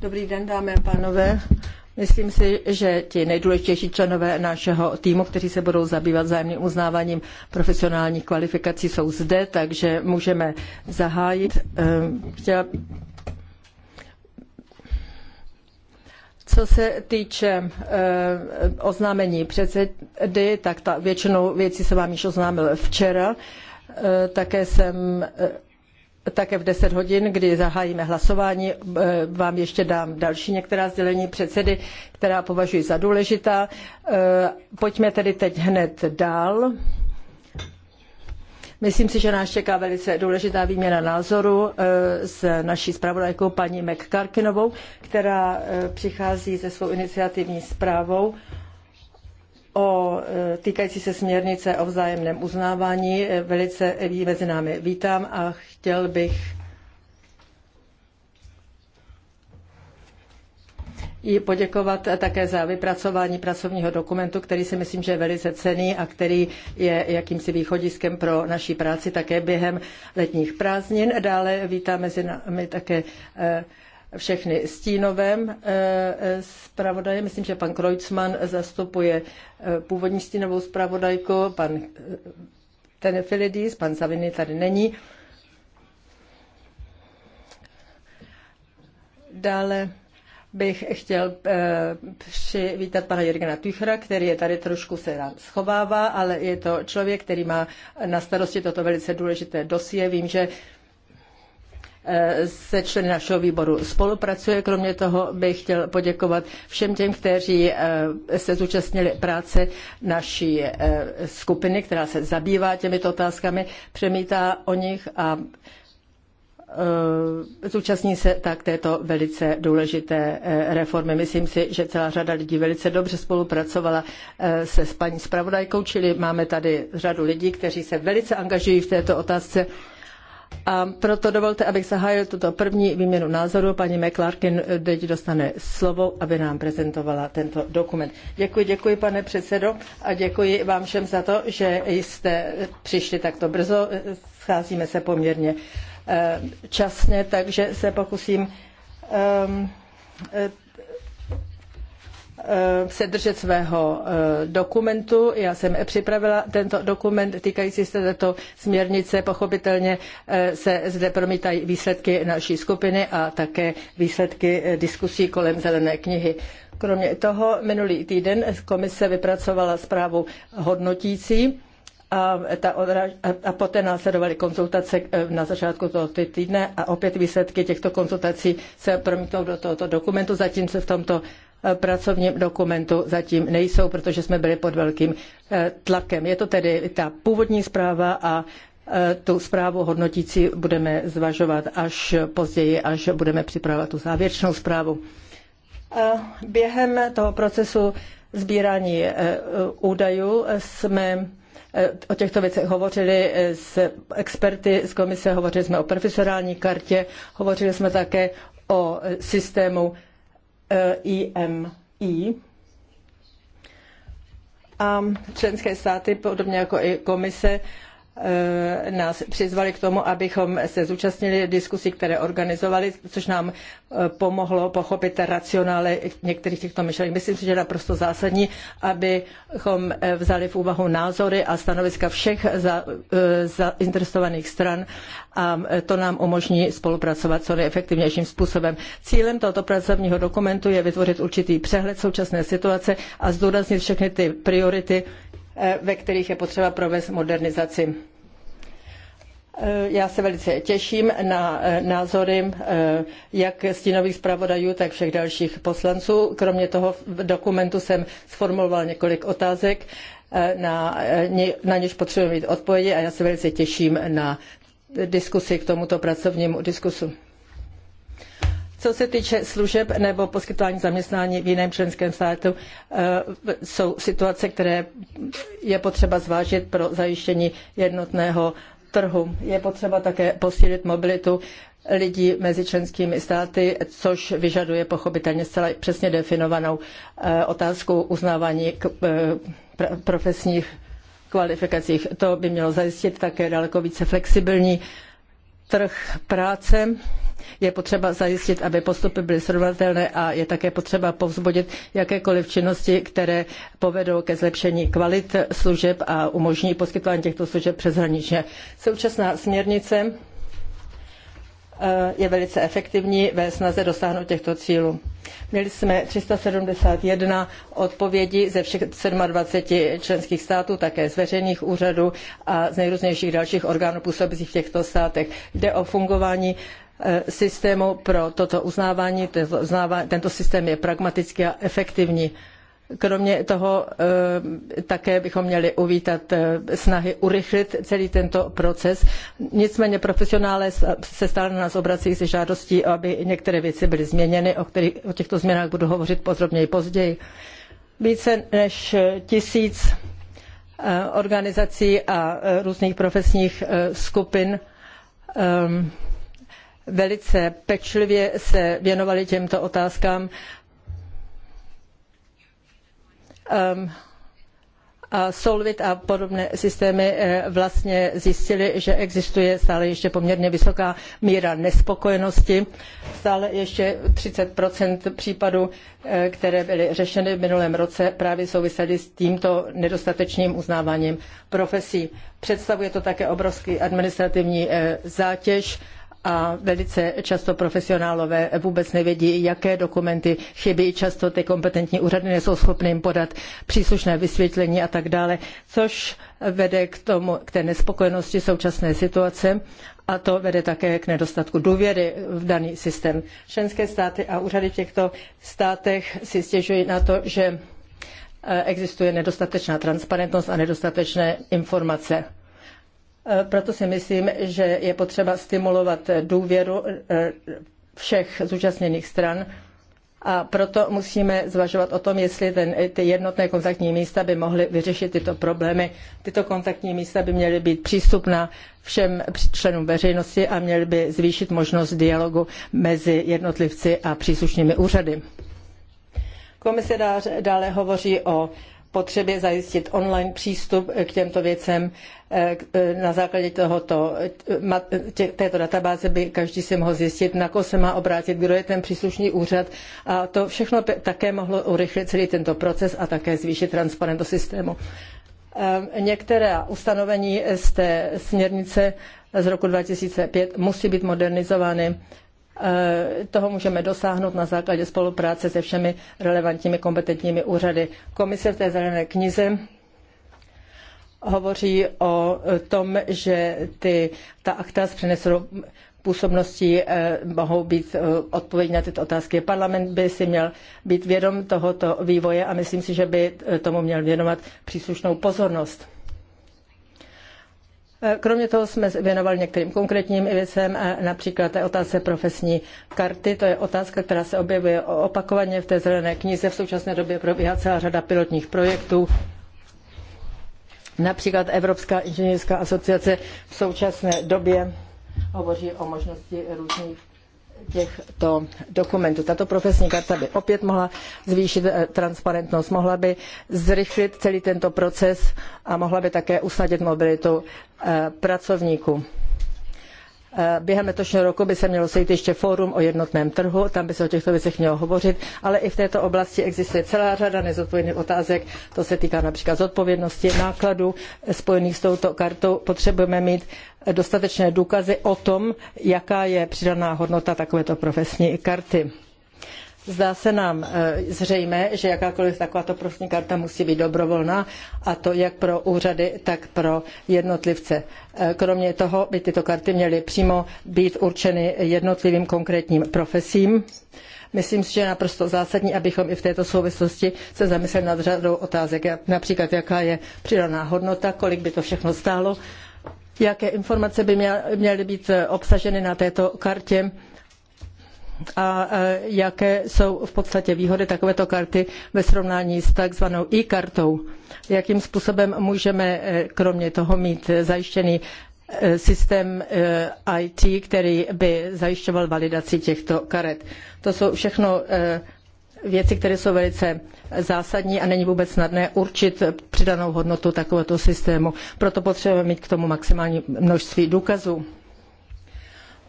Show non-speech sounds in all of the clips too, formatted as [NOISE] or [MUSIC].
Dobrý den, dámy a pánové. Myslím si, že ti nejdůležitější členové našeho týmu, kteří se budou zabývat vzájemným uznáváním profesionálních kvalifikací, jsou zde, takže můžeme zahájit. Ehm, chtěla... Co se týče ehm, oznámení předsedy, tak ta většinou věcí se vám již oznámil včera. Ehm, také jsem také v 10 hodin, kdy zahájíme hlasování, e, vám ještě dám další některá sdělení předsedy, která považuji za důležitá. E, pojďme tedy teď hned dál. Myslím si, že nás čeká velice důležitá výměna názoru e, s naší zpravodajkou paní McCarkinovou, která přichází se svou iniciativní zprávou o e, týkající se směrnice o vzájemném uznávání. E, velice ji e, mezi námi vítám a chtěl bych jí poděkovat také za vypracování pracovního dokumentu, který si myslím, že je velice cený a který je jakýmsi východiskem pro naší práci také během letních prázdnin. Dále vítám mezi námi také všechny stínovém eh, eh, zpravodaje. Myslím, že pan Kreutzmann zastupuje eh, původní stínovou zpravodajku, pan Tenefilidis, pan Saviny tady není. Dále bych chtěl přivítat pana Jirgena Tuchra, který je tady trošku se nám schovává, ale je to člověk, který má na starosti toto velice důležité dosie. Vím, že Eh, se členy našeho výboru spolupracuje. Kromě toho bych chtěl poděkovat všem těm, kteří eh, se zúčastnili práce naší eh, skupiny, která se zabývá těmito otázkami, přemítá o nich a zúčastní se tak této velice důležité reformy. Myslím si, že celá řada lidí velice dobře spolupracovala se s paní spravodajkou, čili máme tady řadu lidí, kteří se velice angažují v této otázce a proto dovolte, abych zahájil tuto první výměnu názoru. Paní McClarkin teď dostane slovo, aby nám prezentovala tento dokument. Děkuji, děkuji, pane předsedo, a děkuji vám všem za to, že jste přišli takto brzo. Scházíme se poměrně eh, časně, takže se pokusím ehm, Eh, se držet svého eh, dokumentu. Já jsem připravila tento dokument týkající se této směrnice. Pochopitelně eh, se zde promítají výsledky naší skupiny a také výsledky diskusí kolem zelené knihy. Kromě toho minulý týden komise vypracovala zprávu hodnotící a, ta odraž, a poté následovaly konzultace e, na začátku tohoto týdne a opět výsledky těchto konzultací se promítnou do tohoto dokumentu, zatím se v tomto e, pracovním dokumentu zatím nejsou, protože jsme byli pod velkým e, tlakem. Je to tedy ta původní zpráva a tu zprávu hodnotící budeme zvažovat až později, až budeme připravovat tu závěrečnou zprávu. Během toho procesu sbírání údajů jsme Eh, o těchto věcech hovořili eh, s experty z komise, hovořili jsme o profesionální kartě, hovořili jsme také o eh, systému IMI. A členské státy, podobně jako i komise, Eh, nás přizvali k tomu, abychom se zúčastnili diskusí, které organizovali, což nám eh, pomohlo pochopit racionály některých těchto myšlenek. Myslím si, že je naprosto zásadní, abychom eh, vzali v úvahu názory a stanoviska všech zainteresovaných za stran a to nám umožní spolupracovat co nejefektivnějším způsobem. Cílem tohoto pracovního dokumentu je vytvořit určitý přehled současné situace a zdůraznit všechny ty priority, ve kterých je potřeba provést modernizaci. Eh, já se velice těším na eh, názory eh, jak stínových zpravodajů, tak všech dalších poslanců. Kromě toho v dokumentu jsem sformuloval několik otázek, na, na něž potřebujeme mít odpovědi a já se velice těším na diskusi k tomuto pracovnímu diskusu. Co se týče služeb nebo poskytování zaměstnání v jiném členském státu, jsou situace, které je potřeba zvážit pro zajištění jednotného trhu. Je potřeba také posílit mobilitu lidí mezi členskými státy, což vyžaduje pochopitelně zcela přesně definovanou eh, otázku uznávání eh, profesních kvalifikacích. To by mělo zajistit také daleko více flexibilní trh práce. Je potřeba zajistit, aby postupy byly srovnatelné a je také potřeba povzbudit jakékoliv činnosti, které povedou ke zlepšení kvalit služeb a umožní poskytování těchto služeb přeshraničně. Současná směrnice eh, je velice efektivní ve snaze dosáhnout těchto cílů. Měli jsme 371 odpovědí ze všech 27 členských států, také z veřejných úřadů a z nejrůznějších dalších orgánů působících v těchto státech. Jde o fungování Eh, systému pro toto uznávání. Tento, systém je pragmatický a efektivní. Kromě toho eh, také bychom měli uvítat eh, snahy urychlit celý tento proces. Nicméně profesionále se stále na nás obrací se žádostí, aby některé věci byly změněny, o, kterých, o těchto změnách budu hovořit podrobněji později. Více než tisíc organizací a různých profesních skupin ehm, velice pečlivě se věnovali těmto otázkám. Um, a Solvit a podobné systémy eh, vlastně zjistili, že existuje stále ještě poměrně vysoká míra nespokojenosti. Stále ještě 30 případů, eh, které byly řešeny v minulém roce, právě souvisely s tímto nedostatečným uznáváním profesí. Představuje to také obrovský administrativní eh, zátěž a velice často profesionálové vůbec nevědí, jaké dokumenty chybí. Často ty kompetentní úřady nejsou schopny jim podat příslušné vysvětlení a tak dále, což vede k, tomu, k té nespokojenosti současné situace a to vede také k nedostatku důvěry v daný systém. Členské státy a úřady v těchto státech si stěžují na to, že eh, existuje nedostatečná transparentnost a nedostatečné informace. Eh, proto si myslím, že je potřeba stimulovat důvěru eh, všech zúčastněných stran a proto musíme zvažovat o tom, jestli ten, eh, ty jednotné kontaktní místa by mohly vyřešit tyto problémy. Tyto kontaktní místa by měly být přístupná všem členům veřejnosti a měly by zvýšit možnost dialogu mezi jednotlivci a příslušnými úřady. Komise dále hovoří o potřebě zajistit online přístup k těmto věcem. Eh, eh, na základě tohoto, eh, této databáze by každý si mohl zjistit, na koho se má obrátit, kdo je ten příslušný úřad. A to všechno také mohlo urychlit celý tento proces a také zvýšit transparentnost systému. Některá ustanovení z té směrnice z roku 2005 musí být modernizovány Eh, toho můžeme dosáhnout na základě spolupráce se všemi relevantními kompetentními úřady. Komise v té zelené knize hovoří o tom, že ty, ta akta s přenesenou působností eh, mohou být eh, odpovědi na tyto otázky. Parlament by si měl být vědom tohoto vývoje a myslím si, že by tomu měl věnovat příslušnou pozornost. Eh, kromě toho jsme věnovali některým konkrétním věcem, eh, například té otázce profesní karty. To je otázka, která se objevuje opakovaně v té zelené knize. V současné době probíhá celá řada pilotních projektů. Například Evropská inženýrská asociace v současné době hovoří o možnosti různých těchto dokumentů. Tato profesní karta by opět mohla zvýšit eh, transparentnost, mohla by zrychlit celý tento proces a mohla by také usnadnit mobilitu eh, pracovníků. Eh, během letošního roku by se mělo sejít ještě fórum o jednotném trhu, tam by se o těchto věcech mělo hovořit, ale i v této oblasti existuje celá řada nezodpovědných otázek. To se týká například zodpovědnosti, nákladů spojených s touto kartou. Potřebujeme mít dostatečné důkazy o tom, jaká je přidaná hodnota takovéto profesní karty. Zdá se nám eh, zřejmé, že jakákoliv takováto profesní karta musí být dobrovolná, a to jak pro úřady, tak pro jednotlivce. Eh, kromě toho by tyto karty měly přímo být určeny jednotlivým konkrétním profesím. Myslím si, že je naprosto zásadní, abychom i v této souvislosti se zamysleli nad řadou otázek, například jaká je přidaná hodnota, kolik by to všechno stálo, jaké informace by měly být eh, obsaženy na této kartě a e, jaké jsou v podstatě výhody takovéto karty ve srovnání s takzvanou e-kartou. Jakým způsobem můžeme e, kromě toho mít zajištěný e, systém IT, který by zajišťoval validaci těchto karet. To jsou všechno věci, které jsou velice zásadní a není vůbec snadné určit přidanou hodnotu takovéto systému. Proto potřebujeme mít k tomu maximální množství důkazů.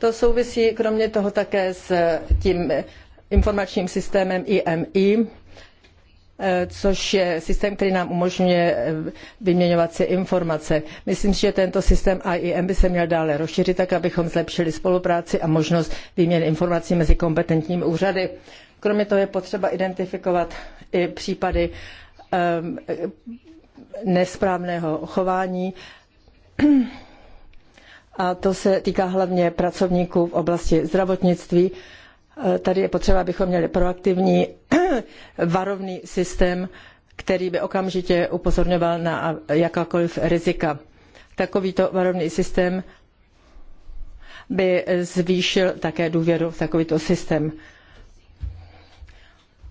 To souvisí kromě toho také s tím informačním systémem IMI, eh, což je systém, který nám umožňuje eh, vyměňovat si informace. Myslím si, že tento systém IIM by se měl dále rozšířit, tak abychom zlepšili spolupráci a možnost výměny informací mezi kompetentními úřady. Kromě toho je potřeba identifikovat i případy eh, nesprávného chování a to se týká hlavně pracovníků v oblasti zdravotnictví. E, tady je potřeba, abychom měli proaktivní [CLEARS THROAT] varovný systém, který by okamžitě upozorňoval na jakákoliv rizika. Takovýto varovný systém by zvýšil také důvěru v takovýto systém.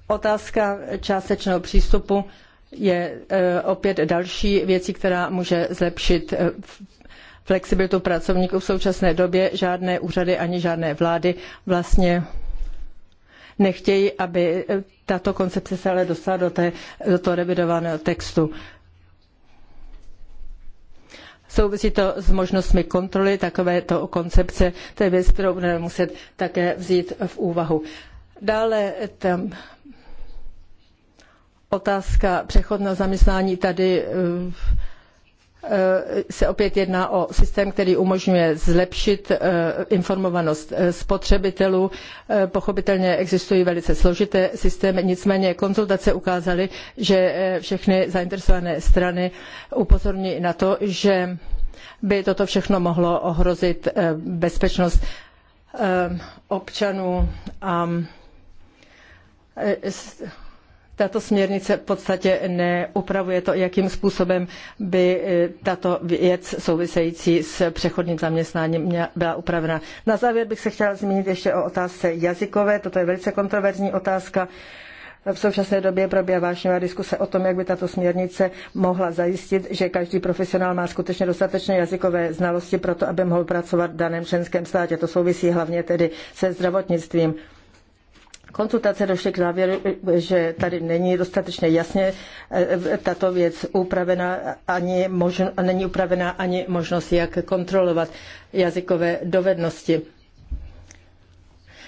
Otázka částečného přístupu je e, opět další věcí, která může zlepšit e, flexibilitu pracovníků v současné době žádné úřady ani žádné vlády vlastně nechtějí, aby eh, tato koncepce se ale dostala do, té, do toho revidovaného textu. Souvisí to s možnostmi kontroly takovéto koncepce, to je věc, kterou budeme muset také vzít v úvahu. Dále eh, tam otázka přechodného zaměstnání tady eh, Eh, se opět jedná o systém, který umožňuje zlepšit eh, informovanost eh, spotřebitelů. Pochopitelně existují velice složité systémy, nicméně konzultace ukázaly, že všechny zainteresované strany upozorní na to, že by toto všechno mohlo ohrozit bezpečnost občanů a tato směrnice v podstatě neupravuje to, jakým způsobem by e, tato věc související s přechodným zaměstnáním byla upravena. Na závěr bych se chtěla zmínit ještě o otázce jazykové. Toto je velice kontroverzní otázka. V současné době probíhá vášnivá diskuse o tom, jak by tato směrnice mohla zajistit, že každý profesionál má skutečně dostatečné jazykové znalosti pro to, aby mohl pracovat v daném členském státě. To souvisí hlavně tedy se zdravotnictvím konzultace došly k závěru, že tady není dostatečně jasně eh, tato věc upravena ani možno, není upravena ani možnost, jak kontrolovat jazykové dovednosti.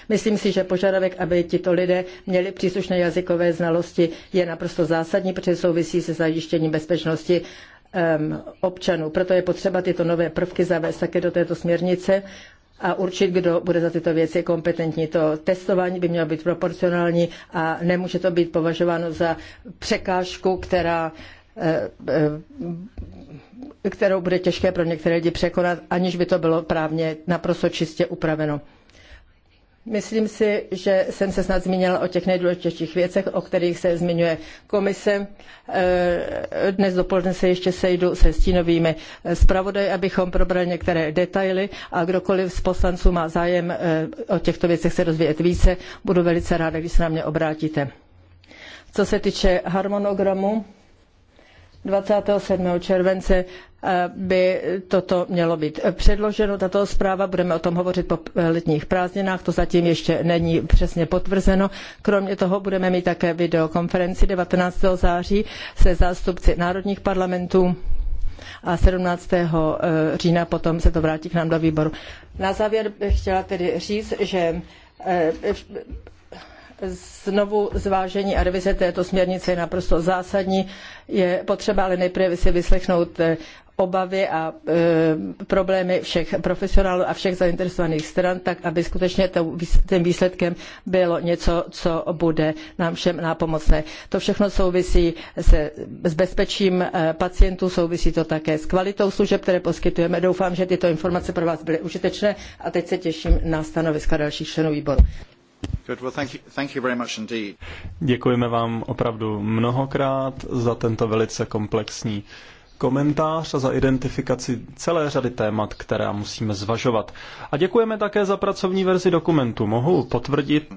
Myslím si, že požadavek, aby tito lidé měli příslušné jazykové znalosti, je naprosto zásadní, protože souvisí se zajištěním bezpečnosti ehm, občanů. Proto je potřeba tyto nové prvky zavést také do této směrnice a určit, kdo bude za tyto věci kompetentní. To testování by mělo být proporcionální a nemůže to být považováno za překážku, která eh, eh, kterou bude těžké pro některé lidi překonat, aniž by to bylo právně naprosto čistě upraveno. Myslím si, že jsem se snad zmínila o těch nejdůležitějších věcech, o kterých se zmiňuje komise. Eh, dnes dopoledne se ještě sejdu se stínovými zpravodaji, abychom probrali některé detaily a kdokoliv z poslanců má zájem eh, o těchto věcech se rozvíjet více, budu velice ráda, když se na mě obrátíte. Co se týče harmonogramu, 27. července eh, by toto mělo být předloženo. Tato zpráva, budeme o tom hovořit po letních prázdninách, to zatím ještě není přesně potvrzeno. Kromě toho budeme mít také videokonferenci 19. září se zástupci národních parlamentů a 17. Eh, října potom se to vrátí k nám do výboru. Na závěr bych chtěla tedy říct, že eh, znovu zvážení a revize této směrnice je naprosto zásadní. Je potřeba ale nejprve si vyslechnout eh, obavy a e, problémy všech profesionálů a všech zainteresovaných stran, tak aby skutečně tím výsledkem bylo něco, co bude nám všem nápomocné. To všechno souvisí se, s bezpečím e, pacientů, souvisí to také s kvalitou služeb, které poskytujeme. Doufám, že tyto informace pro vás byly užitečné a teď se těším na stanoviska dalších členů výboru. Děkujeme vám opravdu mnohokrát za tento velice komplexní komentář a za identifikaci celé řady témat, která musíme zvažovat. A děkujeme také za pracovní verzi dokumentu. Mohu potvrdit,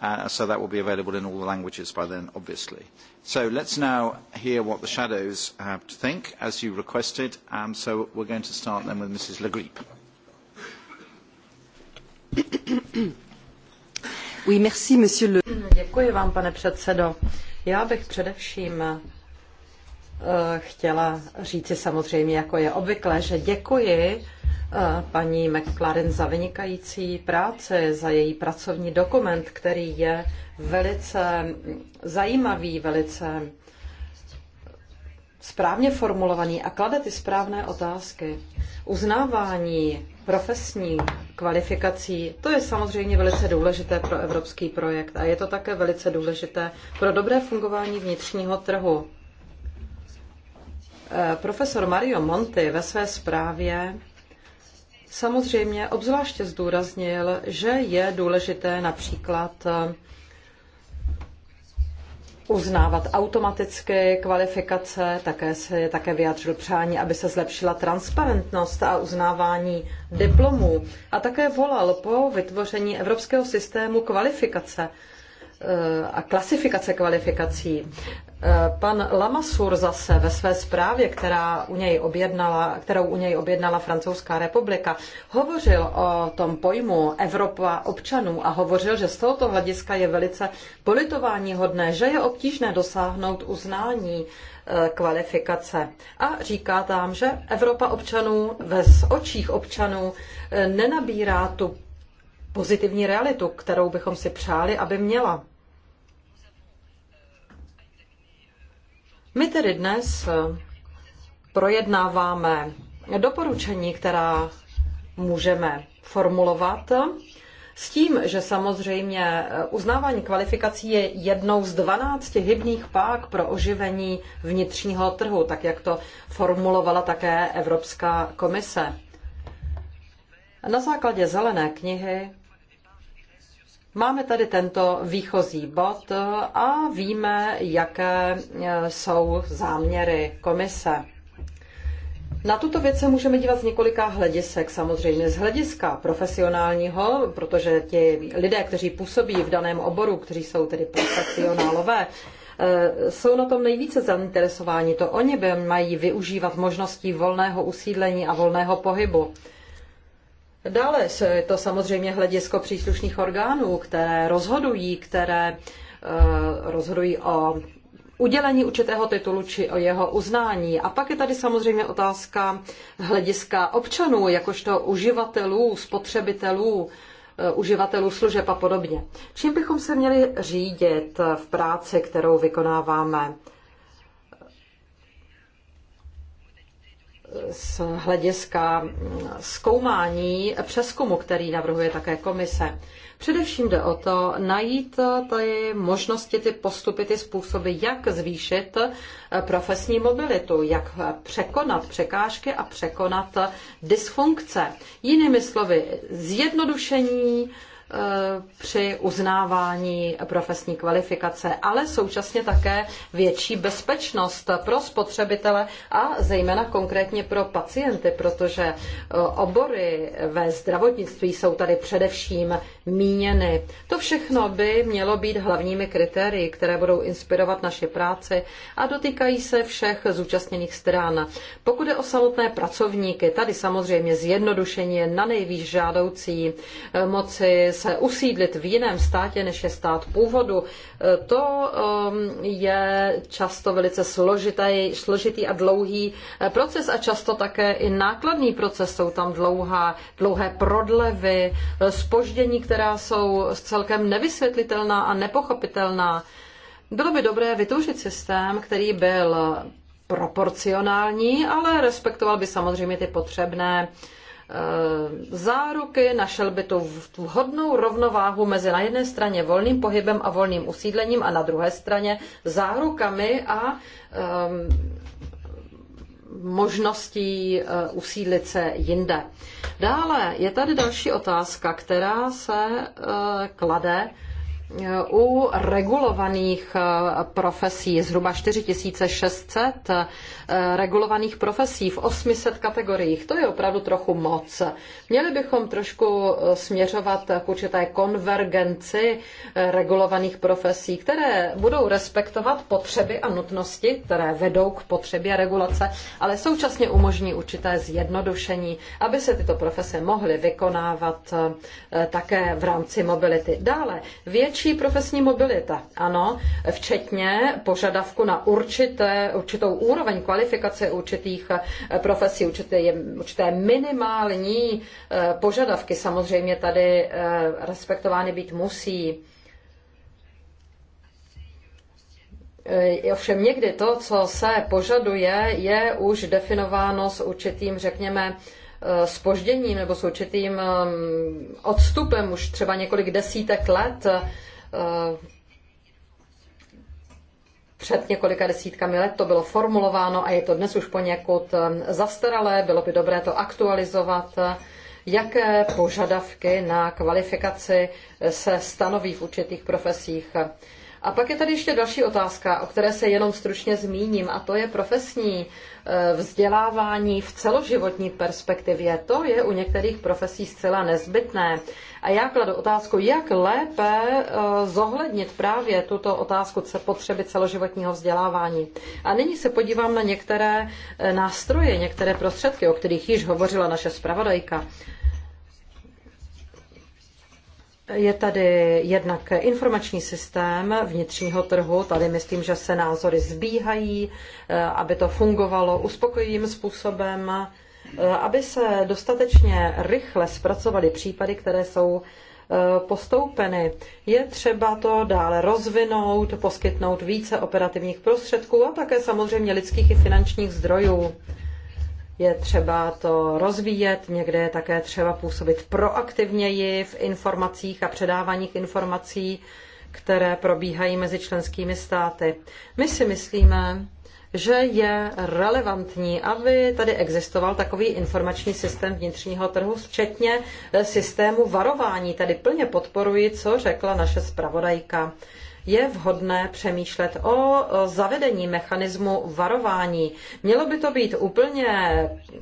Uh, so that will be available in all the languages by then, obviously. So let's now hear what the shadows have to think, as you requested. Um, so we're going to start then with Mrs. Legrip. [COUGHS] Oui, merci, monsieur le... Děkuji vám, pane předsedo. Já bych především Eh, chtěla říci samozřejmě, jako je obvykle, že děkuji eh, paní McLaren za vynikající práci, za její pracovní dokument, který je velice zajímavý, velice správně formulovaný a klade ty správné otázky. Uznávání profesní kvalifikací, to je samozřejmě velice důležité pro evropský projekt a je to také velice důležité pro dobré fungování vnitřního trhu. Eh, profesor Mario Monti ve své zprávě samozřejmě obzvláště zdůraznil, že je důležité například eh, uznávat automaticky kvalifikace, také se také vyjádřil přání, aby se zlepšila transparentnost a uznávání diplomů a také volal po vytvoření evropského systému kvalifikace eh, a klasifikace kvalifikací. Eh, pan Lamassoure zase ve své zprávě, která u něj objednala, kterou u něj objednala Francouzská republika, hovořil o tom pojmu Evropa občanů a hovořil, že z tohoto hlediska je velice politování že je obtížné dosáhnout uznání eh, kvalifikace. A říká tam, že Evropa občanů ve očích občanů eh, nenabírá tu pozitivní realitu, kterou bychom si přáli, aby měla. My tedy dnes eh, projednáváme doporučení, která můžeme formulovat s tím, že samozřejmě eh, uznávání kvalifikací je jednou z 12 hybných pák pro oživení vnitřního trhu, tak jak to formulovala také Evropská komise. Na základě zelené knihy Máme tady tento výchozí bod a víme, jaké e, jsou záměry komise. Na tuto věc se můžeme dívat z několika hledisek. Samozřejmě z hlediska profesionálního, protože ti lidé, kteří působí v daném oboru, kteří jsou tedy profesionálové, e, jsou na tom nejvíce zainteresováni. To oni by mají využívat možností volného usídlení a volného pohybu. Dále je to samozřejmě hledisko příslušných orgánů, které rozhodují, které eh, rozhodují o udělení určitého titulu či o jeho uznání. A pak je tady samozřejmě otázka hlediska občanů, jakožto uživatelů, spotřebitelů, eh, uživatelů služeb a podobně. Čím bychom se měli řídit v práci, kterou vykonáváme? z hlediska zkoumání přeskumu, který navrhuje také komise. Především jde o to najít ty možnosti, ty postupy, ty způsoby, jak zvýšit profesní mobilitu, jak překonat překážky a překonat dysfunkce. Jinými slovy, zjednodušení, Eh, při uznávání profesní kvalifikace, ale současně také větší bezpečnost pro spotřebitele a zejména konkrétně pro pacienty, protože eh, obory ve zdravotnictví jsou tady především míněny. To všechno by mělo být hlavními kritérii, které budou inspirovat naši práci a dotýkají se všech zúčastněných stran. Pokud je o samotné pracovníky, tady samozřejmě zjednodušení je na nejvýš žádoucí eh, moci se usídlit v jiném státě, než je stát původu. E, to um, je často velice složitý, složitý a dlouhý e, proces a často také i nákladný proces. Jsou tam dlouhá, dlouhé prodlevy, spoždění, e, která jsou celkem nevysvětlitelná a nepochopitelná. Bylo by dobré vytvořit systém, který byl proporcionální, ale respektoval by samozřejmě ty potřebné uh, Eh, záruky, našel by tu vhodnou rovnováhu mezi na jedné straně volným pohybem a volným usídlením a na druhé straně zárukami a um, možností eh, usídlit se jinde. Dále je tady další otázka, která se eh, klade u regulovaných eh, profesí zhruba 4600 eh, regulovaných profesí v 800 kategoriích, to je opravdu trochu moc. Měli bychom trošku eh, směřovat k určité konvergenci regulovaných profesí, které budou respektovat potřeby a nutnosti, které vedou k potřebě regulace, ale současně umožní určité zjednodušení, aby se tyto profese mohly vykonávat také v rámci mobility. Dále větší Lepší profesní mobilita, ano, včetně požadavku na určité, určitou úroveň kvalifikace určitých eh, profesí, určité, určité minimální eh, požadavky samozřejmě tady eh, respektovány být musí. Ovšem někdy to, co se požaduje, je už definováno s určitým, řekněme, spožděním nebo s určitým odstupem už třeba několik desítek let Eh, před několika desítkami let to bylo formulováno a je to dnes už poněkud eh, zastaralé. Bylo by dobré to aktualizovat. Jaké požadavky na kvalifikaci se stanoví v určitých profesích? A pak je tady ještě další otázka, o které se jenom stručně zmíním, a to je profesní eh, vzdělávání v celoživotní perspektivě. To je u některých profesí zcela nezbytné. A já kladu otázku, jak lépe eh, zohlednit právě tuto otázku potřeby celoživotního vzdělávání. A nyní se podívám na některé eh, nástroje, některé prostředky, o kterých již hovořila naše zpravodajka. Je tady jednak informační systém vnitřního trhu, tady myslím, že se názory zbíhají, eh, aby to fungovalo uspokojivým způsobem Eh, aby se dostatečně rychle zpracovaly případy, které jsou eh, postoupeny. Je třeba to dále rozvinout, poskytnout více operativních prostředků a také samozřejmě lidských i finančních zdrojů. Je třeba to rozvíjet, někde je také třeba působit proaktivněji v informacích a předáváních informací, které probíhají mezi členskými státy. My si myslíme, že je relevantní, aby tady existoval takový informační systém vnitřního trhu, včetně eh, systému varování. Tady plně podporuji, co řekla naše zpravodajka je vhodné přemýšlet o zavedení mechanismu varování. Mělo by to být úplně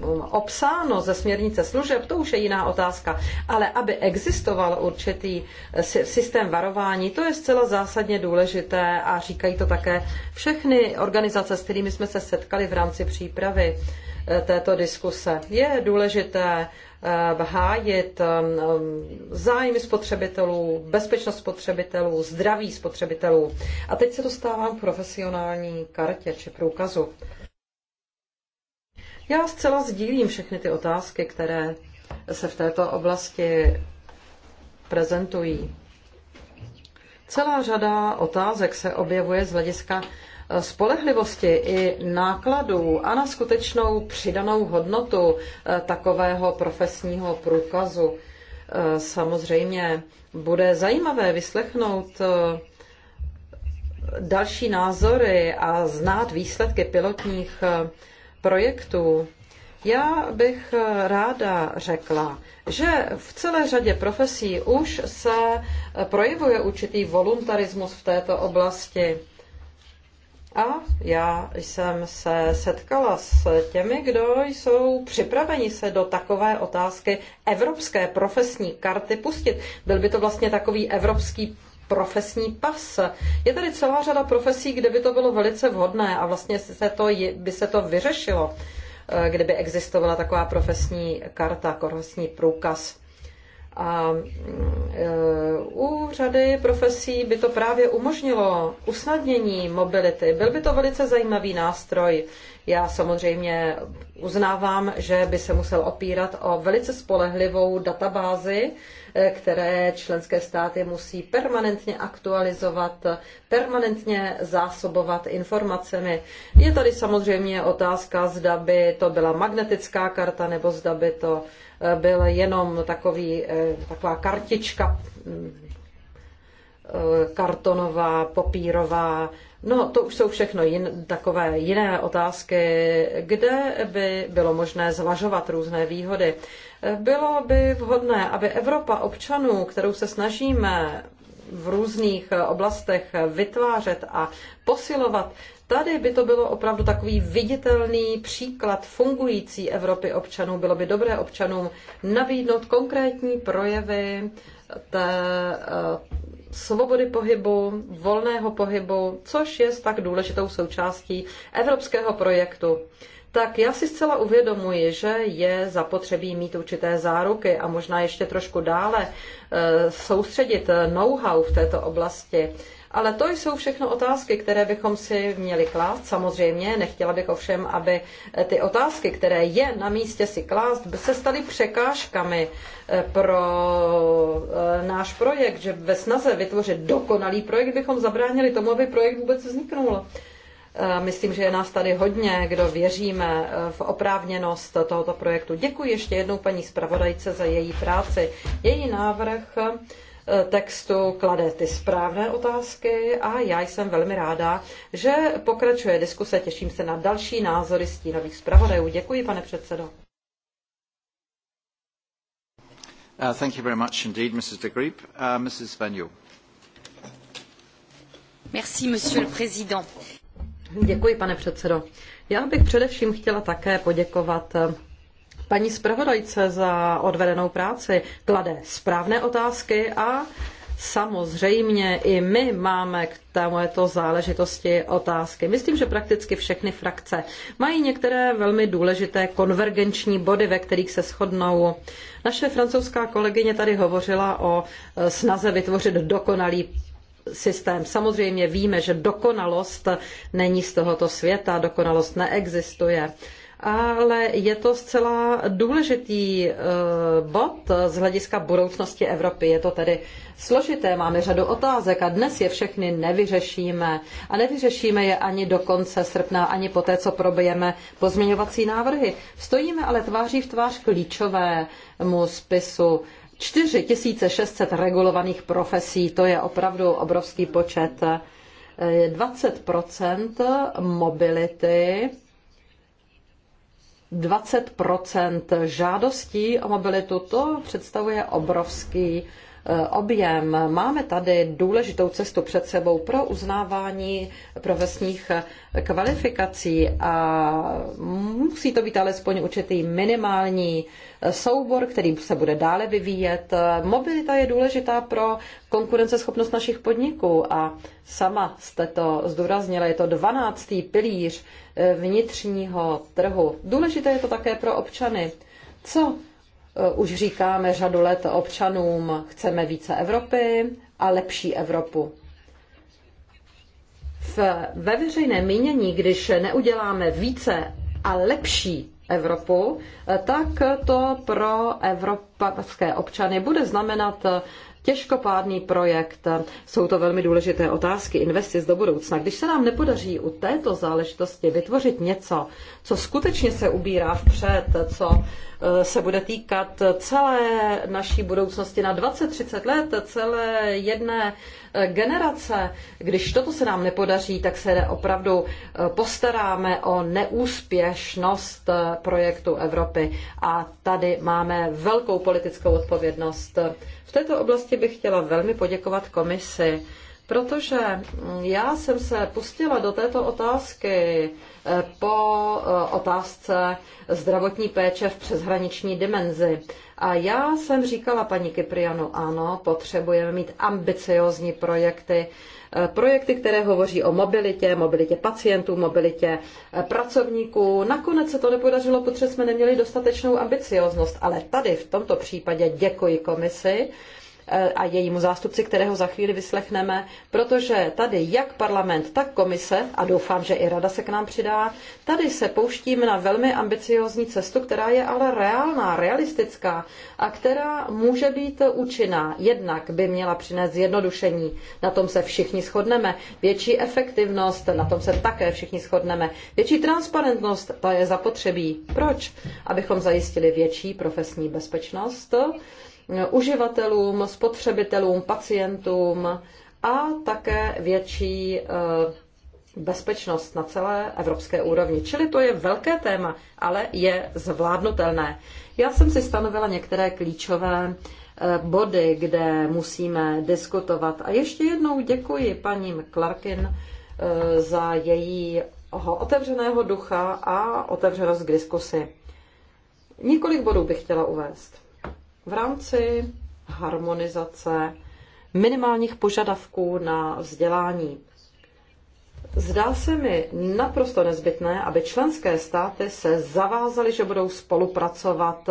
um, obsáno ze směrnice služeb, to už je jiná otázka, ale aby existoval určitý eh, systém varování, to je zcela zásadně důležité a říkají to také všechny organizace, s kterými jsme se setkali v rámci přípravy eh, této diskuse. Je důležité hájit um, um, zájmy spotřebitelů, bezpečnost spotřebitelů, zdraví spotřebitelů. A teď se dostávám k profesionální kartě či průkazu. Já zcela sdílím všechny ty otázky, které se v této oblasti prezentují. Celá řada otázek se objevuje z hlediska spolehlivosti i nákladů a na skutečnou přidanou hodnotu eh, takového profesního průkazu. Eh, samozřejmě bude zajímavé vyslechnout eh, další názory a znát výsledky pilotních projektů. Já bych ráda řekla, že v celé řadě profesí už se projevuje určitý voluntarismus v této oblasti. A já jsem se setkala s těmi, kdo jsou připraveni se do takové otázky evropské profesní karty pustit. Byl by to vlastně takový evropský profesní pas. Je tady celá řada profesí, kde by to bylo velice vhodné a vlastně se to, by se to vyřešilo, eh, kdyby existovala taková profesní karta, profesní průkaz. A eh, u řady profesí by to právě umožnilo usnadnění mobility. Byl by to velice zajímavý nástroj. Já samozřejmě uznávám, že by se musel opírat o velice spolehlivou databázi, eh, které členské státy musí permanentně aktualizovat, permanentně zásobovat informacemi. Je tady samozřejmě otázka, zda by to byla magnetická karta nebo zda by to byl jenom takový, eh, taková kartička mm, eh, kartonová, popírová, No, to už jsou všechno jin, takové jiné otázky, kde by bylo možné zvažovat různé výhody. Eh, bylo by vhodné, aby Evropa občanů, kterou se snažíme v různých oblastech vytvářet a posilovat, Tady by to bylo opravdu takový viditelný příklad fungující Evropy občanů. Bylo by dobré občanům nabídnout konkrétní projevy té eh, svobody pohybu, volného pohybu, což je tak důležitou součástí evropského projektu. Tak já si zcela uvědomuji, že je zapotřebí mít určité záruky a možná ještě trošku dále eh, soustředit know-how v této oblasti ale to jsou všechno otázky, které bychom si měli klást. Samozřejmě nechtěla bych ovšem, aby eh, ty otázky, které je na místě si klást, se staly překážkami eh, pro eh, náš projekt, že ve snaze vytvořit dokonalý projekt bychom zabránili tomu, aby projekt vůbec vzniknul. Myslím, že je nás tady hodně, kdo věříme v oprávněnost tohoto projektu. Děkuji ještě jednou paní zpravodajce za její práci. Její návrh Eh, textu klade ty správné otázky a já jsem velmi ráda, že pokračuje diskuse. Těším se na další názory stínových zpravodajů. Děkuji, pane předsedo. Uh, thank you very much indeed, Mrs. de Griep. Uh, Mrs. Vanyu. Merci, monsieur le président. Děkuji, pane předsedo. Já bych především chtěla také poděkovat eh, paní zpravodajce za odvedenou práci. Klade správné otázky a Samozřejmě i my máme k této záležitosti otázky. Myslím, že prakticky všechny frakce mají některé velmi důležité konvergenční body, ve kterých se shodnou. Naše francouzská kolegyně tady hovořila o e, snaze vytvořit dokonalý systém. Samozřejmě víme, že dokonalost není z tohoto světa, dokonalost neexistuje ale je to zcela důležitý eh, bod z hlediska budoucnosti Evropy. Je to tedy složité, máme řadu otázek a dnes je všechny nevyřešíme. A nevyřešíme je ani do konce srpna, ani po té, co probijeme pozměňovací návrhy. Stojíme ale tváří v tvář klíčovému spisu 4600 regulovaných profesí, to je opravdu obrovský počet. 20 eh, mobility 20 žádostí o mobilitu, to představuje obrovský Eh, objem. Máme tady důležitou cestu před sebou pro uznávání profesních eh, kvalifikací a musí to být alespoň určitý minimální eh, soubor, který se bude dále vyvíjet. Mobilita je důležitá pro konkurenceschopnost našich podniků a sama jste to zdůraznila, je to 12. pilíř vnitřního trhu. Důležité je to také pro občany. Co Eh, už říkáme řadu let občanům, chceme více Evropy a lepší Evropu. V, ve veřejném mínění, když neuděláme více a lepší Evropu, eh, tak to pro evropské občany bude znamenat eh, těžkopádný projekt. Jsou to velmi důležité otázky investic do budoucna. Když se nám nepodaří u této záležitosti vytvořit něco, co skutečně se ubírá vpřed, co eh, se bude týkat celé naší budoucnosti na 20-30 let, celé jedné eh, generace. Když toto se nám nepodaří, tak se opravdu eh, postaráme o neúspěšnost projektu Evropy. A tady máme velkou politickou odpovědnost. V této oblasti bych chtěla velmi poděkovat komisi protože mm, já jsem se pustila do této otázky eh, po eh, otázce zdravotní péče v přeshraniční dimenzi. A já jsem říkala paní Kyprianu, ano, potřebujeme mít ambiciozní projekty, eh, projekty, které hovoří o mobilitě, mobilitě pacientů, mobilitě pracovníků. Nakonec se to nepodařilo, protože jsme neměli dostatečnou ambicioznost, ale tady v tomto případě děkuji komisi, E, a jejímu zástupci, kterého za chvíli vyslechneme, protože tady jak parlament, tak komise, a doufám, že i rada se k nám přidá, tady se pouštíme na velmi ambiciozní cestu, která je ale reálná, realistická a která může být účinná. Jednak by měla přinést zjednodušení, na tom se všichni shodneme, větší efektivnost, na tom se také všichni shodneme, větší transparentnost, ta je zapotřebí. Proč? Abychom zajistili větší profesní bezpečnost, uživatelům, spotřebitelům, pacientům a také větší eh, bezpečnost na celé evropské úrovni. Čili to je velké téma, ale je zvládnutelné. Já jsem si stanovila některé klíčové eh, body, kde musíme diskutovat. A ještě jednou děkuji paní Clarkin eh, za jejího otevřeného ducha a otevřenost k diskusi. Několik bodů bych chtěla uvést v rámci harmonizace minimálních požadavků na vzdělání. Zdá se mi naprosto nezbytné, aby členské státy se zavázaly, že budou spolupracovat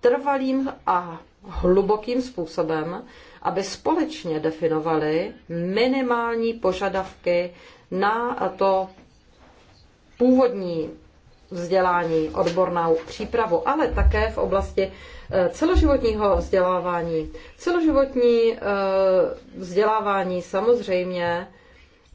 trvalým a hlubokým způsobem, aby společně definovali minimální požadavky na to původní vzdělání, odbornou přípravu, ale také v oblasti eh, celoživotního vzdělávání. Celoživotní eh, vzdělávání samozřejmě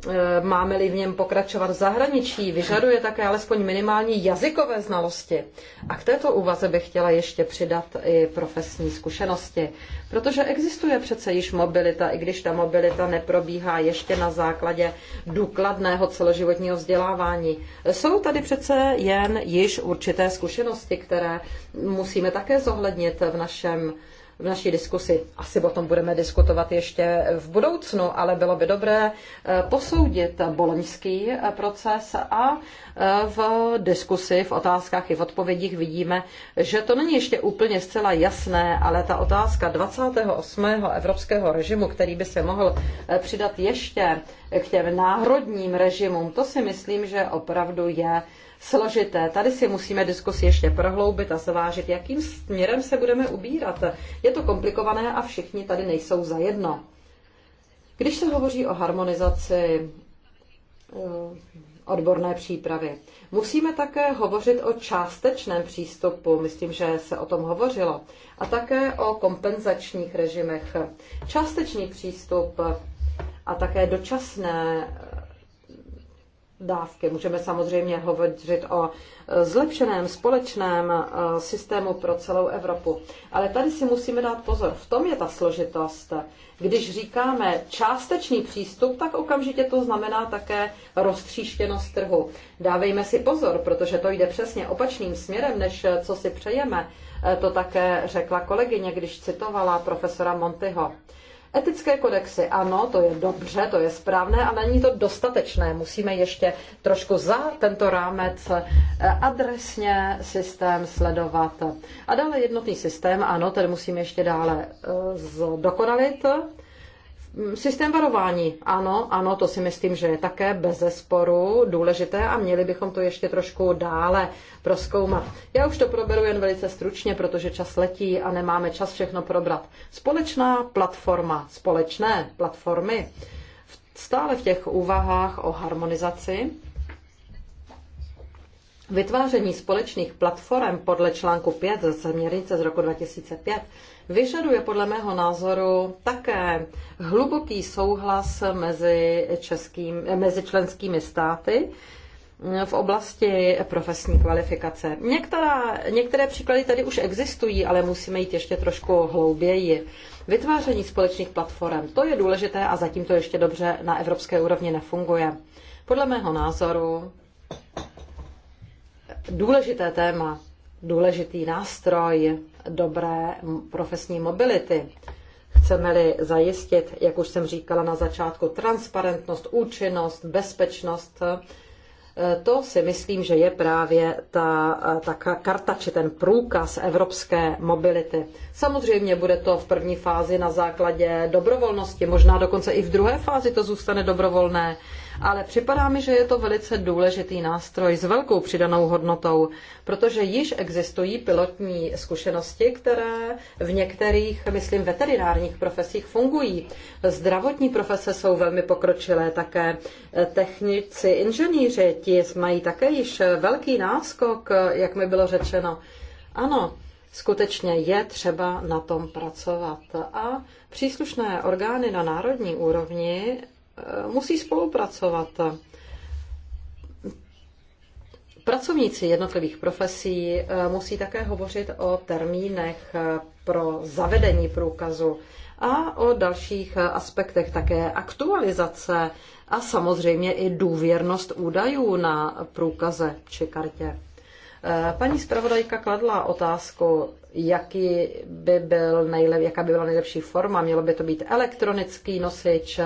Eh, máme-li v něm pokračovat v zahraničí, vyžaduje také alespoň minimální jazykové znalosti. A k této úvaze bych chtěla ještě přidat i profesní zkušenosti, protože existuje přece již mobilita, i když ta mobilita neprobíhá ještě na základě důkladného celoživotního vzdělávání. Jsou tady přece jen již určité zkušenosti, které musíme také zohlednit v našem v naší diskusi. Asi o tom budeme diskutovat ještě v budoucnu, ale bylo by dobré eh, posoudit boloňský eh, proces a eh, v diskusi, v otázkách i v odpovědích vidíme, že to není ještě úplně zcela jasné, ale ta otázka 28. evropského režimu, který by se mohl přidat ještě k těm národním režimům, to si myslím, že opravdu je složité. Tady si musíme diskusi ještě prohloubit a zvážit, jakým směrem se budeme ubírat. Je to komplikované a všichni tady nejsou zajedno. Když se hovoří o harmonizaci eh, odborné přípravy. Musíme také hovořit o částečném přístupu, myslím, že se o tom hovořilo, a také o kompenzačních režimech. Částečný přístup a také dočasné dávky. Můžeme samozřejmě hovořit o eh, zlepšeném společném eh, systému pro celou Evropu. Ale tady si musíme dát pozor. V tom je ta složitost. Když říkáme částečný přístup, tak okamžitě to znamená také roztříštěnost trhu. Dávejme si pozor, protože to jde přesně opačným směrem, než eh, co si přejeme. To také řekla kolegyně, když citovala profesora Montyho. Etické kodexy, ano, to je dobře, to je správné, ale není to dostatečné. Musíme ještě trošku za tento rámec eh, adresně systém sledovat. A dále jednotný systém, ano, ten musíme ještě dále eh, zdokonalit Mm, systém varování, ano, ano, to si myslím, že je také bez zesporu důležité a měli bychom to ještě trošku dále proskoumat. Já už to proberu jen velice stručně, protože čas letí a nemáme čas všechno probrat. Společná platforma, společné platformy, stále v těch úvahách o harmonizaci Vytváření společných platform podle článku 5 ze směrnice z roku 2005 vyžaduje podle mého názoru také hluboký souhlas mezi, českým, mezi členskými státy v oblasti profesní kvalifikace. Některá, některé příklady tady už existují, ale musíme jít ještě trošku hlouběji. Vytváření společných platform, to je důležité a zatím to ještě dobře na evropské úrovni nefunguje. Podle mého názoru důležité téma, důležitý nástroj dobré profesní mobility. Chceme-li zajistit, jak už jsem říkala na začátku, transparentnost, účinnost, bezpečnost, e, to si myslím, že je právě ta, e, ta karta či ten průkaz evropské mobility. Samozřejmě bude to v první fázi na základě dobrovolnosti, možná dokonce i v druhé fázi to zůstane dobrovolné ale připadá mi, že je to velice důležitý nástroj s velkou přidanou hodnotou, protože již existují pilotní zkušenosti, které v některých, myslím, veterinárních profesích fungují. Zdravotní profese jsou velmi pokročilé, také technici, inženýři, ti mají také již velký náskok, jak mi bylo řečeno. Ano, skutečně je třeba na tom pracovat. A příslušné orgány na národní úrovni Eh, musí spolupracovat. Pracovníci jednotlivých profesí eh, musí také hovořit o termínech eh, pro zavedení průkazu a o dalších aspektech také aktualizace a samozřejmě i důvěrnost údajů na průkaze či kartě. Eh, paní zpravodajka kladla otázku, jaký by byl nejlep, jaká by byla nejlepší forma. Mělo by to být elektronický nosič,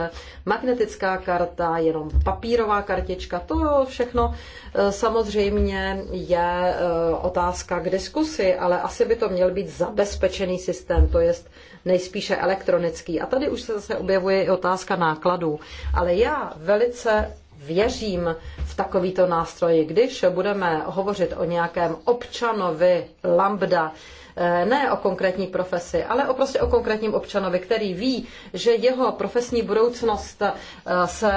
magnetická karta, jenom papírová kartička. To všechno eh, samozřejmě je eh, otázka k diskusi, ale asi by to měl být zabezpečený systém, to jest nejspíše elektronický. A tady už se zase objevuje i otázka nákladů. Ale já velice věřím v takovýto nástroj. Když budeme hovořit o nějakém občanovi lambda, eh, ne o konkrétní profesi, ale o prostě o konkrétním občanovi, který ví, že jeho profesní budoucnost eh, se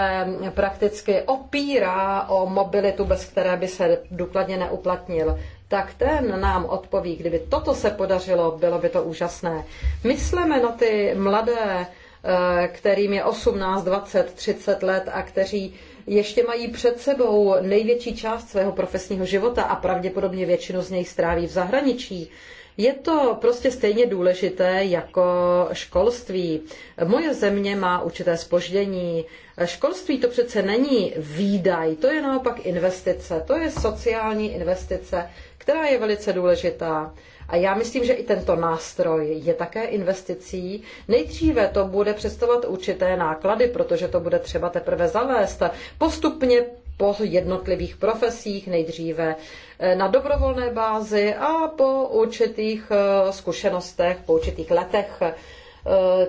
prakticky opírá o mobilitu, bez které by se důkladně neuplatnil tak ten nám odpoví, kdyby toto se podařilo, bylo by to úžasné. Myslíme na ty mladé, eh, kterým je 18, 20, 30 let a kteří ještě mají před sebou největší část svého profesního života a pravděpodobně většinu z něj stráví v zahraničí. Je to prostě stejně důležité jako školství. Moje země má určité spoždění. Školství to přece není výdaj, to je naopak investice, to je sociální investice, která je velice důležitá. A já myslím, že i tento nástroj je také investicí. Nejdříve to bude představovat určité náklady, protože to bude třeba teprve zavést. Postupně po jednotlivých profesích, nejdříve eh, na dobrovolné bázi a po určitých eh, zkušenostech, po určitých letech. Eh,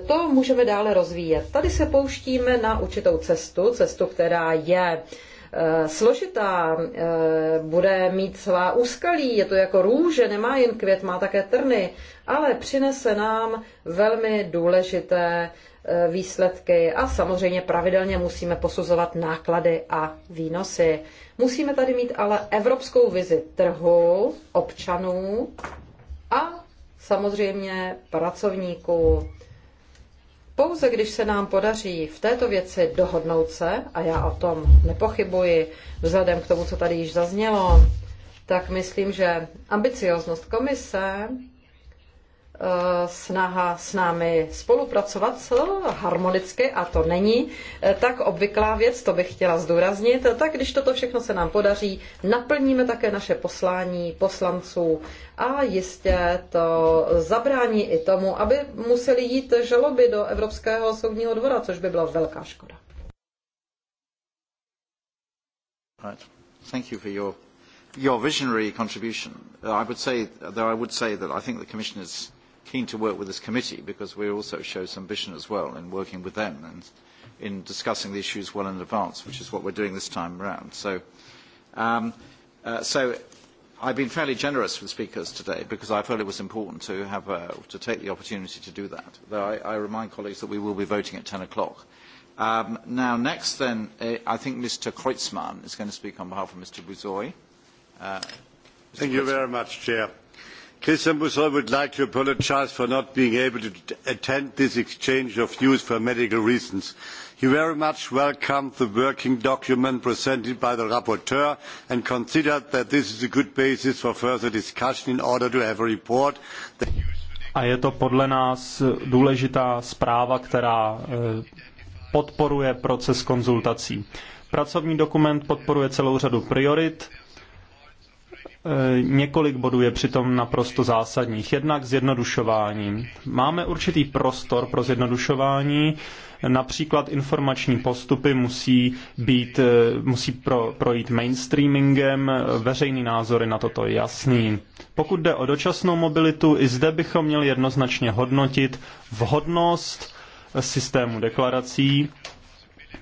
to můžeme dále rozvíjet. Tady se pouštíme na určitou cestu, cestu, která je Eh, složitá, eh, bude mít svá úskalí, je to jako růže, nemá jen květ, má také trny, ale přinese nám velmi důležité eh, výsledky a samozřejmě pravidelně musíme posuzovat náklady a výnosy. Musíme tady mít ale evropskou vizi trhu, občanů a samozřejmě pracovníků pouze když se nám podaří v této věci dohodnout se, a já o tom nepochybuji, vzhledem k tomu, co tady již zaznělo, tak myslím, že ambicioznost komise Eh, snaha s námi spolupracovat harmonicky, a to není eh, tak obvyklá věc, to bych chtěla zdůraznit, tak když toto všechno se nám podaří, naplníme také naše poslání poslanců a jistě to zabrání i tomu, aby museli jít žaloby do Evropského soudního dvora, což by byla velká škoda. Right. Thank you for your, your visionary contribution. I would say, though I would say that I think the Commission is keen to work with this committee because we also show some ambition as well in working with them and in discussing the issues well in advance, which is what we're doing this time around. So, um, uh, so I've been fairly generous with speakers today because I felt it was important to, have, uh, to take the opportunity to do that, though I, I remind colleagues that we will be voting at 10 o'clock. Um, now, next then, uh, I think Mr. Kreutzmann is going to speak on behalf of Mr. Bouzoy. Uh, Thank Kreutzmann. you very much, Chair. Christian Busoy would like to apologize for not being able to attend this exchange of views for medical reasons. He very much welcomed the working document presented by the rapporteur and considered that this is a good basis for further discussion in order to have a report a je to podle nás důležitá zpráva, která eh, podporuje proces konzultací. Pracovní dokument podporuje celou řadu priorit, Eh, několik bodů je přitom naprosto zásadních. Jednak zjednodušování. Máme určitý prostor pro zjednodušování. Například informační postupy musí, být, eh, musí pro, projít mainstreamingem, veřejný názory na toto je jasný. Pokud jde o dočasnou mobilitu, i zde bychom měli jednoznačně hodnotit vhodnost systému deklarací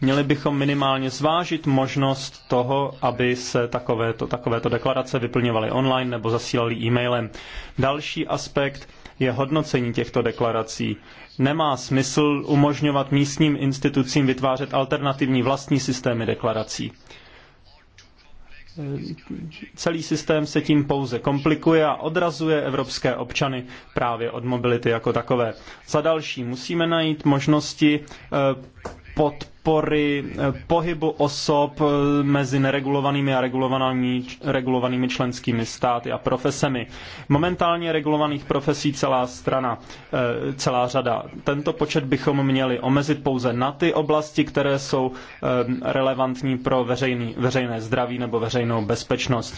Měli bychom minimálně zvážit možnost toho, aby se takovéto, takovéto deklarace vyplňovaly online nebo zasílaly e-mailem. Další aspekt je hodnocení těchto deklarací. Nemá smysl umožňovat místním institucím vytvářet alternativní vlastní systémy deklarací. Celý systém se tím pouze komplikuje a odrazuje evropské občany právě od mobility jako takové. Za další musíme najít možnosti eh, pod podpory eh, pohybu osob eh, mezi neregulovanými a regulovanými, regulovanými členskými státy a profesemi. Momentálně regulovaných profesí celá strana, eh, celá řada. Tento počet bychom měli omezit pouze na ty oblasti, které jsou relevantní pro veřejný, veřejné zdraví nebo veřejnou bezpečnost.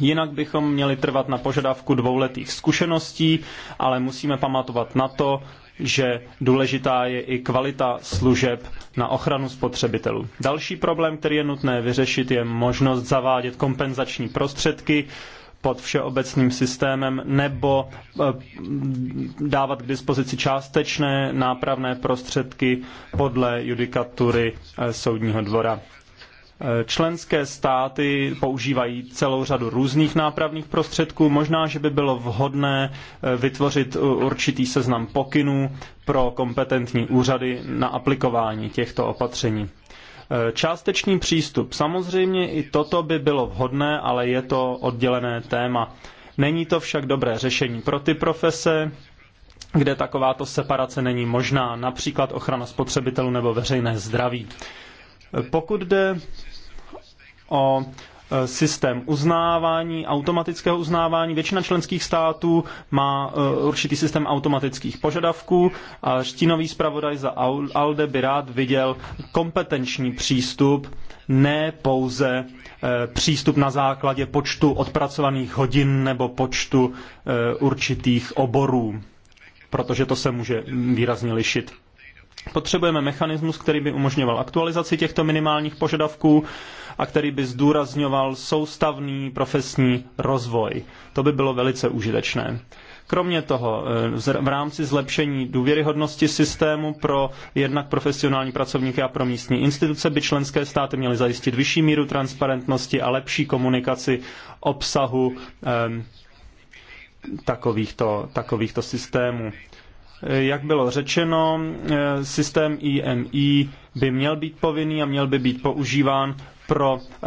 Jinak bychom měli trvat na požadavku dvouletých zkušeností, ale musíme pamatovat na to, že důležitá je i kvalita služeb na ochranu spotřebitelů. Další problém, který je nutné vyřešit, je možnost zavádět kompenzační prostředky pod všeobecným systémem nebo eh, dávat k dispozici částečné nápravné prostředky podle judikatury eh, Soudního dvora. Členské státy používají celou řadu různých nápravných prostředků. Možná, že by bylo vhodné eh, vytvořit určitý seznam pokynů pro kompetentní úřady na aplikování těchto opatření. Eh, částečný přístup. Samozřejmě i toto by bylo vhodné, ale je to oddělené téma. Není to však dobré řešení pro ty profese, kde takováto separace není možná, například ochrana spotřebitelů nebo veřejné zdraví. Eh, pokud jde o e, systém uznávání, automatického uznávání. Většina členských států má e, určitý systém automatických požadavků a štínový zpravodaj za ALDE by rád viděl kompetenční přístup, ne pouze e, přístup na základě počtu odpracovaných hodin nebo počtu určitých oborů, protože to se může výrazně lišit. Potřebujeme mechanismus, který by umožňoval aktualizaci těchto minimálních požadavků, a který by zdůrazňoval soustavný profesní rozvoj. To by bylo velice užitečné. Kromě toho, eh, v rámci zlepšení důvěryhodnosti systému pro jednak profesionální pracovníky a pro místní instituce by členské státy měly zajistit vyšší míru transparentnosti a lepší komunikaci obsahu ehm, takovýchto, takovýchto systémů. Eh, jak bylo řečeno, eh, systém IMI by měl být povinný a měl by být používán pro eh,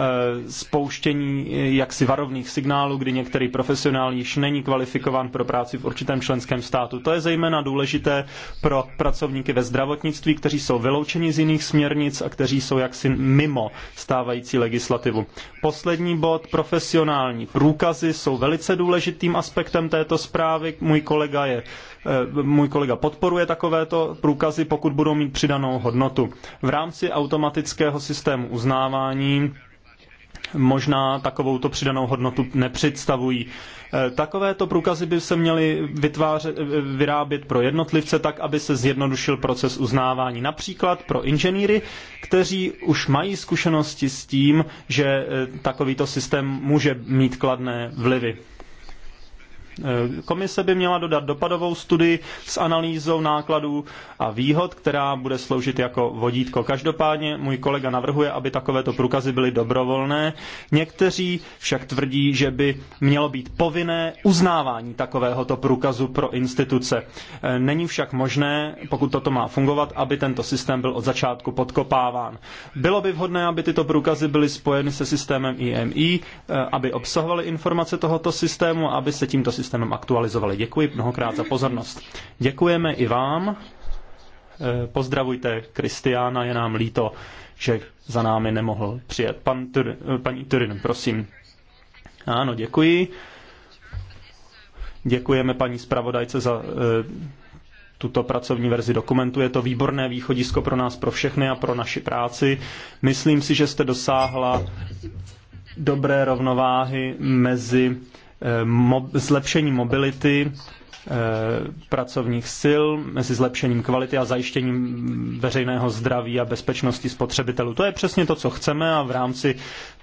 spouštění eh, jaksi varovných signálů, kdy některý profesionál již není kvalifikován pro práci v určitém členském státu. To je zejména důležité pro pracovníky ve zdravotnictví, kteří jsou vyloučeni z jiných směrnic a kteří jsou jaksi mimo stávající legislativu. Poslední bod, profesionální průkazy jsou velice důležitým aspektem této zprávy. Můj kolega je Eh, můj kolega podporuje takovéto průkazy, pokud budou mít přidanou hodnotu. V rámci automatického systému uznávání možná takovouto přidanou hodnotu nepředstavují. Eh, takovéto průkazy by se měly vytvářet, eh, vyrábět pro jednotlivce tak, aby se zjednodušil proces uznávání. Například pro inženýry, kteří už mají zkušenosti s tím, že takovýto systém může mít kladné vlivy. Eh, komise by měla dodat dopadovou studii s analýzou nákladů a výhod, která bude sloužit jako vodítko. Každopádně můj kolega navrhuje, aby takovéto průkazy byly dobrovolné. Někteří však tvrdí, že by mělo být povinné uznávání takovéhoto průkazu pro instituce. Eh, není však možné, pokud toto má fungovat, aby tento systém byl od začátku podkopáván. Bylo by vhodné, aby tyto průkazy byly spojeny se systémem IMI, eh, aby obsahovaly informace tohoto systému, aby se tímto systémem systémem aktualizovali. Děkuji mnohokrát za pozornost. Děkujeme i vám. E, pozdravujte Kristiána, je nám líto, že za námi nemohl přijet. Pan Tur, e, paní Turin, prosím. Ano, děkuji. Děkujeme paní zpravodajce za e, tuto pracovní verzi dokumentu. Je to výborné východisko pro nás, pro všechny a pro naši práci. Myslím si, že jste dosáhla dobré rovnováhy mezi Eh, mo- zlepšení mobility eh, pracovních sil, mezi zlepšením kvality a zajištěním veřejného zdraví a bezpečnosti spotřebitelů. To je přesně to, co chceme a v rámci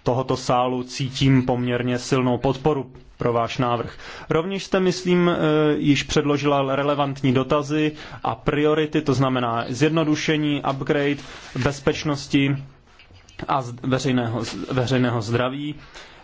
tohoto sálu cítím poměrně silnou podporu pro váš návrh. Rovněž jste, myslím, eh, již předložila relevantní dotazy a priority, to znamená zjednodušení, upgrade, bezpečnosti a veřejného, veřejného zdraví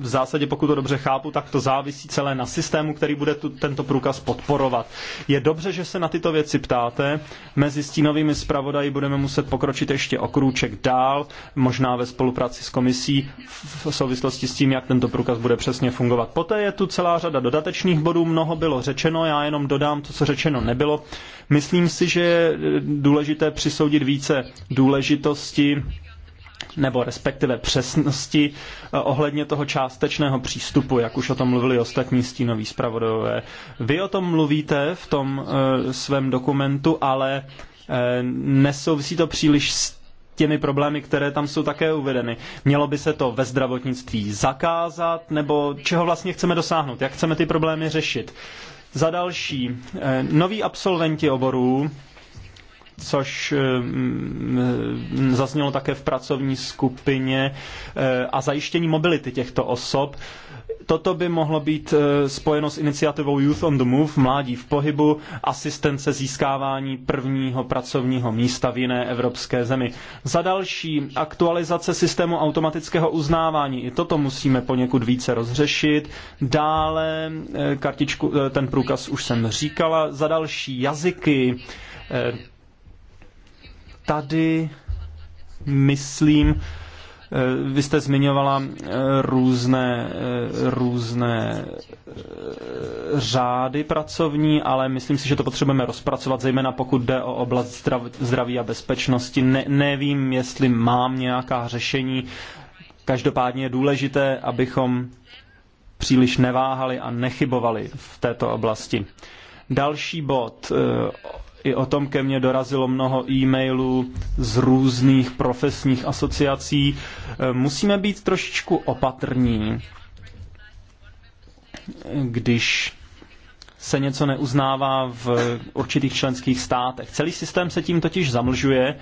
v zásadě, pokud to dobře chápu, tak to závisí celé na systému, který bude tu, tento průkaz podporovat. Je dobře, že se na tyto věci ptáte. Mezi stínovými zpravodaji budeme muset pokročit ještě o krůček dál, možná ve spolupráci s komisí v souvislosti s tím, jak tento průkaz bude přesně fungovat. Poté je tu celá řada dodatečných bodů, mnoho bylo řečeno, já jenom dodám to, co řečeno nebylo. Myslím si, že je důležité přisoudit více důležitosti nebo respektive přesnosti eh, ohledně toho částečného přístupu, jak už o tom mluvili ostatní stínoví zpravodajové. Vy o tom mluvíte v tom eh, svém dokumentu, ale eh, nesouvisí to příliš s těmi problémy, které tam jsou také uvedeny. Mělo by se to ve zdravotnictví zakázat, nebo čeho vlastně chceme dosáhnout, jak chceme ty problémy řešit. Za další, noví absolventi oborů což ehm, e, zaznělo také v pracovní skupině, e, a zajištění mobility těchto osob. Toto by mohlo být e, spojeno s iniciativou Youth on the Move, Mládí v pohybu, asistence získávání prvního pracovního místa v jiné evropské zemi. Za další, aktualizace systému automatického uznávání. I toto musíme poněkud více rozřešit. Dále, kartičku, ten průkaz už jsem říkala. Za další, jazyky tady myslím, eh, vy jste zmiňovala eh, různé, eh, různé řády pracovní, ale myslím si, že to potřebujeme rozpracovat, zejména pokud jde o oblast zdraví a bezpečnosti. Ne, nevím, jestli mám nějaká řešení. Každopádně je důležité, abychom příliš neváhali a nechybovali v této oblasti. Další bod i o tom ke mně dorazilo mnoho e-mailů z různých profesních asociací. E, musíme být trošičku opatrní, když se něco neuznává v určitých členských státech. Celý systém se tím totiž zamlžuje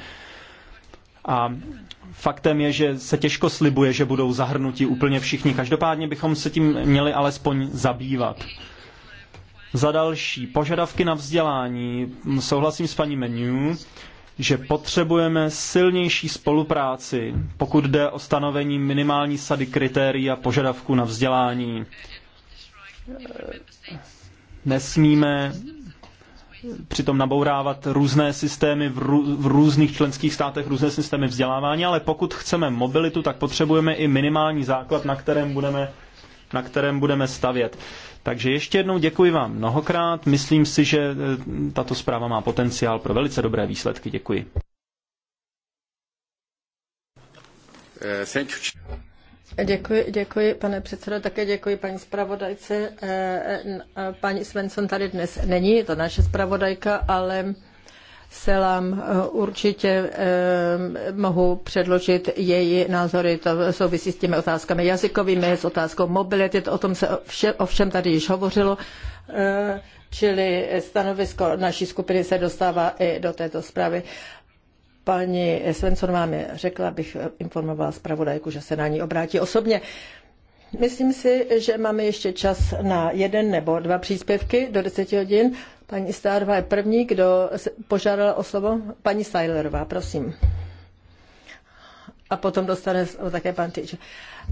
a faktem je, že se těžko slibuje, že budou zahrnuti úplně všichni. Každopádně bychom se tím měli alespoň zabývat. Za další, požadavky na vzdělání. Souhlasím s paní Menu, že potřebujeme silnější spolupráci, pokud jde o stanovení minimální sady kritérií a požadavků na vzdělání. Nesmíme přitom nabourávat různé systémy v, rů, v různých členských státech, různé systémy vzdělávání, ale pokud chceme mobilitu, tak potřebujeme i minimální základ, na kterém budeme na kterém budeme stavět. Takže ještě jednou děkuji vám mnohokrát. Myslím si, že eh, tato zpráva má potenciál pro velice dobré výsledky. Děkuji. Eh, děkuji, děkuji, pane předsedo, také děkuji paní zpravodajce. Eh, paní Svensson tady dnes není, je to naše zpravodajka, ale Selam eh, určitě eh, mohu předložit její názory, to souvisí s těmi otázkami jazykovými, s otázkou mobility, to o tom se ovšem, ovšem tady již hovořilo, eh, čili stanovisko naší skupiny se dostává i do této zprávy. Paní Svensson vám je řekla, abych informovala zpravodajku, že se na ní obrátí osobně. Myslím si, že máme ještě čas na jeden nebo dva příspěvky do deseti hodin. Paní Stárová je první, kdo požádala o slovo. Paní Stajlerová, prosím. A potom dostane také pan Týč.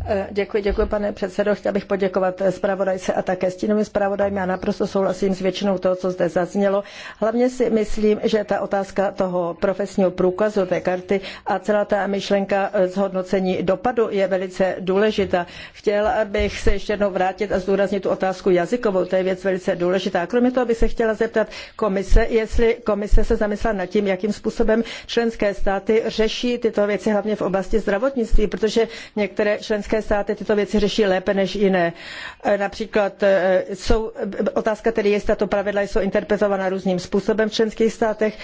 Eh, děkuji, děkuji, pane předsedo. Chtěl bych poděkovat eh, zpravodajce a také stínovým zpravodajům. Já naprosto souhlasím s většinou toho, co zde zaznělo. Hlavně si myslím, že ta otázka toho profesního průkazu, té karty a celá ta myšlenka eh, zhodnocení dopadu je velice důležitá. Chtěl bych se ještě jednou vrátit a zdůraznit tu otázku jazykovou. To je věc velice důležitá. Kromě toho bych se chtěla zeptat komise, jestli komise se zamyslela nad tím, jakým způsobem členské státy řeší tyto věci, hlavně v oblasti zdravotnictví, protože některé členské členské státy tyto věci řeší lépe než jiné. E, například e, jsou, e, otázka tedy je, zda to pravidla jsou interpretována různým způsobem v členských státech.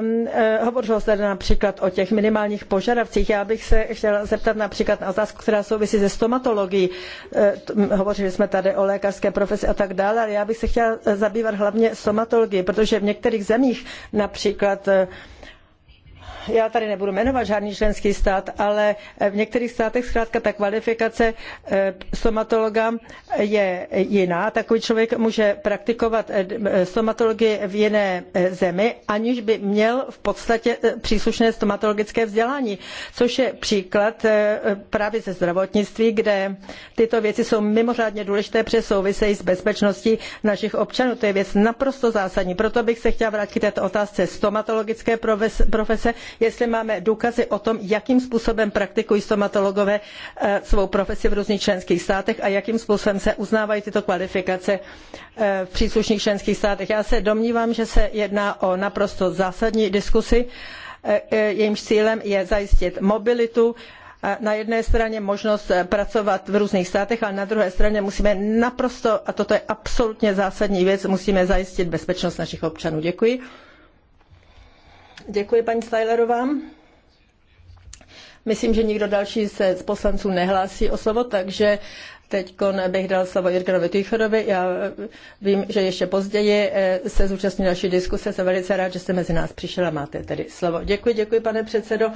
Um, hovořilo se například o těch minimálních požadavcích. Já bych se chtěla zeptat například na otázku, která souvisí se stomatologií. Uh, hovořili jsme tady o lékařské profesi a tak dále, ale já bych se chtěla zabývat hlavně stomatologií, protože v některých zemích například uh, já tady nebudu jmenovat žádný členský stát, ale v některých státech zkrátka ta kvalifikace eh, stomatologa je jiná. Takový člověk může praktikovat eh, eh, stomatologii v jiné zemi, aniž by měl v podstatě příslušné stomatologické vzdělání, což je příklad právě ze zdravotnictví, kde tyto věci jsou mimořádně důležité, protože souvisejí s bezpečností našich občanů. To je věc naprosto zásadní. Proto bych se chtěla vrátit k této otázce stomatologické profese jestli máme důkazy o tom, jakým způsobem praktikují stomatologové eh, svou profesi v různých členských státech a jakým způsobem se uznávají tyto kvalifikace eh, v příslušných členských státech. Já se domnívám, že se jedná o naprosto zásadní diskusi, eh, jejímž cílem je zajistit mobilitu na jedné straně možnost pracovat v různých státech, ale na druhé straně musíme naprosto, a toto je absolutně zásadní věc, musíme zajistit bezpečnost našich občanů. Děkuji. Děkuji, paní Stylerová. Myslím, že nikdo další se z poslanců nehlásí o slovo, takže teď bych dal slovo Jirgenovi Týchodovi. Já eh, vím, že ještě později eh, se zúčastní naší diskuse. Jsem velice rád, že jste mezi nás přišel a máte tedy slovo. Děkuji, děkuji, pane předsedo.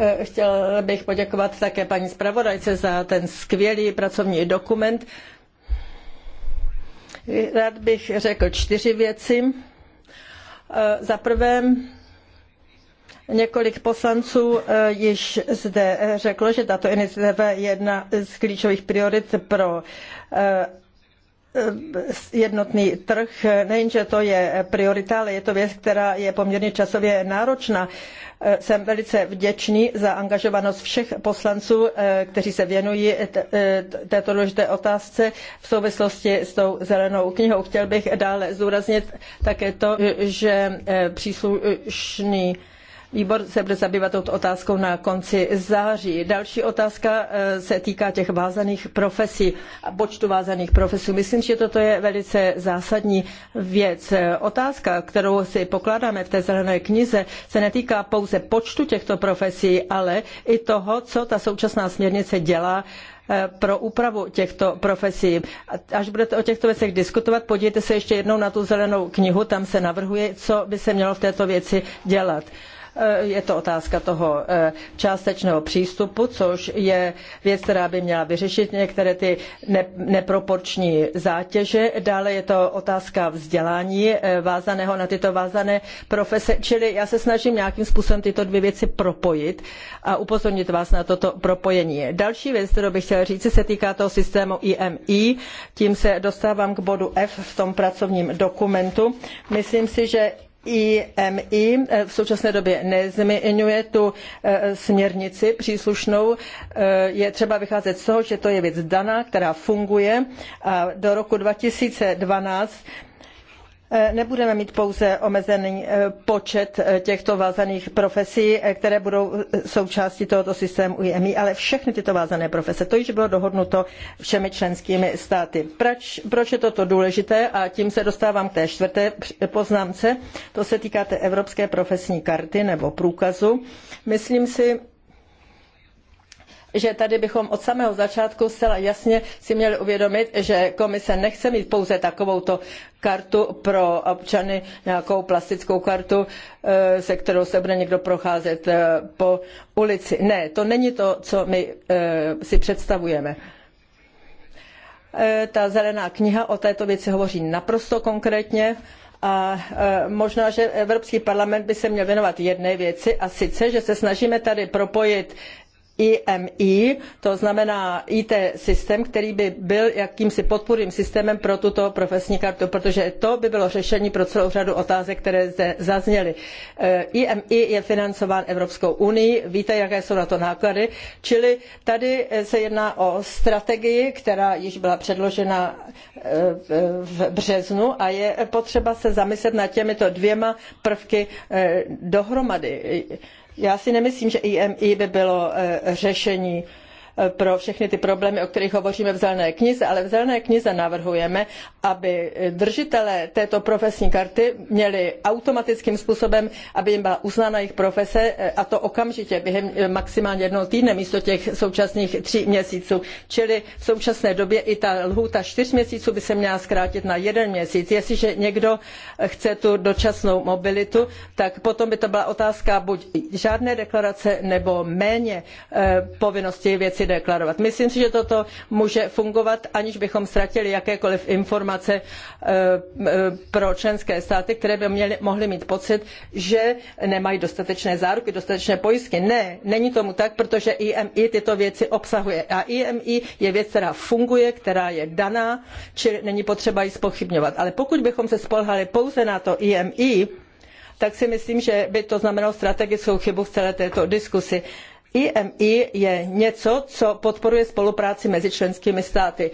Eh, chtěl bych poděkovat také paní zpravodajce za ten skvělý pracovní dokument. Rád bych řekl čtyři věci. Eh, za prvé, Několik poslanců eh, již zde eh, řeklo, že tato iniciativa je jedna z klíčových priorit pro Eh, jednotný trh, nejenže to je priorita, ale je to věc, která je poměrně časově náročná. Eh, jsem velice vděčný za angažovanost všech poslanců, eh, kteří se věnují této důležité otázce v souvislosti s tou zelenou knihou. Chtěl bych dále zdůraznit také to, že příslušný Výbor se bude zabývat touto otázkou na konci září. Další otázka eh, se týká těch vázaných profesí a počtu vázaných profesí. Myslím, že toto je velice zásadní věc. Otázka, kterou si pokládáme v té zelené knize, se netýká pouze počtu těchto profesí, ale i toho, co ta současná směrnice dělá eh, pro úpravu těchto profesí. Až budete o těchto věcech diskutovat, podívejte se ještě jednou na tu zelenou knihu, tam se navrhuje, co by se mělo v této věci dělat. Eh, je to otázka toho eh, částečného přístupu, což je věc, která by měla vyřešit některé ty neproporční zátěže. Dále je to otázka vzdělání eh, vázaného na tyto vázané profese. Čili já se snažím nějakým způsobem tyto dvě věci propojit a upozornit vás na toto propojení. Další věc, kterou bych chtěla říct, se týká toho systému IMI. Tím se dostávám k bodu F v tom pracovním dokumentu. Myslím si, že IMI eh, v současné době nezmiňuje tu eh, směrnici příslušnou. Eh, je třeba vycházet z toho, že to je věc daná, která funguje a do roku 2012 Eh, nebudeme mít pouze omezený eh, počet eh, těchto vázaných profesí, které budou součástí tohoto systému IMI, ale všechny tyto vázané profese. To již bylo dohodnuto všemi členskými státy. Proč, proč je toto důležité? A tím se dostávám k té čtvrté poznámce. To se týká té Evropské profesní karty nebo průkazu. Myslím si, že tady bychom od samého začátku zcela jasně si měli uvědomit, že komise nechce mít pouze takovouto kartu pro občany, nějakou plastickou kartu, eh, se kterou se bude někdo procházet eh, po ulici. Ne, to není to, co my eh, si představujeme. Ta zelená kniha o této věci hovoří naprosto konkrétně a možná, že Evropský parlament by se měl věnovat jedné věci a sice, že se snažíme tady propojit IMI, to znamená IT systém, který by byl jakýmsi podpůrným systémem pro tuto profesní kartu, protože to by bylo řešení pro celou řadu otázek, které zde zazněly. IMI eh, je financován Evropskou unii, víte, jaké jsou na to náklady, čili tady eh, se jedná o strategii, která již byla předložena eh, v březnu a je potřeba se zamyslet nad těmito dvěma prvky dohromady já si nemyslím, že IMI by bylo eh, řešení pro všechny ty problémy, o kterých hovoříme v zelené knize, ale v zelené knize navrhujeme, aby držitelé této profesní karty měli automatickým způsobem, aby jim byla uznána jejich profese a to okamžitě během eh, maximálně jednoho týdne místo těch současných tří měsíců. Čili v současné době i ta lhůta čtyř měsíců by se měla zkrátit na jeden měsíc. Jestliže někdo chce tu dočasnou mobilitu, tak potom by to byla otázka buď žádné deklarace nebo méně eh, povinnosti věci deklarovat. Myslím si, že toto může fungovat, aniž bychom ztratili jakékoliv informace eh, eh, pro členské státy, které by měly, mohly mít pocit, že nemají dostatečné záruky, dostatečné pojistky. Ne, není tomu tak, protože IMI tyto věci obsahuje. A IMI je věc, která funguje, která je daná, čili není potřeba ji spochybňovat. Ale pokud bychom se spolhali pouze na to IMI, tak si myslím, že by to znamenalo strategickou chybu v celé této diskusi. IMI je něco, co podporuje spolupráci mezi členskými státy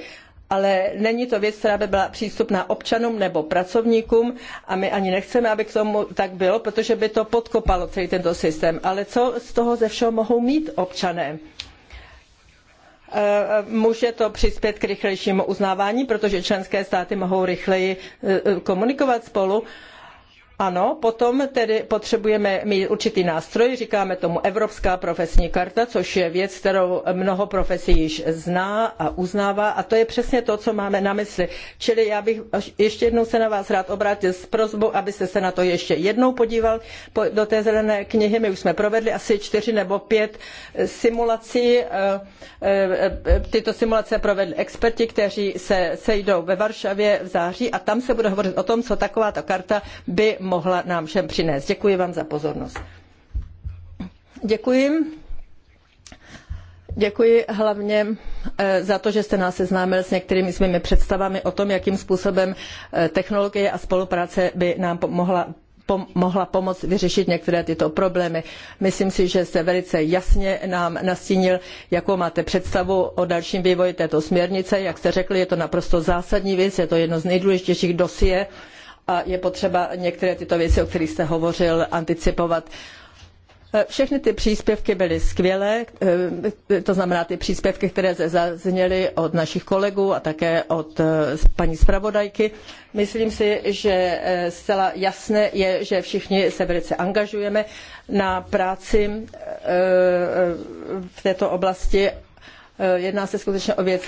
ale není to věc, která by byla přístupná občanům nebo pracovníkům a my ani nechceme, aby k tomu tak bylo, protože by to podkopalo celý tento systém. Ale co z toho ze všeho mohou mít občané? Eh, může to přispět k rychlejšímu uznávání, protože členské státy mohou rychleji eh, eh, komunikovat spolu. Ano, potom tedy potřebujeme mít určitý nástroj, říkáme tomu Evropská profesní karta, což je věc, kterou mnoho profesí již zná a uznává a to je přesně to, co máme na mysli. Čili já bych ještě jednou se na vás rád obrátil s prozbou, abyste se na to ještě jednou podíval do té zelené knihy. My už jsme provedli asi čtyři nebo pět eh, simulací. Eh, eh, tyto simulace provedli experti, kteří se sejdou ve Varšavě v září a tam se bude hovořit o tom, co takováto karta by mohla nám všem přinést. Děkuji vám za pozornost. Děkuji. Děkuji hlavně eh, za to, že jste nás seznámil s některými svými představami o tom, jakým způsobem eh, technologie a spolupráce by nám mohla mohla pomoct vyřešit některé tyto problémy. Myslím si, že jste velice jasně nám nastínil, jakou máte představu o dalším vývoji této směrnice. Jak jste řekli, je to naprosto zásadní věc, je to jedno z nejdůležitějších dosie, a je potřeba některé tyto věci, o kterých jste hovořil, anticipovat. E, všechny ty příspěvky byly skvělé, e, to znamená ty příspěvky, které zazněly od našich kolegů a také od e, paní zpravodajky. Myslím si, že zcela jasné je, že všichni se velice angažujeme na práci v této oblasti. Jedná se skutečně o věc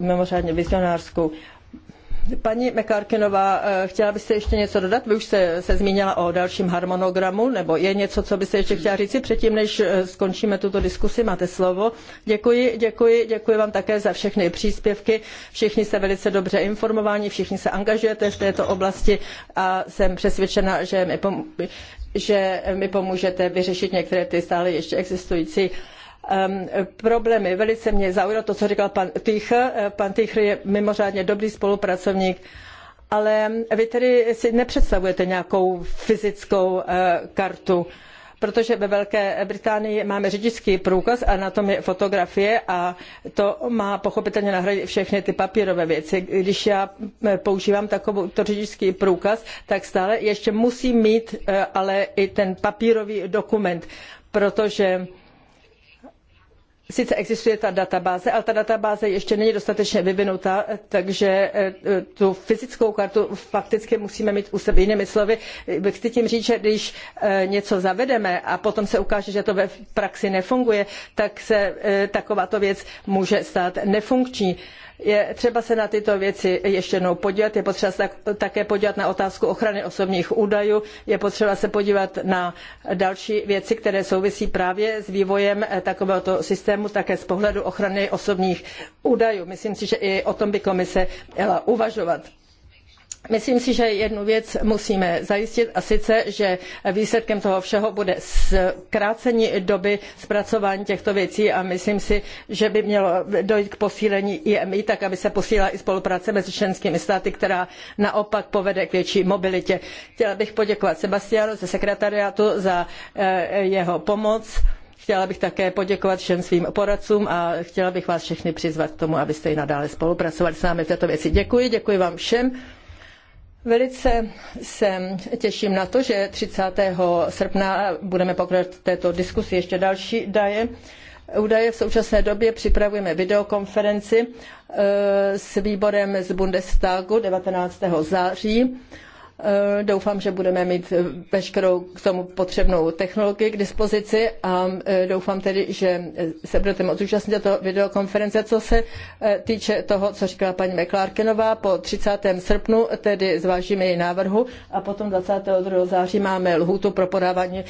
mimořádně vizionářskou. Paní McCarkinová, eh, chtěla byste ještě něco dodat? Vy už jste se zmínila o dalším harmonogramu, nebo je něco, co byste ještě chtěla říci předtím, než eh, skončíme tuto diskusi? Máte slovo. Děkuji, děkuji, děkuji vám také za všechny příspěvky. Všichni jste velice dobře informováni, všichni se angažujete v této oblasti a jsem přesvědčena, že mi, pom- že mi pomůžete vyřešit některé ty stále ještě existující uh, Ehm, problémy. Velice mě zaujalo to, co říkal pan Týchr. Ehm, pan Týchr je mimořádně dobrý spolupracovník ale vy tedy si nepředstavujete nějakou fyzickou ehm, kartu protože ve Velké Británii máme řidičský průkaz a na tom je fotografie a to má pochopitelně nahradit všechny ty papírové věci. Když já používám takový to řidičský průkaz, tak stále ještě musím mít ale i ten papírový dokument, protože sice existuje ta databáze, ale ta databáze ještě není dostatečně vyvinutá, takže eh, tu fyzickou kartu fakticky musíme mít u sebe. Jinými slovy, chci tím říct, že když eh, něco zavedeme a potom se ukáže, že to ve praxi nefunguje, tak se eh, takováto věc může stát nefunkční. Je třeba se na tyto věci ještě jednou podívat, je potřeba se také podívat na otázku ochrany osobních údajů, je potřeba se podívat na další věci, které souvisí právě s vývojem eh, takovéhoto systému, také z pohledu ochrany osobních údajů. Myslím si, že i o tom by komise měla uvažovat. Myslím si, že jednu věc musíme zajistit a sice, že výsledkem toho všeho bude zkrácení doby zpracování těchto věcí a myslím si, že by mělo dojít k posílení IMI, tak aby se posílila i spolupráce mezi členskými státy, která naopak povede k větší mobilitě. Chtěla bych poděkovat Sebastianu ze sekretariátu za eh, jeho pomoc. Chtěla bych také poděkovat všem svým poradcům a chtěla bych vás všechny přizvat k tomu, abyste i nadále spolupracovali s námi v této věci. Děkuji, děkuji vám všem. Velice se těším na to, že 30. srpna budeme pokračovat této diskusi ještě další daje. Údaje v současné době připravujeme videokonferenci eh, s výborem z Bundestagu 19. září. Eh, doufám, že budeme mít eh, veškerou k tomu potřebnou technologii k dispozici a eh, doufám tedy, že se budete moc účastnit toho videokonference. Co se týče toho, co říkala paní Meklárkenová, po 30. srpnu tedy zvážíme její návrhu a potom 22. září máme lhůtu pro podávání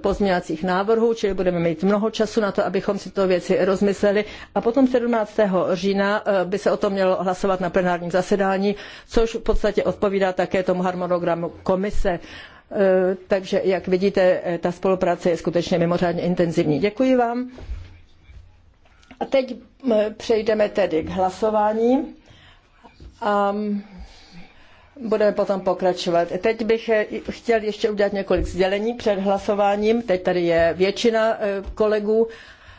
pozměňovacích návrhů, čili budeme mít mnoho času na to, abychom si to věci rozmysleli a potom 17. října by se o tom mělo hlasovat na plenárním zasedání, což v podstatě odpovídá také tomu harmonu harmonogramu komise. E, takže, jak vidíte, e, ta spolupráce je skutečně mimořádně intenzivní. Děkuji vám. A teď přejdeme tedy k hlasování. A budeme potom pokračovat. Teď bych e, chtěl ještě udělat několik sdělení před hlasováním. Teď tady je většina kolegů.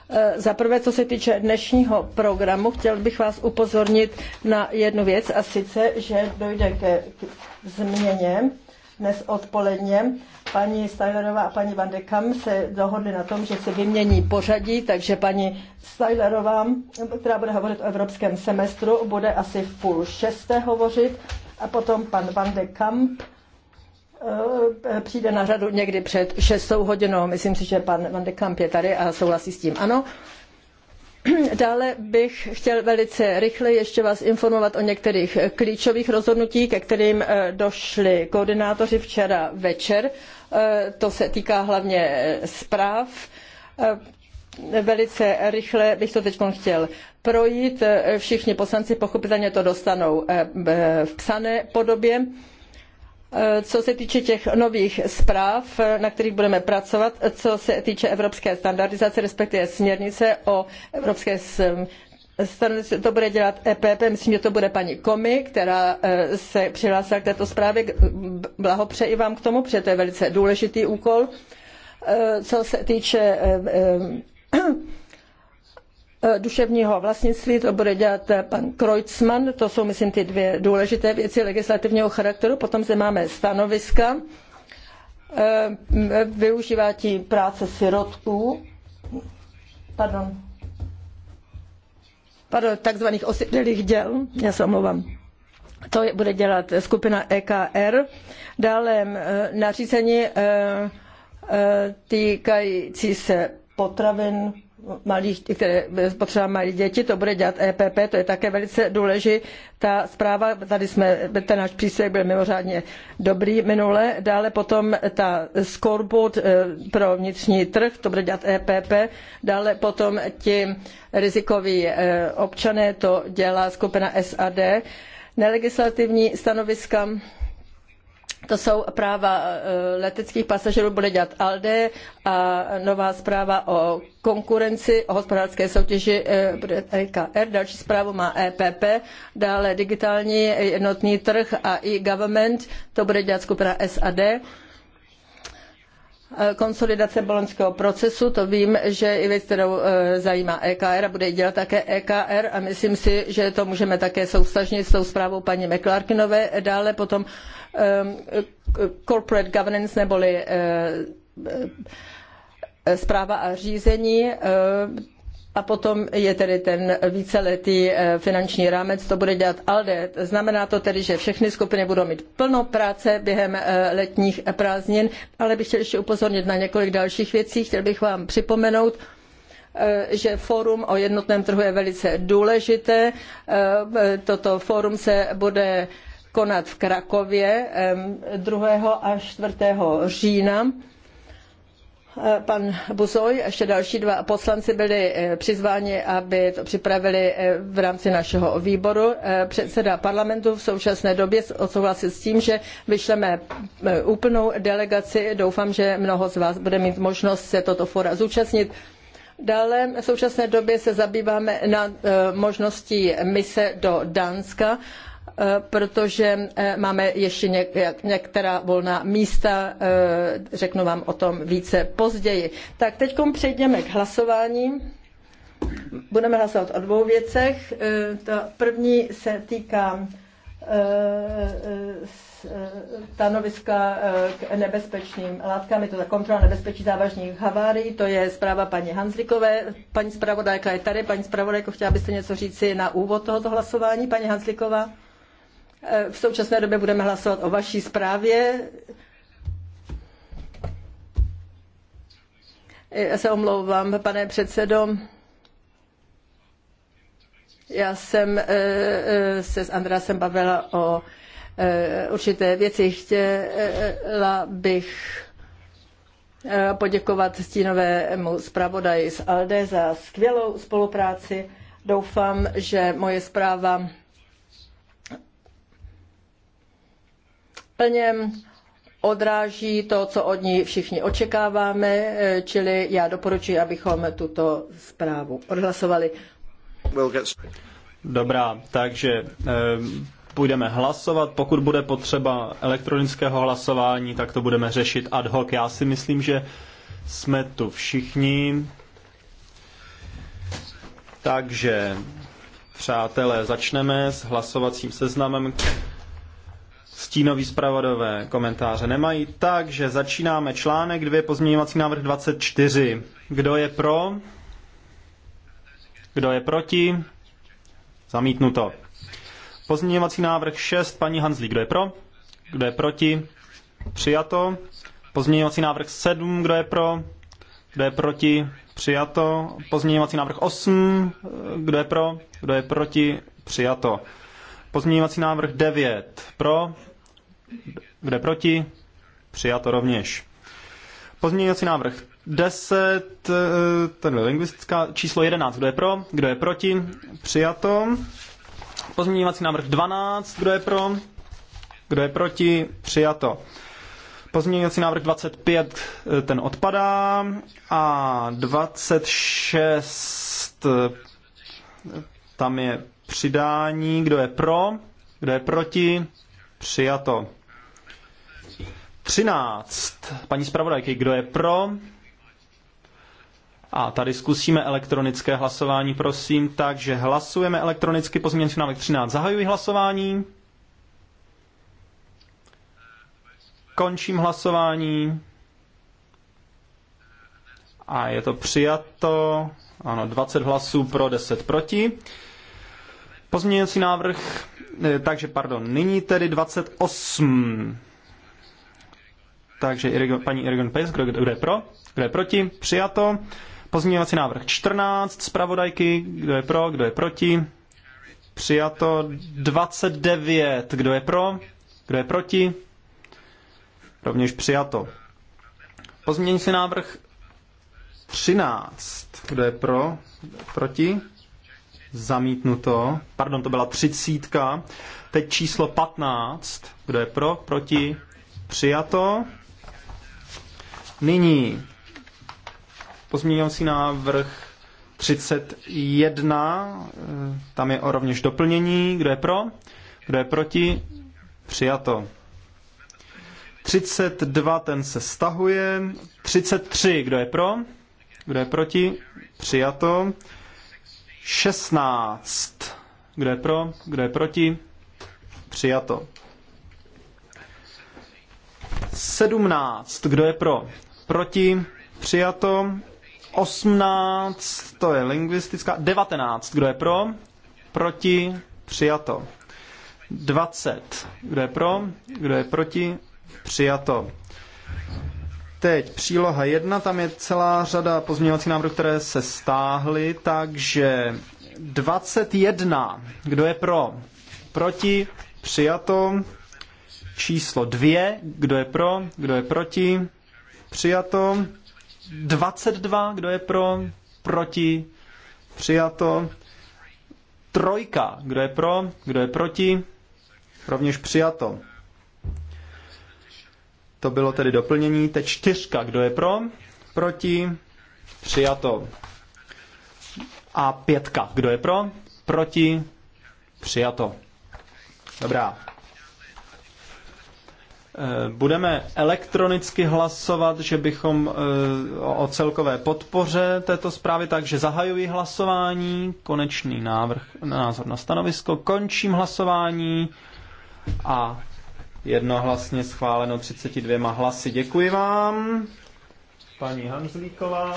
Eh, Za prvé, co se týče dnešního programu, chtěl bych vás upozornit na jednu věc a sice, že dojde ke změně dnes odpoledně. Paní Stylerová a paní Van de Kam se dohodly na tom, že se vymění pořadí, takže paní Stylerová, která bude hovořit o evropském semestru, bude asi v půl šesté hovořit a potom pan Van de Kamp Eh, přijde na řadu někdy před 6 hodinou. Myslím si, že pan Van de Kamp je tady a souhlasí s tím. Ano. [CLEARS THROAT] Dále bych chtěl velice rychle ještě vás informovat o některých klíčových rozhodnutí, ke kterým eh, došli koordinátoři včera večer. Eh, to se týká hlavně zpráv. Velice rychle bych to teď chtěl projít. Všichni poslanci pochopitelně to dostanou v psané podobě. Eh, co se týče těch nových zpráv, eh, na kterých budeme pracovat, eh, co se týče evropské standardizace, respektive směrnice o evropské to bude dělat EPP, myslím, že to bude paní Komi, která se přihlásila k této zprávě. Blahopřeji vám k tomu, protože to je velice důležitý úkol. Co se týče Eh, duševního vlastnictví, to bude dělat eh, pan Kreutzmann, to jsou, myslím, ty dvě důležité věci legislativního charakteru. Potom zde máme stanoviska, eh, využívání práce sirotků, pardon, pardon, takzvaných osiřelých děl, já se omlouvám. To je, bude dělat skupina EKR. Dále nařízení týkající se potravin malých, které potřeba malí děti, to bude dělat EPP, to je také velice důležitá Ta zpráva, tady jsme, ten náš příspěvek byl mimořádně dobrý minule, dále potom ta scoreboard eh, pro vnitřní trh, to bude dělat EPP, dále potom ti rizikoví eh, občané, to dělá skupina SAD, nelegislativní stanoviska, to jsou práva eh, leteckých pasažerů, bude dělat ALDE a nová zpráva o konkurenci, o hospodářské soutěži eh, bude EKR, další zprávu má EPP, dále digitální jednotný trh a e-government, to bude dělat skupina SAD Eh, konsolidace boloňského procesu, to vím, že i věc, kterou eh, zajímá EKR a bude dělat také EKR a myslím si, že to můžeme také soustažnit s tou zprávou paní McClarkinové. Dále potom ehm, corporate governance neboli eh, zpráva a řízení. A potom je tedy ten víceletý eh, finanční rámec, to bude dělat ALDE. Znamená to tedy, že všechny skupiny budou mít plno práce během eh, letních prázdnin, ale bych chtěl ještě upozornit na několik dalších věcí. Chtěl bych vám připomenout, eh, že fórum o jednotném trhu je velice důležité. Toto fórum se bude konat v Krakově 2. až 4. října Eh, pan Buzoj a ještě další dva poslanci byli eh, přizváni, aby to připravili eh, v rámci našeho výboru. Předseda parlamentu v současné době odsouhlasil s tím, že vyšleme úplnou delegaci. Doufám, že mnoho z vás bude mít možnost se toto fora zúčastnit. Dále v současné době se zabýváme na možností mise do Dánska. Eh, protože eh, máme ještě některá volná místa, eh, řeknu vám o tom více později. Tak teď přejdeme k hlasování. Budeme hlasovat o dvou věcech. Ta první se týká stanoviska k nebezpečným látkám, je to ta kontrola nebezpečí závažných havárií, to je zpráva paní Hanzlikové. Paní zpravodajka je tady, paní zpravodajko, chtěla byste něco říci na úvod tohoto hlasování, paní Hanzliková? Eh, v současné době budeme hlasovat o vaší zprávě. Já se omlouvám, pane předsedo. Já jsem eh, eh, se s Andrásem bavila o určité věci. Chtěla bych poděkovat stínovému zpravodaji z ALDE za skvělou spolupráci. Doufám, že moje zpráva plně odráží to, co od ní všichni očekáváme, čili já doporučuji, abychom tuto zprávu odhlasovali. Dobrá, takže ehm, půjdeme hlasovat. Pokud bude potřeba elektronického hlasování, tak to budeme řešit ad hoc. Já si myslím, že jsme tu všichni. Takže, přátelé, začneme s hlasovacím seznamem. Stínoví zpravodové komentáře nemají, takže začínáme článek 2, pozměňovací návrh 24. Kdo je pro? Kdo je proti? Zamítnuto. Pozměňovací návrh 6, paní Hanzlí, kdo je pro? Kdo je proti? Přijato. Pozměňovací návrh 7, kdo je pro? Kdo je proti? Přijato. Pozměňovací návrh 8, kdo je pro? Kdo je proti? Přijato. Pozměňovací návrh 9, pro? Kde proti? Přijato rovněž. Pozměňovací návrh 10, eh, ten je lingvistická, číslo 11, kdo je pro, kdo je proti, přijato. Pozměňovací návrh 12, kdo je pro, kdo je proti, přijato. Pozměňovací návrh 25, eh, ten odpadá. A 26, eh, tam je přidání, kdo je pro, kdo je proti, přijato. 13. Paní zpravodajky, kdo je pro? A tady zkusíme elektronické hlasování, prosím. Takže hlasujeme elektronicky pozměňovací návrh 13. Zahajuji hlasování. Končím hlasování. A je to přijato. Ano, 20 hlasů pro, 10 proti. Pozměňovací návrh, eh, takže pardon, nyní tedy 28. Takže Irigo, paní Irigon Pejs, kdo, kdo je pro, kdo je proti, přijato. Pozměňovací návrh 14, zpravodajky, kdo je pro, kdo je proti, přijato. 29, kdo je pro, kdo je proti, rovněž přijato. Pozměňující návrh 13, kdo je pro, kdo je proti, zamítnuto. Pardon, to byla třicítka. Teď číslo 15. Kdo je pro? Proti? Přijato. Nyní pozměňovací návrh 31, tam je o rovněž doplnění, kdo je pro, kdo je proti, přijato. 32, ten se stahuje. 33, kdo je pro, kdo je proti, přijato. 16, kdo je pro, kdo je proti, přijato. 17, kdo je pro, proti, přijato. 18, to je lingvistická, 19, kdo je pro, proti, přijato. 20, kdo je pro, kdo je proti, přijato. Teď příloha 1, tam je celá řada pozměňovacích návrhů, které se stáhly, takže 21, kdo je pro, proti, přijato. Číslo 2, kdo je pro, kdo je proti, Přijato. 22, kdo je pro? Proti. Přijato. Trojka, kdo je pro? Kdo je proti? Rovněž přijato. To bylo tedy doplnění. Teď čtyřka, kdo je pro? Proti. Přijato. A pětka, kdo je pro? Proti. Přijato. Dobrá. Eh, budeme elektronicky hlasovat, že bychom eh, o celkové podpoře této zprávy, takže zahajuji hlasování, konečný návrh, názor na stanovisko, končím hlasování a jednohlasně schváleno 32 hlasy. Děkuji vám, paní Hanzlíková.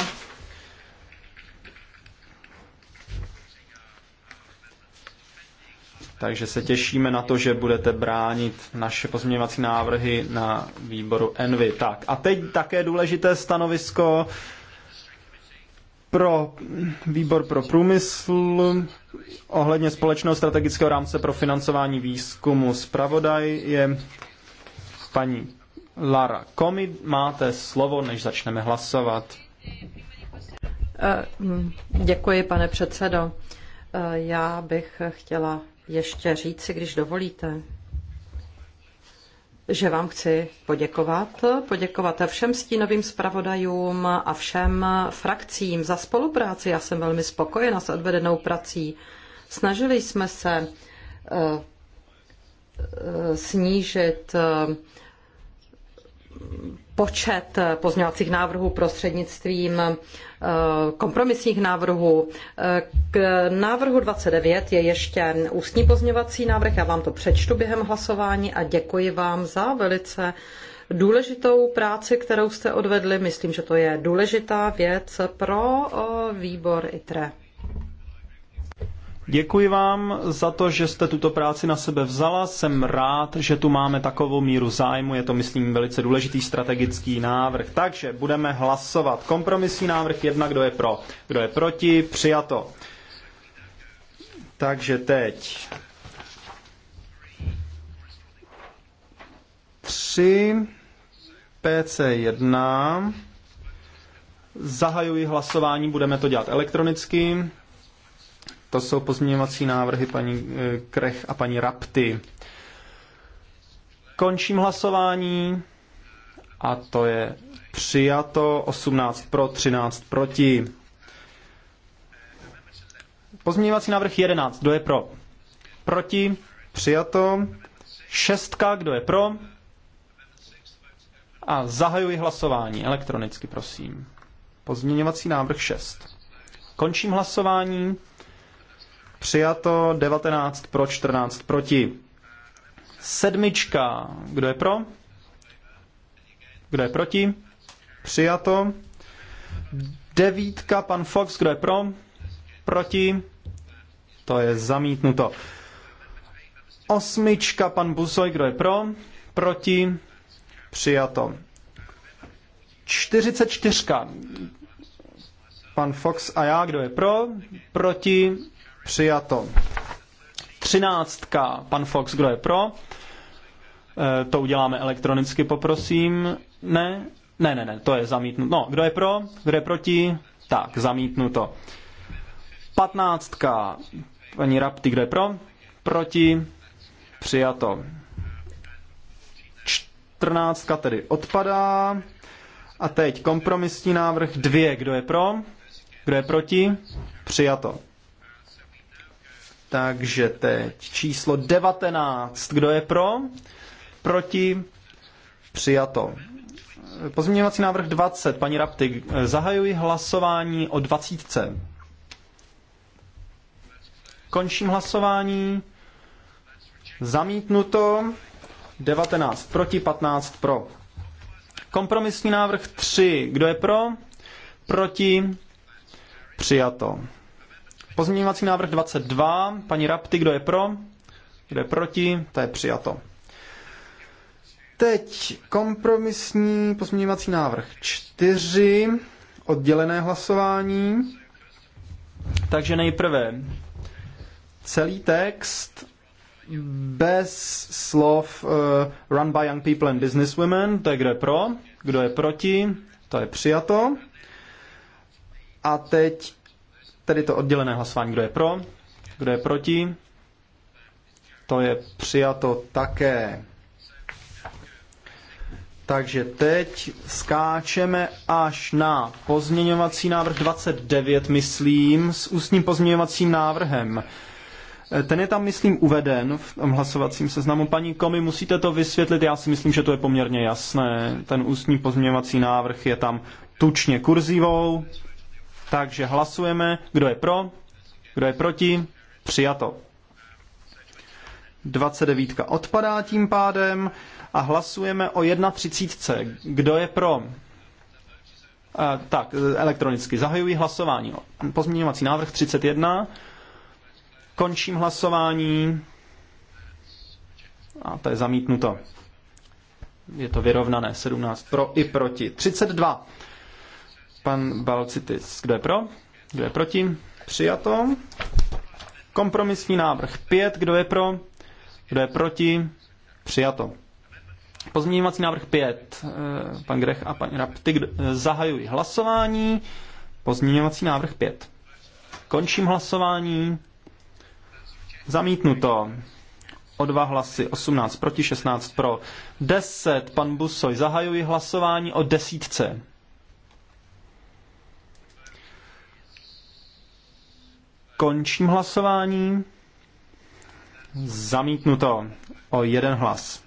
Takže se těšíme na to, že budete bránit naše pozměňovací návrhy na výboru Envy. Tak a teď také důležité stanovisko pro výbor pro průmysl ohledně společného strategického rámce pro financování výzkumu. Spravodaj je paní Lara Komi. Máte slovo, než začneme hlasovat. Eh, děkuji, pane předsedo. Eh, já bych chtěla ještě říci, když dovolíte, že vám chci poděkovat, poděkovat všem stínovým zpravodajům a všem frakcím za spolupráci. Já jsem velmi spokojena s odvedenou prací. Snažili jsme se eh, eh, snížit eh, počet pozměňovacích návrhů prostřednictvím Eh, kompromisních návrhů. Eh, k návrhu 29 je ještě ústní pozměvací návrh, já vám to přečtu během hlasování a děkuji vám za velice důležitou práci, kterou jste odvedli. Myslím, že to je důležitá věc pro eh, výbor ITRE. Děkuji vám za to, že jste tuto práci na sebe vzala. Jsem rád, že tu máme takovou míru zájmu. Je to, myslím, velice důležitý strategický návrh. Takže budeme hlasovat. Kompromisní návrh jedna, kdo je pro, kdo je proti, přijato. Takže teď tři PC1. Zahajuji hlasování, budeme to dělat elektronicky. To jsou pozměňovací návrhy paní eh, Krech a paní Rapty. Končím hlasování a to je přijato 18 pro, 13 proti. Pozměňovací návrh 11. Kdo je pro? Proti? Přijato. Šestka. Kdo je pro? A zahajuji hlasování elektronicky, prosím. Pozměňovací návrh 6. Končím hlasování. Přijato 19 pro, 14 proti. Sedmička. Kdo je pro? Kdo je proti? Přijato. Devítka, pan Fox, kdo je pro? Proti? To je zamítnuto. Osmička, pan Busoj, kdo je pro? Proti? Přijato. 44. Pan Fox a já, kdo je pro? Proti? Přijato. Třináctka. Pan Fox, kdo je pro? E, to uděláme elektronicky, poprosím. Ne? Ne, ne, ne, to je zamítnuto. No, kdo je pro? Kdo je proti? Tak, zamítnuto. Patnáctka. Paní Rapti, kdo je pro? Proti? Přijato. Čtrnáctka tedy odpadá. A teď kompromisní návrh dvě. Kdo je pro? Kdo je proti? Přijato. Takže teď číslo 19. Kdo je pro? Proti? Přijato. Pozměňovací návrh 20. Paní Rapty, zahajuji hlasování o 20. Končím hlasování. Zamítnuto. 19 proti, 15 pro. Kompromisní návrh 3. Kdo je pro? Proti? Přijato. Pozměňovací návrh 22, paní Rapty, kdo je pro, kdo je proti, to je přijato. Teď kompromisní pozměňovací návrh 4, oddělené hlasování. Takže nejprve celý text bez slov uh, run by young people and women, to je kdo je pro, kdo je proti, to je přijato. A teď Tedy to oddělené hlasování, kdo je pro, kdo je proti. To je přijato také. Takže teď skáčeme až na pozměňovací návrh 29, myslím, s ústním pozměňovacím návrhem. E, ten je tam, myslím, uveden v tom hlasovacím seznamu. Paní Komi, musíte to vysvětlit, já si myslím, že to je poměrně jasné. Ten ústní pozměňovací návrh je tam tučně kurzivou, takže hlasujeme, kdo je pro, kdo je proti, přijato. 29 odpadá tím pádem a hlasujeme o 31. Kdo je pro? E, tak, elektronicky. Zahajuji hlasování. Pozměňovací návrh 31. Končím hlasování. A to je zamítnuto. Je to vyrovnané. 17 pro i proti. 32. Pan Balcitis, kdo je pro? Kdo je proti? Přijato. Kompromisní návrh 5, kdo je pro? Kdo je proti? Přijato. Pozměňovací návrh 5, eh, pan Grech a paní Rapty, eh, zahajují hlasování. Pozměňovací návrh 5. Končím hlasování. Zamítnuto. O dva hlasy, 18 proti, 16 pro. 10, pan Busoj, zahajuji hlasování o desítce. Končím hlasování. Zamítnuto o jeden hlas.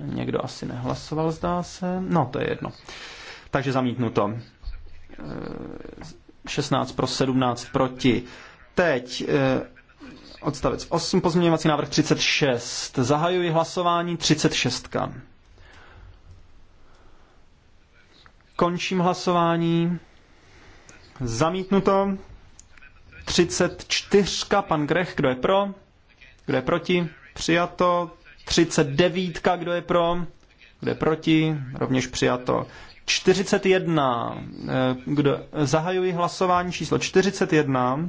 Někdo asi nehlasoval, zdá se. No, to je jedno. Takže zamítnuto. 16 eh, pro 17 proti. Teď eh, odstavec 8, pozměňovací návrh 36. Zahajuji hlasování 36. Končím hlasování. Zamítnuto. 34, pan Grech, kdo je pro? Kdo je proti? Přijato. 39, kdo je pro? Kdo je proti? Rovněž přijato. 41, eh, kdo, zahajuji hlasování číslo 41.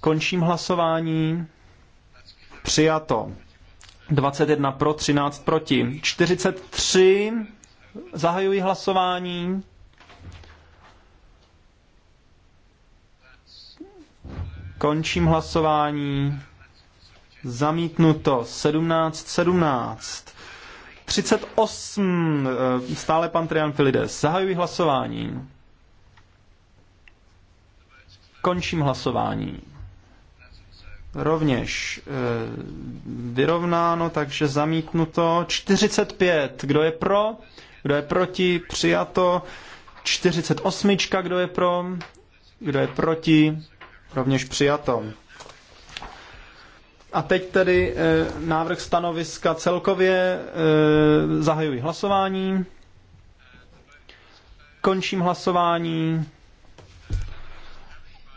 Končím hlasování. Přijato. 21 pro, 13 proti. 43, zahajuji hlasování. Končím hlasování. Zamítnuto 17 17. 38. Stále pan Trian Filides. Zahajuji hlasování. Končím hlasování. Rovněž eh, vyrovnáno, takže zamítnuto. 45. Kdo je pro? Kdo je proti? Přijato. 48. Kdo je pro? Kdo je proti? Rovněž přijato. A teď tedy eh, návrh stanoviska celkově eh, zahajuji hlasování. Končím hlasování.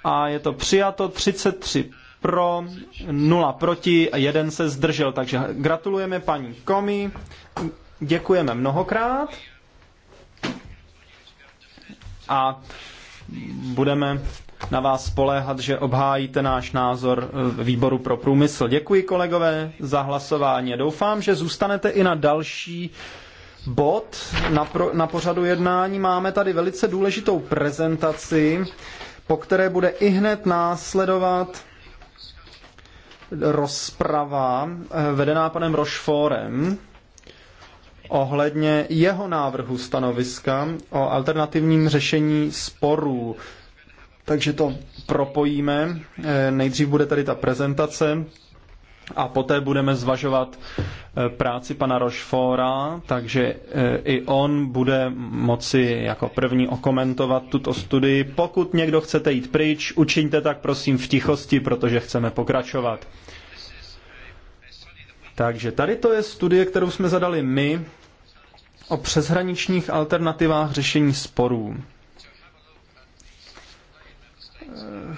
A je to přijato 33 pro, 0 proti a 1 se zdržel. Takže gratulujeme paní Komi, děkujeme mnohokrát a budeme na vás spoléhat, že obhájíte náš názor eh, výboru pro průmysl. Děkuji kolegové za hlasování. Doufám, že zůstanete i na další bod na, pro, na pořadu jednání. Máme tady velice důležitou prezentaci, po které bude i hned následovat rozprava eh, vedená panem Rošforem ohledně jeho návrhu stanoviska o alternativním řešení sporů takže to propojíme. Eh, nejdřív bude tady ta prezentace a poté budeme zvažovat eh, práci pana Rošfora. takže eh, i on bude moci jako první okomentovat tuto studii. Pokud někdo chcete jít pryč, učiňte tak prosím v tichosti, protože chceme pokračovat. Takže tady to je studie, kterou jsme zadali my o přeshraničních alternativách řešení sporů.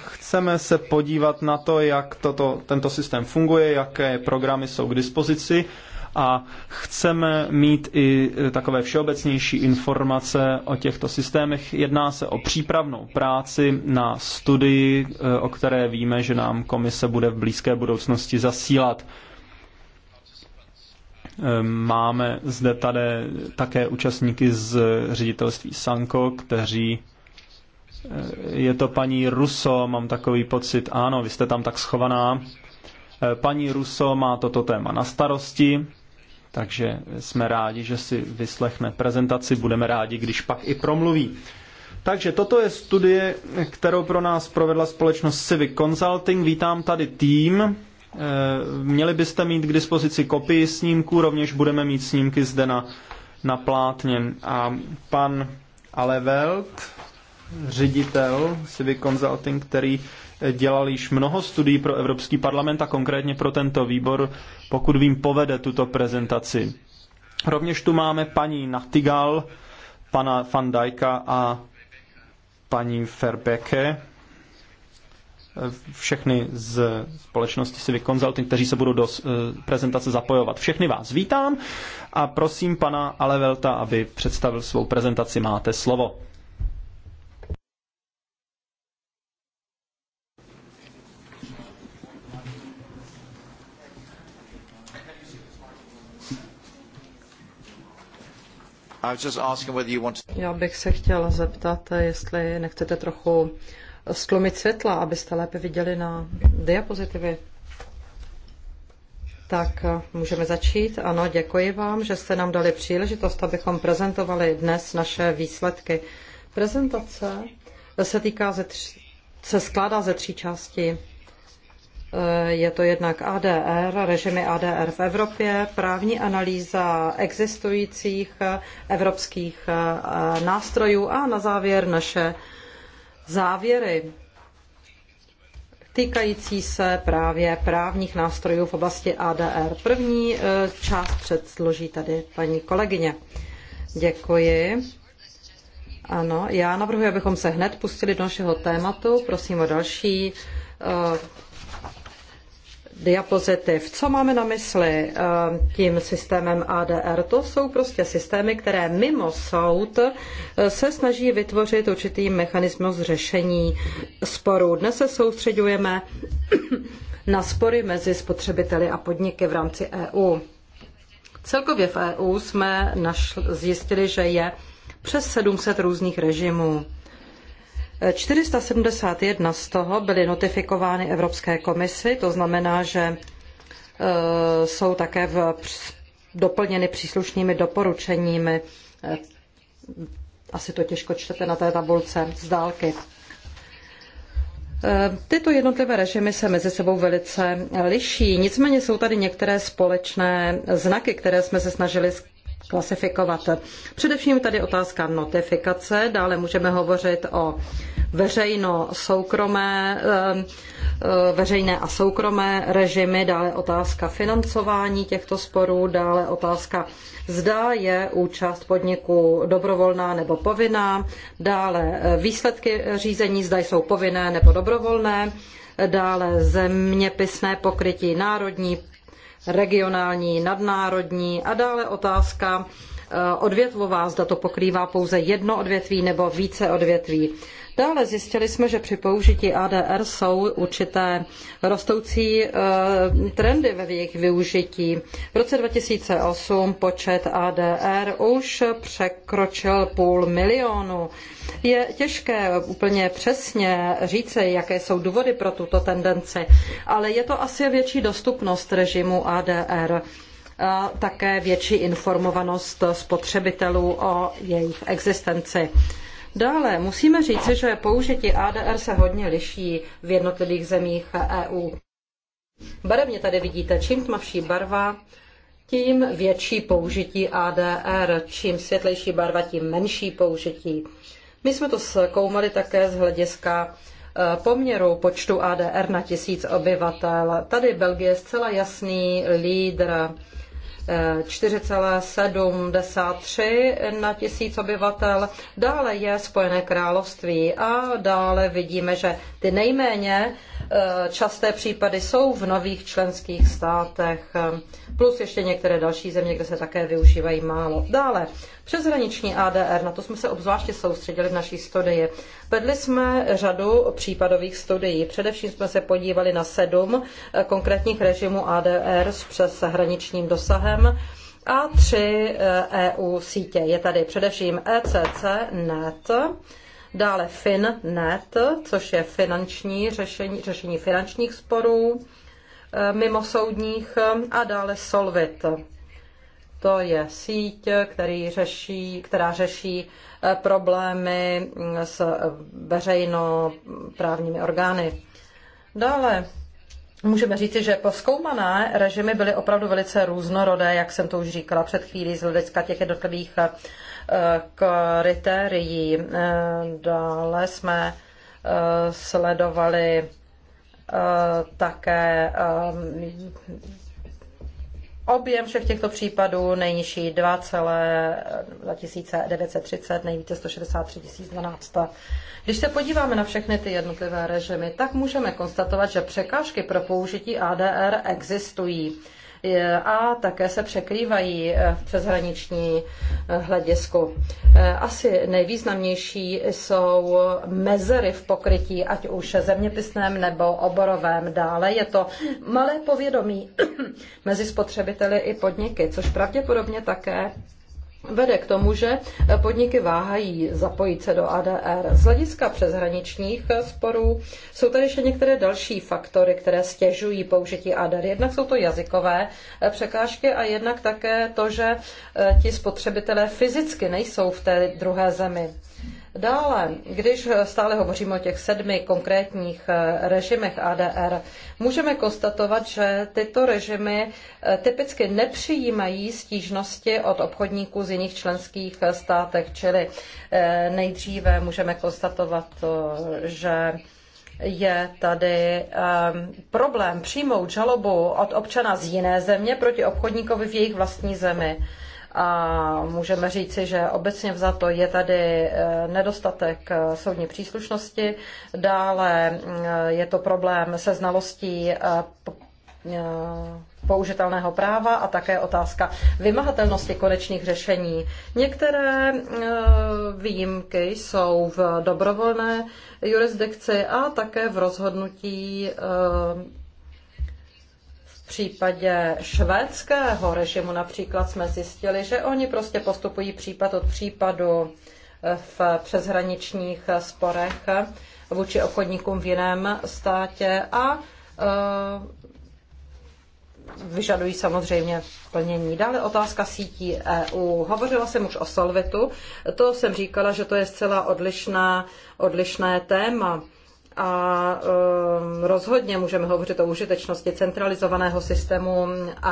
Chceme se podívat na to, jak toto, tento systém funguje, jaké programy jsou k dispozici a chceme mít i takové všeobecnější informace o těchto systémech. Jedná se o přípravnou práci na studii, eh, o které víme, že nám komise bude v blízké budoucnosti zasílat. Ehm, máme zde tady také účastníky z ředitelství Sanko, kteří Eh, je to paní Ruso, mám takový pocit. Ano, vy jste tam tak schovaná. Eh, paní Ruso má toto téma na starosti, takže jsme rádi, že si vyslechne prezentaci. Budeme rádi, když pak i promluví. Takže toto je studie, kterou pro nás provedla společnost Civic Consulting. Vítám tady tým. Eh, měli byste mít k dispozici kopii snímků, rovněž budeme mít snímky zde na, na plátně. A pan Alevelt, ředitel Civic Consulting, který eh, dělal již mnoho studií pro Evropský parlament a konkrétně pro tento výbor, pokud vím, povede tuto prezentaci. Rovněž tu máme paní Nachtigal, pana Van Dijka a paní Ferbeke, eh, všechny z společnosti Civic Consulting, kteří se budou do eh, prezentace zapojovat. Všechny vás vítám a prosím pana Alevelta, aby představil svou prezentaci. Máte slovo. Já bych se chtěla zeptat, jestli nechcete trochu sklomit světla, abyste lépe viděli na diapozitivy. Tak můžeme začít. Ano, děkuji vám, že jste nám dali příležitost, abychom prezentovali dnes naše výsledky. Prezentace se týká ze tři, se skládá ze tří částí. Eh, je to jednak ADR, režimy ADR v Evropě, právní analýza existujících eh, evropských eh, nástrojů a na závěr naše závěry týkající se právě právních nástrojů v oblasti ADR. První část předloží tady paní kolegyně. Děkuji. Ano, já navrhuji, abychom se hned pustili do našeho tématu. Prosím o další diapozitiv. Co máme na mysli ehm, tím systémem ADR? To jsou prostě systémy, které mimo soud eh, se snaží vytvořit určitý mechanismus řešení sporů. Dnes se soustředujeme [CLEARS THROAT] na spory mezi spotřebiteli a podniky v rámci EU. Celkově v EU jsme našli, zjistili, že je přes 700 různých režimů 471 z toho byly notifikovány Evropské komisi, to znamená, že e, jsou také v, doplněny příslušnými doporučeními. E, asi to těžko čtete na té tabulce z dálky. E, tyto jednotlivé režimy se mezi sebou velice liší, nicméně jsou tady některé společné znaky, které jsme se snažili klasifikovat. Především tady otázka notifikace, dále můžeme hovořit o veřejno-soukromé, eh, veřejné a soukromé režimy, dále otázka financování těchto sporů, dále otázka, zda je účast podniku dobrovolná nebo povinná, dále eh, výsledky řízení, zda jsou povinné nebo dobrovolné, dále zeměpisné pokrytí národní, regionální, nadnárodní a dále otázka eh, odvětvová, zda to pokrývá pouze jedno odvětví nebo více odvětví. Dále zjistili jsme, že při použití ADR jsou určité rostoucí eh, trendy ve jejich využití. V roce 2008 počet ADR už překročil půl milionu. Je těžké úplně přesně říci, jaké jsou důvody pro tuto tendenci, ale je to asi větší dostupnost režimu ADR a také větší informovanost spotřebitelů o jejich existenci. Dále musíme říci, že použití ADR se hodně liší v jednotlivých zemích EU. Barevně tady vidíte, čím tmavší barva, tím větší použití ADR, čím světlejší barva, tím menší použití. My jsme to zkoumali také z hlediska e, poměru počtu ADR na tisíc obyvatel. Tady Belgie je zcela jasný lídr 4,73 na tisíc obyvatel. Dále je Spojené království a dále vidíme, že ty nejméně Eh, časté případy jsou v nových členských státech, eh, plus ještě některé další země, kde se také využívají málo. Dále, přeshraniční ADR, na to jsme se obzvláště soustředili v naší studii. Vedli jsme řadu případových studií. Především jsme se podívali na sedm eh, konkrétních režimů ADR s přeshraničním dosahem a tři EU e sítě. Je tady především ECC, NET, dále FinNet, což je finanční řešení, řešení finančních sporů eh, mimosoudních eh, a dále Solvit. To je síť, který řeší, která řeší eh, problémy mm, s veřejnoprávními orgány. Dále Můžeme říci, že poskoumané režimy byly opravdu velice různorodé, jak jsem to už říkala před chvílí, z hlediska těch jednotlivých kritérií. Dále jsme eh, sledovali eh, také eh, objem všech těchto případů nejnižší 2,930, nejvíce 163 012. Když se podíváme na všechny ty jednotlivé režimy, tak můžeme konstatovat, že překážky pro použití ADR existují a také se překrývají eh, v přeshraniční eh, hledisku. Eh, asi nejvýznamnější jsou mezery v pokrytí, ať už zeměpisném nebo oborovém. Dále je to malé povědomí [CLEARS THROAT] mezi spotřebiteli i podniky, což pravděpodobně také vede k tomu, že podniky váhají zapojit se do ADR. Z hlediska přeshraničních sporů jsou tady ještě některé další faktory, které stěžují použití ADR. Jednak jsou to jazykové překážky a jednak také to, že ti spotřebitelé fyzicky nejsou v té druhé zemi. Dále, když stále hovoříme o těch sedmi konkrétních eh, režimech ADR, můžeme konstatovat, že tyto režimy eh, typicky nepřijímají stížnosti od obchodníků z jiných členských eh, státech, čili nejdříve můžeme konstatovat, že je tady um, problém přijmout žalobu od občana z jiné země proti obchodníkovi v jejich vlastní zemi. Uh, a můžeme říci, že obecně vzato je tady eh, nedostatek eh, soudní příslušnosti, dále eh, je to problém se znalostí použitelného práva a také otázka vymahatelnosti konečných řešení. Některé výjimky jsou v dobrovolné jurisdikci a také v rozhodnutí případě švédského režimu například jsme zjistili, že oni prostě postupují případ od případu eh, v přeshraničních eh, sporech eh, vůči obchodníkům v jiném státě a vyžadují samozřejmě plnění. Dále otázka sítí EU. Hovořila jsem už o Solvitu, to jsem říkala, že to je zcela odlišná, odlišné téma a um, rozhodně můžeme hovořit o užitečnosti centralizovaného systému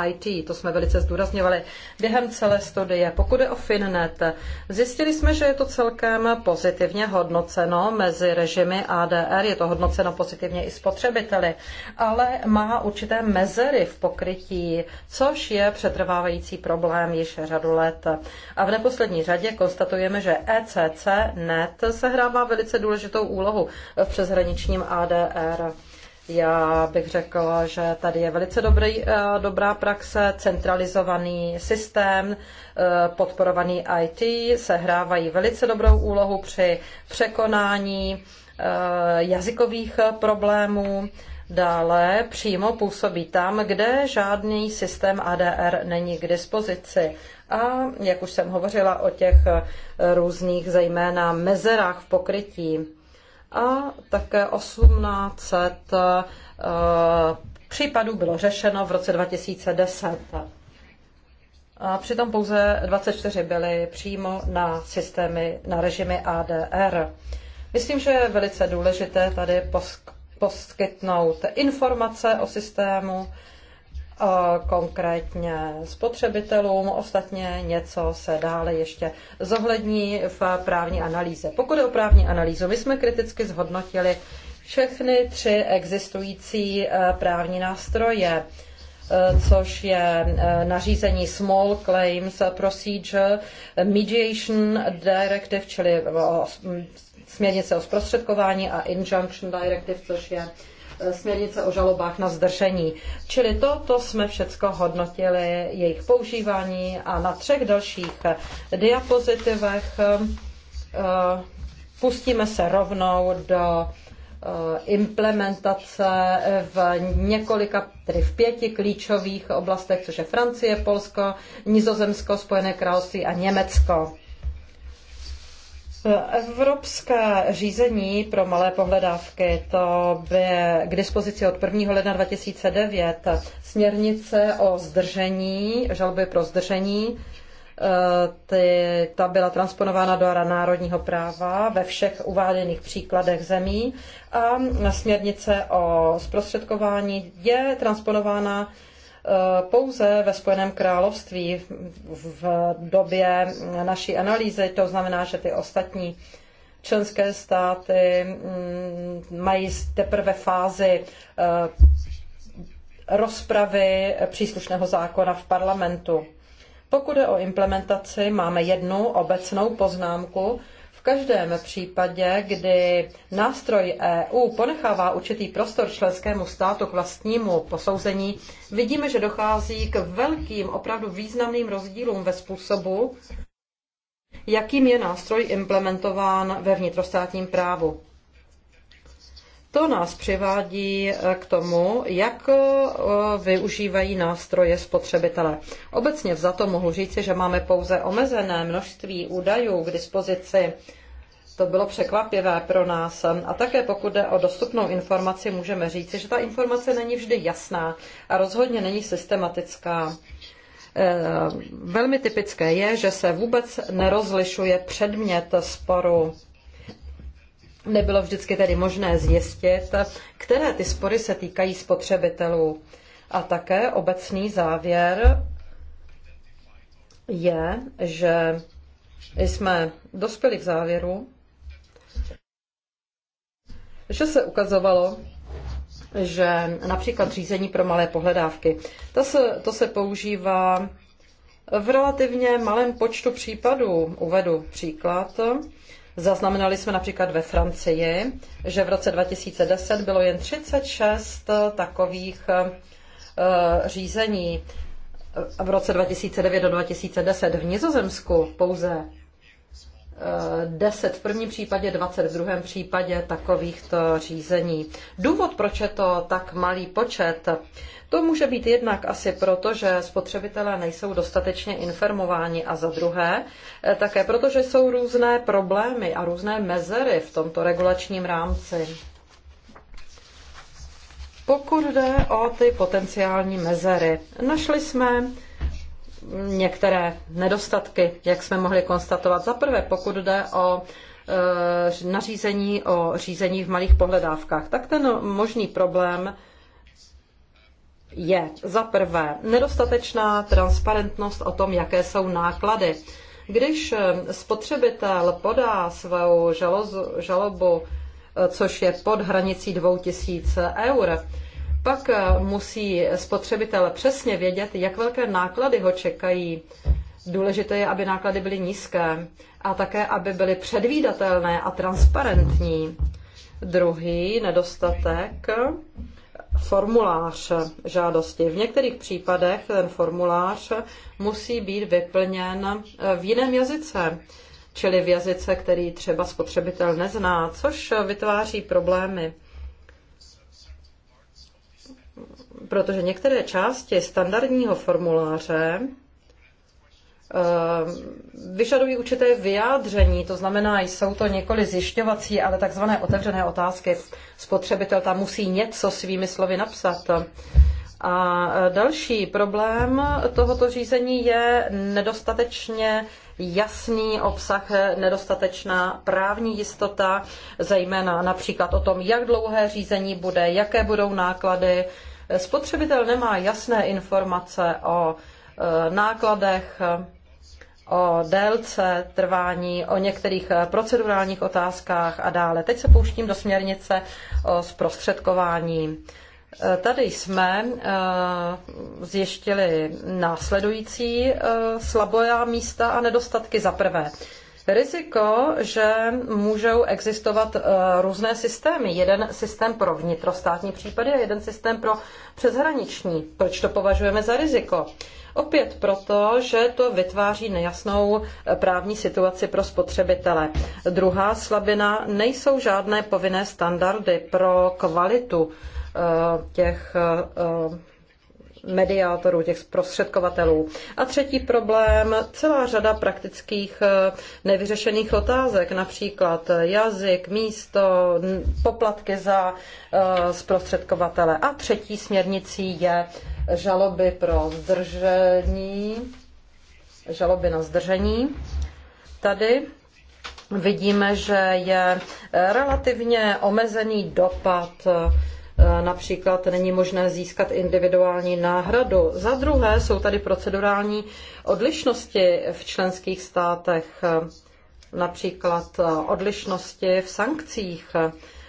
IT. To jsme velice zdůrazňovali během celé studie. Pokud je o Finnet, zjistili jsme, že je to celkem pozitivně hodnoceno mezi režimy ADR, je to hodnoceno pozitivně i spotřebiteli, ale má určité mezery v pokrytí, což je přetrvávající problém již řadu let. A v neposlední řadě konstatujeme, že ECC net sehrává velice důležitou úlohu v přeshraničním zahraničním ADR. Já bych řekla, že tady je velice dobrý, eh, dobrá praxe, centralizovaný systém, eh, podporovaný IT, sehrávají velice dobrou úlohu při překonání eh, jazykových problémů. Dále přímo působí tam, kde žádný systém ADR není k dispozici. A jak už jsem hovořila o těch různých, zejména mezerách v pokrytí, a také 1800 eh, případů bylo řešeno v roce 2010. A přitom pouze 24 byly přímo na systémy, na režimy ADR. Myslím, že je velice důležité tady poskytnout informace o systému, konkrétně spotřebitelům. Ostatně něco se dále ještě zohlední v právní analýze. Pokud je o právní analýzu, my jsme kriticky zhodnotili všechny tři existující e, právní nástroje e, což je e, nařízení Small Claims Procedure, Mediation Directive, čili směrnice o zprostředkování a Injunction Directive, což je Eh, směrnice o žalobách na zdržení. Čili to, to jsme všecko hodnotili, jejich používání a na třech dalších eh, diapozitivech eh, pustíme se rovnou do implementace v několika, tedy v pěti klíčových oblastech, což je Francie, Polsko, Nizozemsko, Spojené království a Německo. Evropská řízení pro malé pohledávky, to by k dispozici od 1. ledna 2009 směrnice o zdržení, žalby pro zdržení, eh, ty, ta byla transponována do národního práva ve všech uváděných příkladech zemí a směrnice o zprostředkování je transponována Eh, pouze ve Spojeném království v době naší analýzy. To znamená, že ty ostatní členské státy mm, mají teprve fázi eh, rozpravy příslušného zákona v parlamentu. Pokud je o implementaci, máme jednu obecnou poznámku, v každém případě, kdy nástroj EU ponechává určitý prostor členskému státu k vlastnímu posouzení, vidíme, že dochází k velkým, opravdu významným rozdílům ve způsobu, jakým je nástroj implementován ve vnitrostátním právu. To nás přivádí eh, k tomu, jak eh, využívají nástroje spotřebitele. Obecně to mohu říci, že máme pouze omezené množství údajů k dispozici. To bylo překvapivé pro nás. A také pokud jde o dostupnou informaci, můžeme říci, že ta informace není vždy jasná a rozhodně není systematická. Eh, velmi typické je, že se vůbec nerozlišuje předmět sporu Nebylo vždycky tedy možné zjistit, které ty spory se týkají spotřebitelů. A také obecný závěr je, že jsme dospěli k závěru, že se ukazovalo, že například řízení pro malé pohledávky, to se, to se používá v relativně malém počtu případů. Uvedu příklad. Zaznamenali jsme například ve Francii, že v roce 2010 bylo jen 36 takových eh, řízení. V roce 2009 do 2010 v Nizozemsku pouze 10 eh, v prvním případě, 20 v druhém případě takovýchto řízení. Důvod, proč je to tak malý počet, to může být jednak asi proto, že spotřebitelé nejsou dostatečně informováni a za druhé eh, také proto, že jsou různé problémy a různé mezery v tomto regulačním rámci. Pokud jde o ty potenciální mezery, našli jsme některé nedostatky, jak jsme mohli konstatovat. Za prvé, pokud jde o eh, nařízení o řízení v malých pohledávkách, tak ten možný problém je za prvé nedostatečná transparentnost o tom, jaké jsou náklady. Když eh, spotřebitel podá svou žalobu, eh, což je pod hranicí 2000 eur, pak eh, musí spotřebitel přesně vědět, jak velké náklady ho čekají. Důležité je, aby náklady byly nízké a také, aby byly předvídatelné a transparentní. Druhý nedostatek formulář žádosti. V některých případech ten formulář musí být vyplněn v jiném jazyce, čili v jazyce, který třeba spotřebitel nezná, což vytváří problémy. Protože některé části standardního formuláře Eh, vyžadují určité vyjádření, to znamená, jsou to několik zjišťovací, ale takzvané otevřené otázky. Spotřebitel tam musí něco svými slovy napsat. A eh, další problém tohoto řízení je nedostatečně jasný obsah, nedostatečná právní jistota, zejména například o tom, jak dlouhé řízení bude, jaké budou náklady. Spotřebitel nemá jasné informace o eh, nákladech, o délce trvání, o některých eh, procedurálních otázkách a dále. Teď se pouštím do směrnice o zprostředkování. Eh, tady jsme eh, zjištili následující slabojá místa a nedostatky. Za prvé, riziko, že můžou existovat eh, různé systémy. Jeden systém pro vnitrostátní případy a jeden systém pro přeshraniční. Proč to považujeme za riziko? Opět proto, že to vytváří nejasnou eh, právní situaci pro spotřebitele. Druhá slabina nejsou žádné povinné standardy pro kvalitu eh, těch mediátorů, těch zprostředkovatelů. A třetí problém, celá řada praktických eh, nevyřešených otázek, například jazyk, místo, poplatky za eh, zprostředkovatele. A třetí směrnicí je žaloby pro zdržení, žaloby na zdržení. Tady vidíme, že je eh, relativně omezený dopad E, například není možné získat individuální náhradu. Za druhé jsou tady procedurální odlišnosti v členských státech, například odlišnosti v sankcích.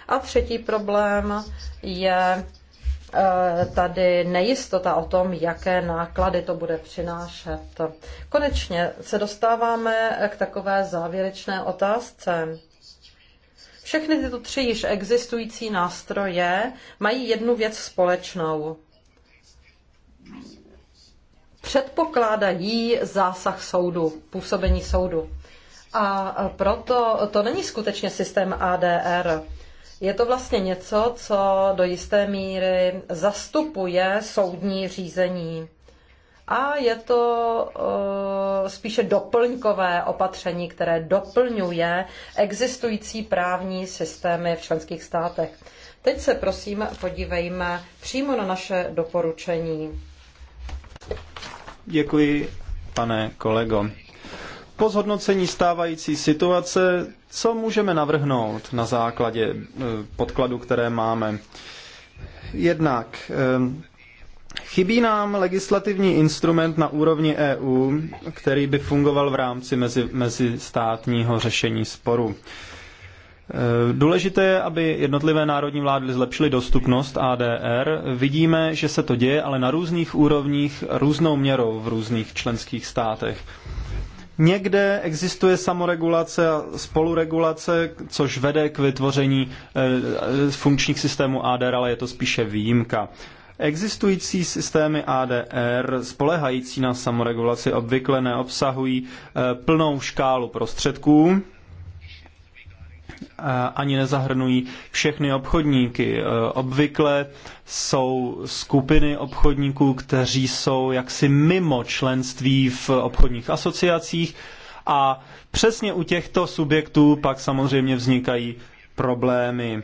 A třetí problém je e, tady nejistota o tom, jaké náklady to bude přinášet. Konečně se dostáváme k takové závěrečné otázce. Všechny tyto tři již existující nástroje mají jednu věc společnou. Předpokládají zásah soudu, působení soudu. A proto to není skutečně systém ADR. Je to vlastně něco, co do jisté míry zastupuje soudní řízení a je to eh, spíše doplňkové opatření, které doplňuje existující právní systémy v členských státech. Teď se prosím podívejme přímo na naše doporučení. Děkuji, pane kolego. Po zhodnocení stávající situace, co můžeme navrhnout na základě eh, podkladu, které máme? Jednak eh, Chybí nám legislativní instrument na úrovni EU, který by fungoval v rámci mezi, mezistátního řešení sporu. E, důležité je, aby jednotlivé národní vlády zlepšily dostupnost ADR. Vidíme, že se to děje, ale na různých úrovních, různou měrou v různých členských státech. Někde existuje samoregulace a spoluregulace, což vede k vytvoření e, e, funkčních systémů ADR, ale je to spíše výjimka. Existující systémy ADR spolehající na samoregulaci obvykle neobsahují eh, plnou škálu prostředků, eh, ani nezahrnují všechny obchodníky. Eh, obvykle jsou skupiny obchodníků, kteří jsou jaksi mimo členství v obchodních asociacích a přesně u těchto subjektů pak samozřejmě vznikají problémy.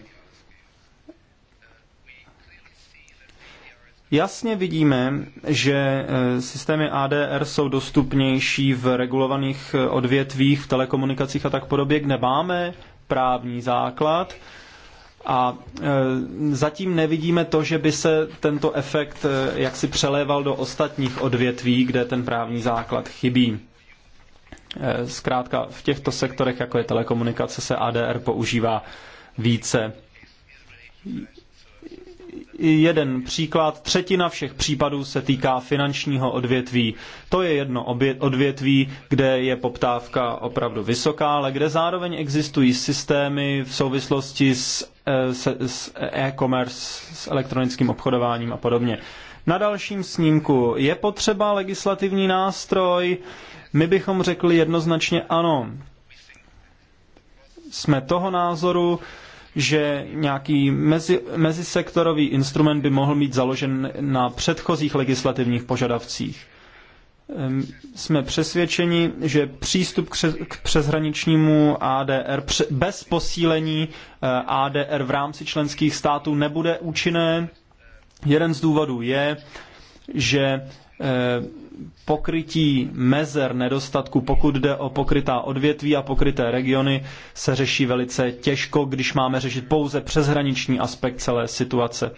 Jasně vidíme, že e, systémy ADR jsou dostupnější v regulovaných e, odvětvích, v telekomunikacích a tak podobně, kde máme právní základ. A e, zatím nevidíme to, že by se tento efekt jaksi přeléval do ostatních odvětví, kde ten právní základ chybí. Zkrátka v těchto sektorech, jako je telekomunikace, se ADR používá více jeden příklad. Třetina všech případů se týká finančního odvětví. To je jedno odvětví, kde je poptávka opravdu vysoká, ale kde zároveň existují systémy v souvislosti e, s, e-commerce, s elektronickým obchodováním a podobně. Na dalším snímku je potřeba legislativní nástroj. My bychom řekli jednoznačně ano. Jsme toho názoru, že nějaký mezi, mezisektorový instrument by mohl mít založen na předchozích legislativních požadavcích. Jsme přesvědčeni, že přístup k přeshraničnímu ADR bez posílení eh, ADR v rámci členských států nebude účinné. Jeden z důvodů je, že Eh, pokrytí mezer nedostatku, pokud jde o pokrytá odvětví a pokryté regiony, se řeší velice těžko, když máme řešit pouze přeshraniční aspekt celé situace.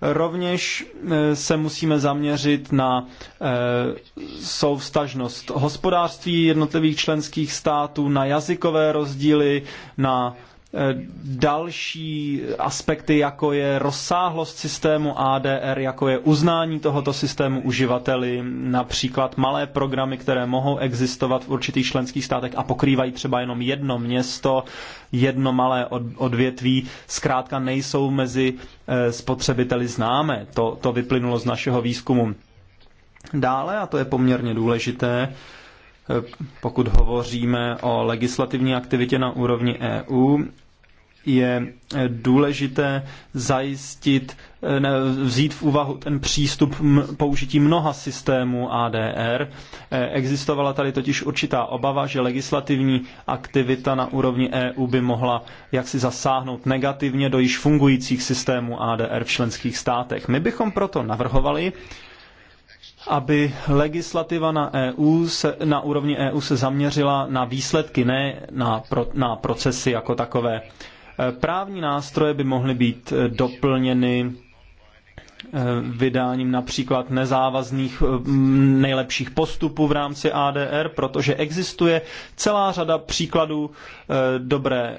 Rovněž eh, se musíme zaměřit na eh, souvstažnost hospodářství jednotlivých členských států, na jazykové rozdíly, na Eh, další aspekty, jako je rozsáhlost systému ADR, jako je uznání tohoto systému uživateli, například malé programy, které mohou existovat v určitých členských státech a pokrývají třeba jenom jedno město, jedno malé odvětví, zkrátka nejsou mezi eh, spotřebiteli známé. To, to vyplynulo z našeho výzkumu. Dále, a to je poměrně důležité, pokud hovoříme o legislativní aktivitě na úrovni EU, je důležité zajistit, vzít v úvahu ten přístup použití mnoha systémů ADR. Existovala tady totiž určitá obava, že legislativní aktivita na úrovni EU by mohla jaksi zasáhnout negativně do již fungujících systémů ADR v členských státech. My bychom proto navrhovali, aby legislativa na, EU se, na úrovni EU se zaměřila na výsledky, ne na, pro, na procesy jako takové. E, právní nástroje by mohly být e, doplněny Eh, vydáním například nezávazných eh, nejlepších postupů v rámci ADR, protože existuje celá řada příkladů eh, dobré,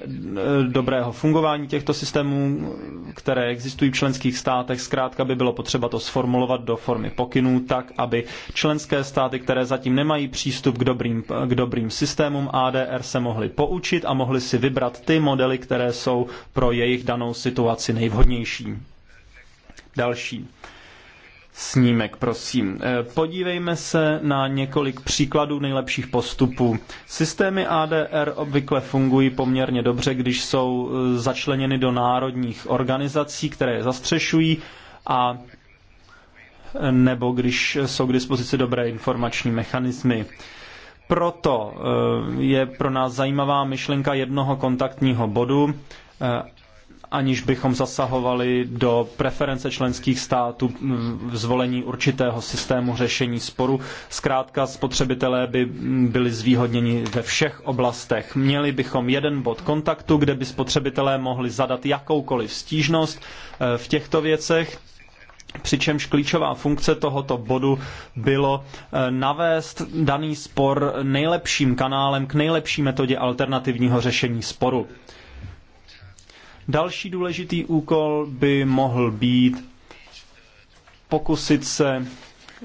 dobrého fungování těchto systémů, které existují v členských státech. Zkrátka by bylo potřeba to sformulovat do formy pokynů tak, aby členské státy, které zatím nemají přístup k dobrým, k dobrým systémům ADR, se mohly poučit a mohly si vybrat ty modely, které jsou pro jejich danou situaci nejvhodnější. Další snímek, prosím. E, podívejme se na několik příkladů nejlepších postupů. Systémy ADR obvykle fungují poměrně dobře, když jsou e, začleněny do národních organizací, které je zastřešují a e, nebo když jsou k dispozici dobré informační mechanismy. Proto je pro nás zajímavá myšlenka jednoho kontaktního bodu aniž bychom zasahovali do preference členských států v zvolení určitého systému řešení sporu. Zkrátka spotřebitelé by byli zvýhodněni ve všech oblastech. Měli bychom jeden bod kontaktu, kde by spotřebitelé mohli zadat jakoukoliv stížnost eh, v těchto věcech, Přičemž klíčová funkce tohoto bodu bylo eh, navést daný spor nejlepším kanálem k nejlepší metodě alternativního řešení sporu. Další důležitý úkol by mohl být pokusit se eh,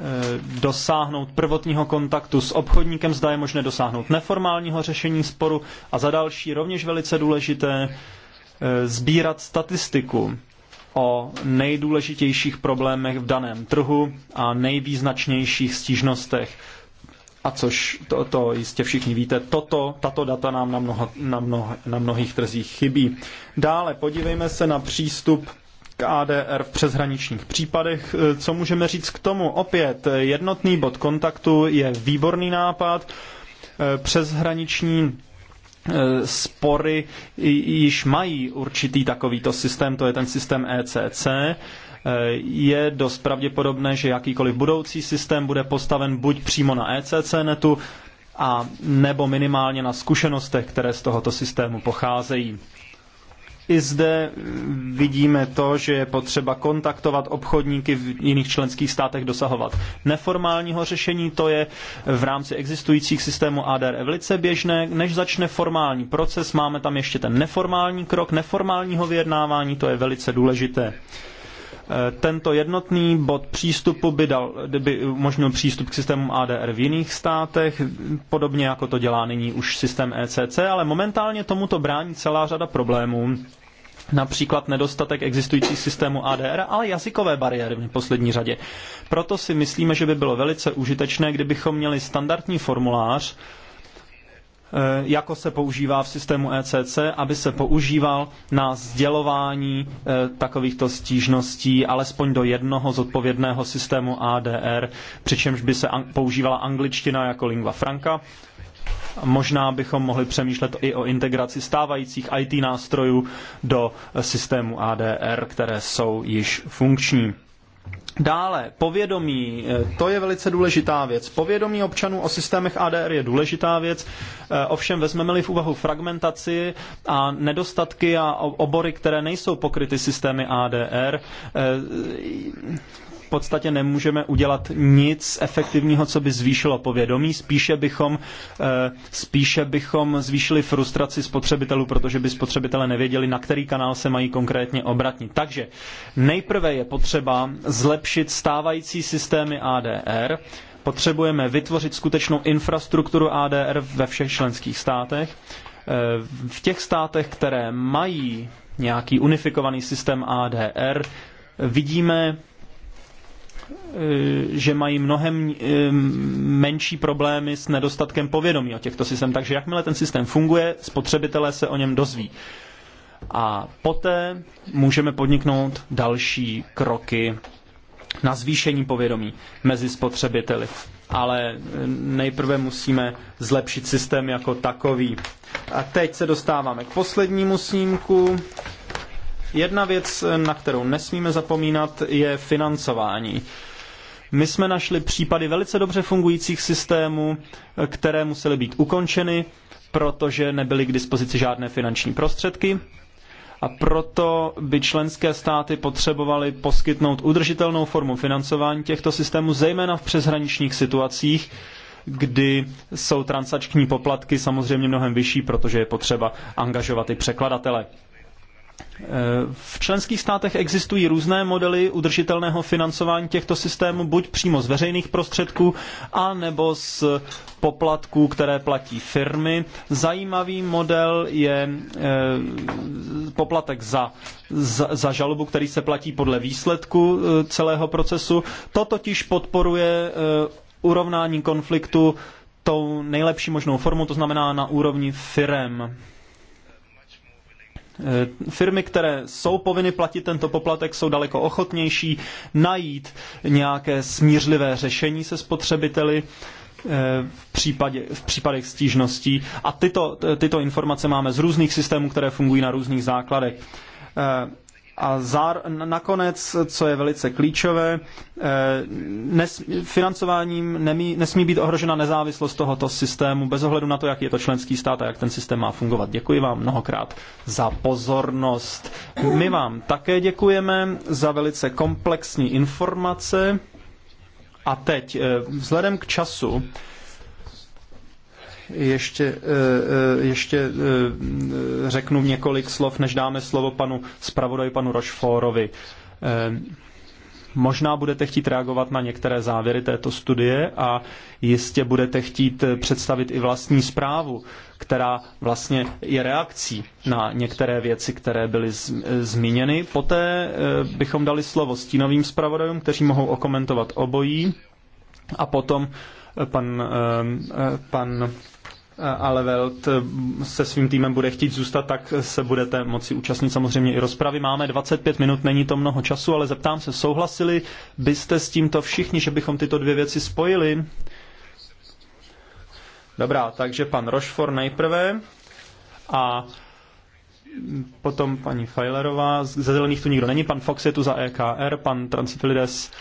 dosáhnout prvotního kontaktu s obchodníkem, zda je možné dosáhnout neformálního řešení sporu a za další rovněž velice důležité eh, sbírat statistiku o nejdůležitějších problémech v daném trhu a nejvýznačnějších stížnostech. A což to, to jistě všichni víte, toto, tato data nám na, mnoho, na, mnoho, na mnohých trzích chybí. Dále podívejme se na přístup k ADR v přeshraničních případech. Co můžeme říct k tomu? Opět, jednotný bod kontaktu je výborný nápad. Přeshraniční eh, spory již mají určitý takovýto systém, to je ten systém ECC. Eh, je dost pravděpodobné, že jakýkoliv budoucí systém bude postaven buď přímo na ECC netu, a nebo minimálně na zkušenostech, které z tohoto systému pocházejí. I zde vidíme to, že je potřeba kontaktovat obchodníky v jiných členských státech, dosahovat neformálního řešení. To je v rámci existujících systémů ADR velice běžné. Než začne formální proces, máme tam ještě ten neformální krok neformálního vyjednávání, to je velice důležité. Eh, tento jednotný bod přístupu by, dal, by umožnil přístup k systému ADR v jiných státech, podobně jako to dělá nyní už systém ECC, ale momentálně tomuto brání celá řada problémů například nedostatek existujících systémů ADR, ale jazykové bariéry v neposlední řadě. Proto si myslíme, že by bylo velice užitečné, kdybychom měli standardní formulář, Eh, jako se používá v systému ECC, aby se používal na sdělování eh, takovýchto stížností alespoň do jednoho zodpovědného systému ADR, přičemž by se používala angličtina jako lingua franca. Možná bychom mohli přemýšlet i o integraci stávajících IT nástrojů do eh, systému ADR, které jsou již funkční. Dále, povědomí, eh, to je velice důležitá věc. Povědomí občanů o systémech ADR je důležitá věc, eh, ovšem vezmeme-li v úvahu fragmentaci a nedostatky a obory, které nejsou pokryty systémy ADR, eh, podstatě nemůžeme udělat nic efektivního, co by zvýšilo povědomí. Spíše bychom, eh, spíše bychom zvýšili frustraci spotřebitelů, protože by spotřebitelé nevěděli, na který kanál se mají konkrétně obratnit. Takže nejprve je potřeba zlepšit stávající systémy ADR, potřebujeme vytvořit skutečnou infrastrukturu ADR ve všech členských státech. Eh, v těch státech, které mají nějaký unifikovaný systém ADR, vidíme Eh, že mají mnohem eh, menší problémy s nedostatkem povědomí o těchto systémech. Takže jakmile ten systém funguje, spotřebitelé se o něm dozví. A poté můžeme podniknout další kroky na zvýšení povědomí mezi spotřebiteli. Ale eh, nejprve musíme zlepšit systém jako takový. A teď se dostáváme k poslednímu snímku. Jedna věc, na kterou nesmíme zapomínat, je financování. My jsme našli případy velice dobře fungujících systémů, které musely být ukončeny, protože nebyly k dispozici žádné finanční prostředky. A proto by členské státy potřebovaly poskytnout udržitelnou formu financování těchto systémů, zejména v přeshraničních situacích, kdy jsou transakční poplatky samozřejmě mnohem vyšší, protože je potřeba angažovat i překladatele. V členských státech existují různé modely udržitelného financování těchto systémů, buď přímo z veřejných prostředků, a nebo z poplatků, které platí firmy. Zajímavý model je eh, poplatek za, za, za žalobu, který se platí podle výsledku eh, celého procesu. To totiž podporuje eh, urovnání konfliktu tou nejlepší možnou formou, to znamená na úrovni firem. Eh, firmy, které jsou povinny platit tento poplatek, jsou daleko ochotnější najít nějaké smířlivé řešení se spotřebiteli eh, v, případě, v případech stížností. A tyto, tyto informace máme z různých systémů, které fungují na různých základech. Eh, a zár, nakonec, co je velice klíčové, eh, nes, financováním nemí, nesmí být ohrožena nezávislost tohoto systému bez ohledu na to, jaký je to členský stát a jak ten systém má fungovat. Děkuji vám mnohokrát za pozornost. My vám také děkujeme za velice komplexní informace. A teď, eh, vzhledem k času, ještě, eh, eh, ještě eh, řeknu několik slov, než dáme slovo panu zpravodaji, panu Rošforovi. Možná budete chtít reagovat na některé závěry této studie a jistě budete chtít představit i vlastní zprávu, která vlastně je reakcí na některé věci, které byly zmíněny. Poté bychom dali slovo stínovým zpravodajům, kteří mohou okomentovat obojí a potom pan, pan ale Welt se svým týmem bude chtít zůstat, tak se budete moci účastnit samozřejmě i rozpravy. Máme 25 minut, není to mnoho času, ale zeptám se, souhlasili byste s tímto všichni, že bychom tyto dvě věci spojili? Dobrá, takže pan Rošfor nejprve a potom paní Fajlerová. Ze zelených tu nikdo není, pan Fox je tu za EKR, pan Transifilides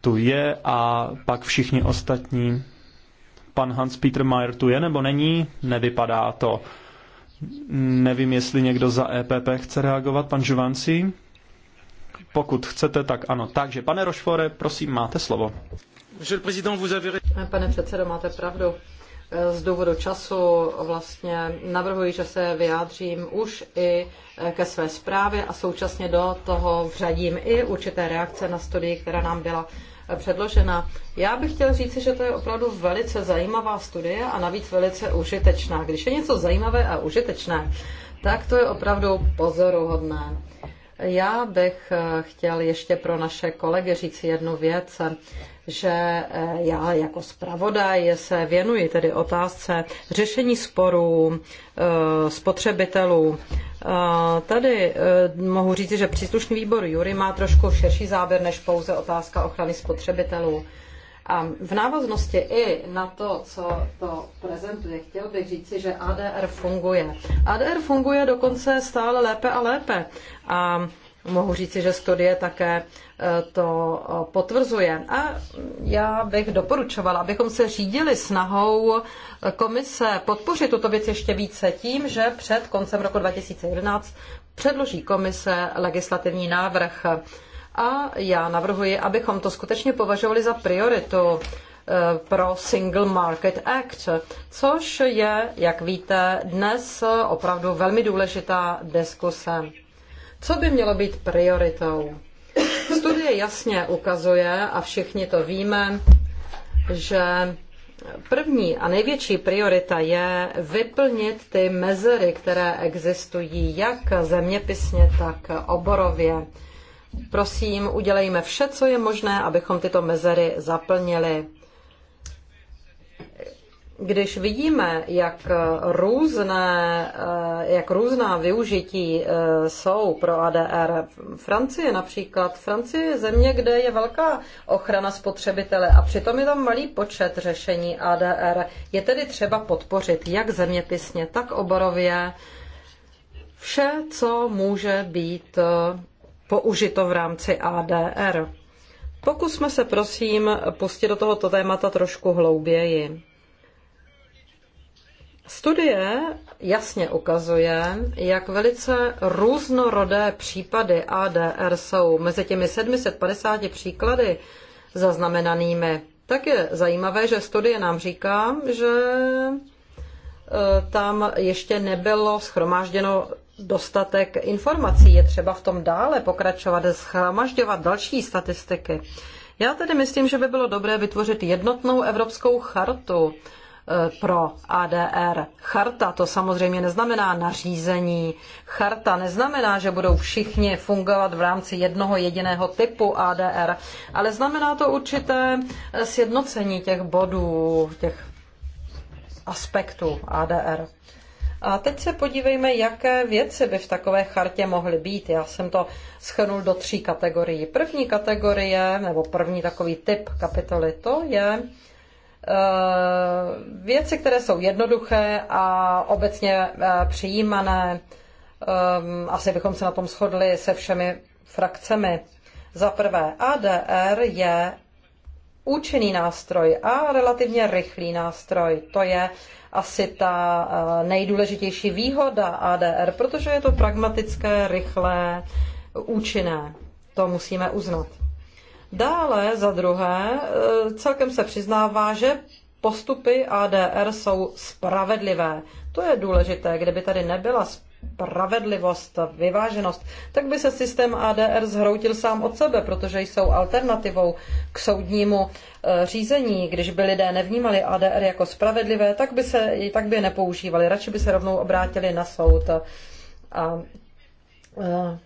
tu je a pak všichni ostatní pan Hans-Peter Mayer tu je nebo není, nevypadá to. Nevím, jestli někdo za EPP chce reagovat, pan Žuvanci. Pokud chcete, tak ano. Takže, pane Rošfore, prosím, máte slovo. Pane předsedo, máte pravdu. Z důvodu času vlastně navrhuji, že se vyjádřím už i ke své zprávě a současně do toho vřadím i určité reakce na studii, která nám byla předložena. Já bych chtěl říct, že to je opravdu velice zajímavá studie a navíc velice užitečná. Když je něco zajímavé a užitečné, tak to je opravdu pozoruhodné. Já bych eh, chtěl ještě pro naše kolegy říct jednu věc že eh, já jako zpravodaj se věnuji tedy otázce řešení sporů eh, spotřebitelů. Eh, tady mohu říct, že příslušný výbor Jury má trošku širší záběr než pouze otázka ochrany spotřebitelů. A v návaznosti i na to, co to prezentuje, chtěl bych říci, že ADR funguje. ADR funguje dokonce stále lépe a lépe. A Mohu říci, že studie také e, to e, potvrzuje. A já bych doporučovala, abychom se řídili snahou e, komise podpořit tuto věc ještě více tím, že před koncem roku 2011 předloží komise legislativní návrh. A já navrhuji, abychom to skutečně považovali za prioritu pro Single Market Act, což je, jak víte, dnes opravdu velmi důležitá diskuse. Co by mělo být prioritou? Studie jasně ukazuje, a všichni to víme, že První a největší priorita je vyplnit ty mezery, které existují jak zeměpisně, tak oborově. Prosím, udělejme vše, co je možné, abychom tyto mezery zaplnili. Když vidíme, jak, různé, eh, jak různá využití eh, jsou pro ADR, Francie například, Francie je země, kde je velká ochrana spotřebitele a přitom je tam malý počet řešení ADR. Je tedy třeba podpořit jak zeměpisně, tak oborově vše, co může být eh, použito v rámci ADR. Pokusme se prosím pustit do tohoto témata trošku hlouběji. Studie jasně ukazuje, jak velice různorodé případy ADR jsou. Mezi těmi 750 příklady zaznamenanými, tak je zajímavé, že studie nám říká, že e, tam ještě nebylo schromážděno dostatek informací. Je třeba v tom dále pokračovat, schromažďovat další statistiky. Já tedy myslím, že by bylo dobré vytvořit jednotnou evropskou chartu Eh, pro ADR. Charta to samozřejmě neznamená nařízení. Charta neznamená, že budou všichni fungovat v rámci jednoho jediného typu ADR, ale znamená to určité eh, sjednocení těch bodů, těch aspektů ADR. A teď se podívejme, jaké věci by v takové chartě mohly být. Já jsem to schrnul do tří kategorií. První kategorie, nebo první takový typ kapitoly, to je Eh, věci, které jsou jednoduché a obecně eh, přijímané. Ehm, asi bychom se na tom shodli se všemi frakcemi. Za prvé, ADR je účinný nástroj a relativně rychlý nástroj. To je asi ta eh, nejdůležitější výhoda ADR, protože je to pragmatické, rychlé, účinné. To musíme uznat. Dále za druhé eh, celkem se přiznává, že postupy ADR jsou spravedlivé. To je důležité, kdyby tady nebyla spravedlivost, vyváženost, tak by se systém ADR zhroutil sám od sebe, protože jsou alternativou k soudnímu eh, řízení. Když by lidé nevnímali ADR jako spravedlivé, tak by, se, tak by je nepoužívali. Radši by se rovnou obrátili na soud. A, a eh,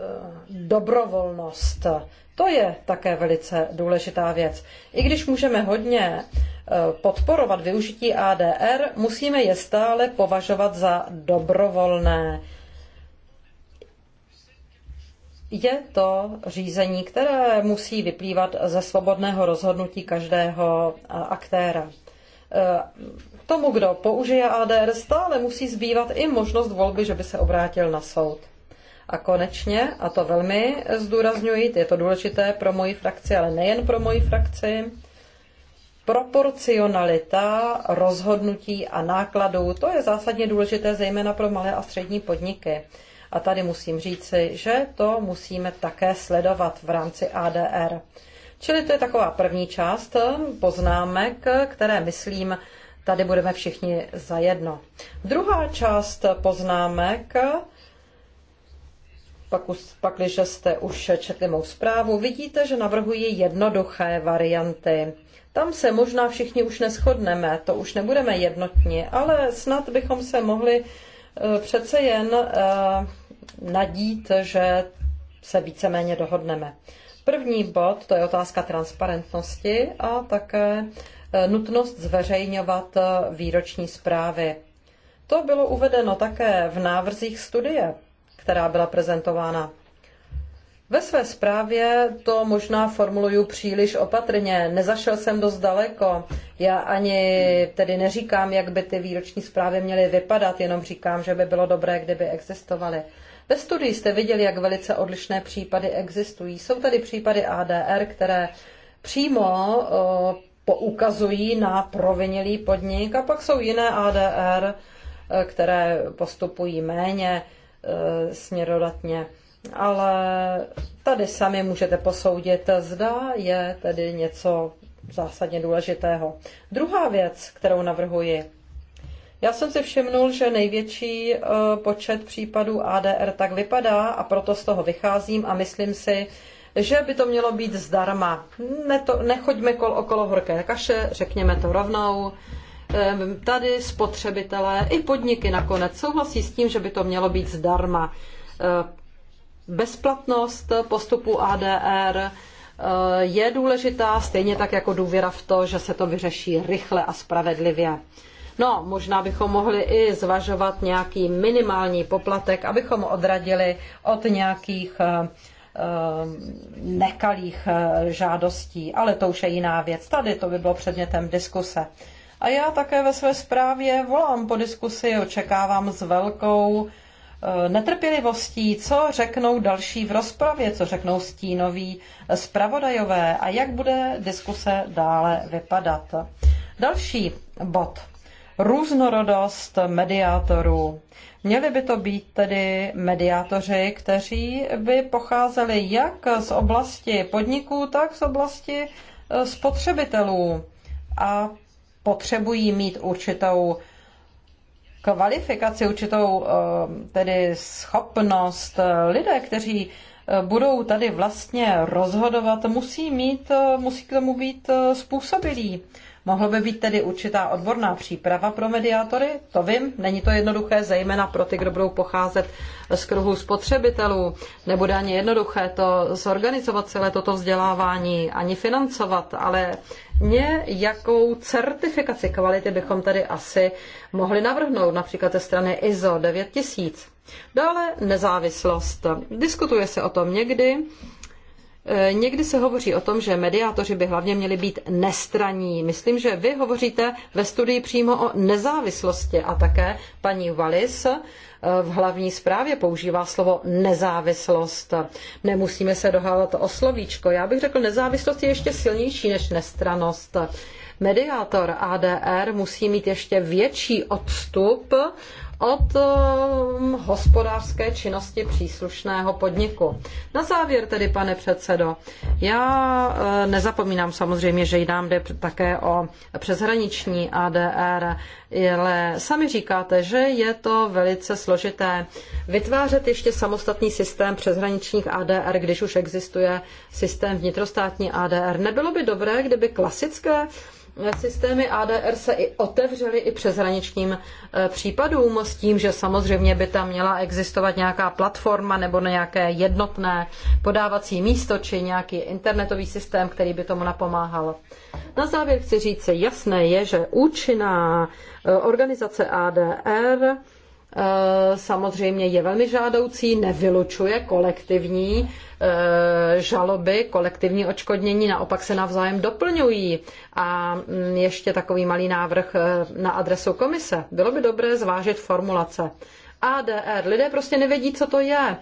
Eh, dobrovolnost. To je také velice důležitá věc. I když můžeme hodně eh, podporovat využití ADR, musíme je stále považovat za dobrovolné. Je to řízení, které musí vyplývat ze svobodného rozhodnutí každého eh, aktéra. Tomu, kdo použije ADR, stále musí zbývat i možnost volby, že by se obrátil na soud. A konečně, a to velmi zdůrazňuji, je to důležité pro moji frakci, ale nejen pro moji frakci, proporcionalita rozhodnutí a nákladů, to je zásadně důležité zejména pro malé a střední podniky. A tady musím říci, že to musíme také sledovat v rámci ADR. Čili to je taková první část poznámek, které myslím, tady budeme všichni zajedno. Druhá část poznámek pak, když jste už četli mou zprávu, vidíte, že navrhuji jednoduché varianty. Tam se možná všichni už neschodneme, to už nebudeme jednotní, ale snad bychom se mohli e, přece jen e, nadít, že se víceméně dohodneme. První bod, to je otázka transparentnosti a také e, nutnost zveřejňovat výroční zprávy. To bylo uvedeno také v návrzích studie která byla prezentována. Ve své zprávě to možná formuluju příliš opatrně. Nezašel jsem dost daleko. Já ani tedy neříkám, jak by ty výroční zprávy měly vypadat, jenom říkám, že by bylo dobré, kdyby existovaly. Ve studii jste viděli, jak velice odlišné případy existují. Jsou tady případy ADR, které přímo poukazují na provinilý podnik a pak jsou jiné ADR, které postupují méně Eh, směrodatně. Ale tady sami můžete posoudit, zda je tedy něco zásadně důležitého. Druhá věc, kterou navrhuji, já jsem si všimnul, že největší eh, počet případů ADR tak vypadá a proto z toho vycházím a myslím si, že by to mělo být zdarma. Ne nechoďme kol okolo horké kaše, řekněme to rovnou tady spotřebitelé i podniky nakonec souhlasí s tím, že by to mělo být zdarma. Bezplatnost postupu ADR je důležitá, stejně tak jako důvěra v to, že se to vyřeší rychle a spravedlivě. No, možná bychom mohli i zvažovat nějaký minimální poplatek, abychom odradili od nějakých nekalých žádostí, ale to už je jiná věc. Tady to by bylo předmětem diskuse. A já také ve své zprávě volám po diskusi, očekávám s velkou eh, netrpělivostí, co řeknou další v rozpravě, co řeknou stínoví zpravodajové a jak bude diskuse dále vypadat. Další bod. Různorodost mediátorů. Měli by to být tedy mediátoři, kteří by pocházeli jak z oblasti podniků, tak z oblasti eh, spotřebitelů. A potřebují mít určitou kvalifikaci, určitou eh, tedy schopnost. Lidé, kteří eh, budou tady vlastně rozhodovat, musí mít, eh, musí k tomu být způsobilí. Mohlo by být tedy určitá odborná příprava pro mediátory? To vím, není to jednoduché, zejména pro ty, kdo budou pocházet z kruhu spotřebitelů. Nebude ani jednoduché to zorganizovat celé toto vzdělávání, ani financovat, ale jakou certifikaci kvality bychom tady asi mohli navrhnout, například ze strany ISO 9000. Dále nezávislost. Diskutuje se o tom někdy, E, někdy se hovoří o tom, že mediátoři by hlavně měli být nestraní. Myslím, že vy hovoříte ve studii přímo o nezávislosti a také paní Wallis e, v hlavní zprávě používá slovo nezávislost. Nemusíme se dohávat o slovíčko. Já bych řekl, nezávislost je ještě silnější než nestranost. Mediátor ADR musí mít ještě větší odstup od hospodářské činnosti příslušného podniku. Na závěr tedy, pane předsedo, já e, nezapomínám samozřejmě, že jdám jde také o přeshraniční ADR, ale sami říkáte, že je to velice složité vytvářet ještě samostatný systém přeshraničních ADR, když už existuje systém vnitrostátní ADR. Nebylo by dobré, kdyby klasické Systémy ADR se i otevřely i přeshraničním e, případům s tím, že samozřejmě by tam měla existovat nějaká platforma nebo nějaké jednotné podávací místo či nějaký internetový systém, který by tomu napomáhal. Na závěr chci říct, jasné je, že účinná e, organizace ADR Eh, samozřejmě je velmi žádoucí, nevylučuje kolektivní eh, žaloby, kolektivní očkodnění, naopak se navzájem doplňují. A mm, ještě takový malý návrh eh, na adresu komise. Bylo by dobré zvážit formulace. ADR. Lidé prostě nevědí, co to je.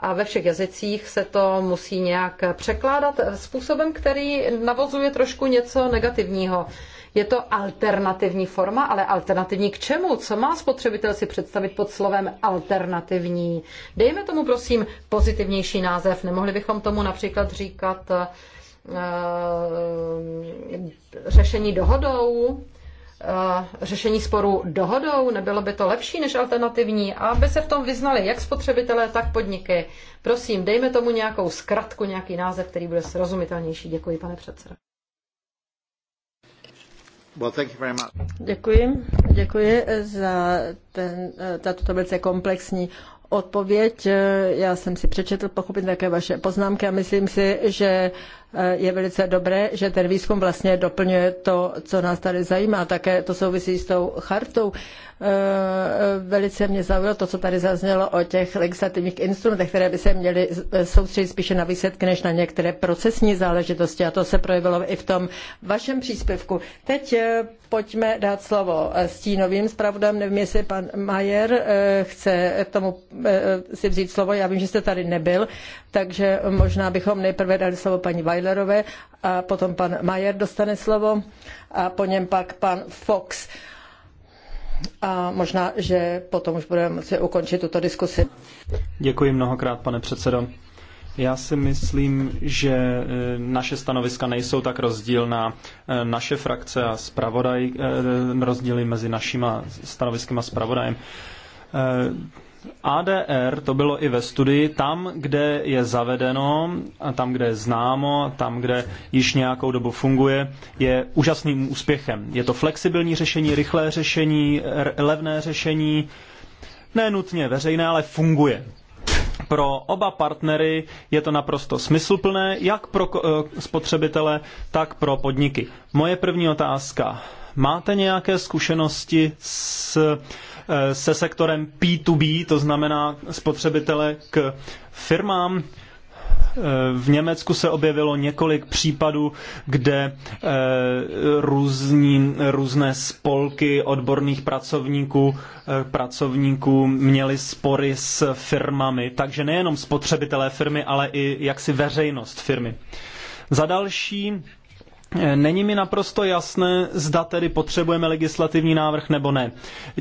A ve všech jazycích se to musí nějak překládat způsobem, který navozuje trošku něco negativního je to alternativní forma, ale alternativní k čemu? Co má spotřebitel si představit pod slovem alternativní? Dejme tomu, prosím, pozitivnější název. Nemohli bychom tomu například říkat eh, eh, řešení dohodou, eh, řešení sporu dohodou, nebylo by to lepší než alternativní, aby se v tom vyznali jak spotřebitelé, tak podniky. Prosím, dejme tomu nějakou zkratku, nějaký název, který bude srozumitelnější. Děkuji, pane předsedo. Děkuji, děkuji za, ten, za tuto velice komplexní odpověď. Já jsem si přečetl pochopit také vaše poznámky a myslím si, že eh, je velice dobré, že ten výzkum vlastně doplňuje to, co nás tady zajímá. Také to souvisí s tou chartou. Eh, velice mě zaujalo to, co tady zaznělo o těch legislativních instrumentech, které by se měly eh, soustředit spíše na výsledky než na některé procesní záležitosti. A to se projevilo i v tom vašem příspěvku. Teď eh, pojďme dát slovo stínovým zpravodám. Nevím, jestli pan Majer chce k tomu si vzít slovo. Já vím, že jste tady nebyl, takže možná bychom nejprve dali slovo paní Weilerové a potom pan Majer dostane slovo a po něm pak pan Fox a možná, že potom už budeme moci ukončit tuto diskusi. Děkuji mnohokrát, pane předsedo. Já si myslím, že e, naše stanoviska nejsou tak rozdílná. E, naše frakce a zpravodaj, e, rozdíly mezi našima stanoviskem a zpravodajem. ADR to bylo i ve studii, tam, kde je zavedeno, a tam, kde je známo, tam, kde již nějakou dobu funguje, je úžasným úspěchem. Je to flexibilní řešení, rychlé řešení, levné řešení, ne nutně veřejné, ale funguje. Pro oba partnery je to naprosto smysluplné, jak pro eh, spotřebitele, tak pro podniky. Moje první otázka. Máte nějaké zkušenosti s Eh, se sektorem P2B, to znamená spotřebitele k firmám. Eh, v Německu se objevilo několik případů, kde eh, různí, různé spolky odborných pracovníků, pracovníků měly spory s firmami, takže nejenom spotřebitelé firmy, ale i jaksi veřejnost firmy. Za další Není mi naprosto jasné, zda tedy potřebujeme legislativní návrh nebo ne.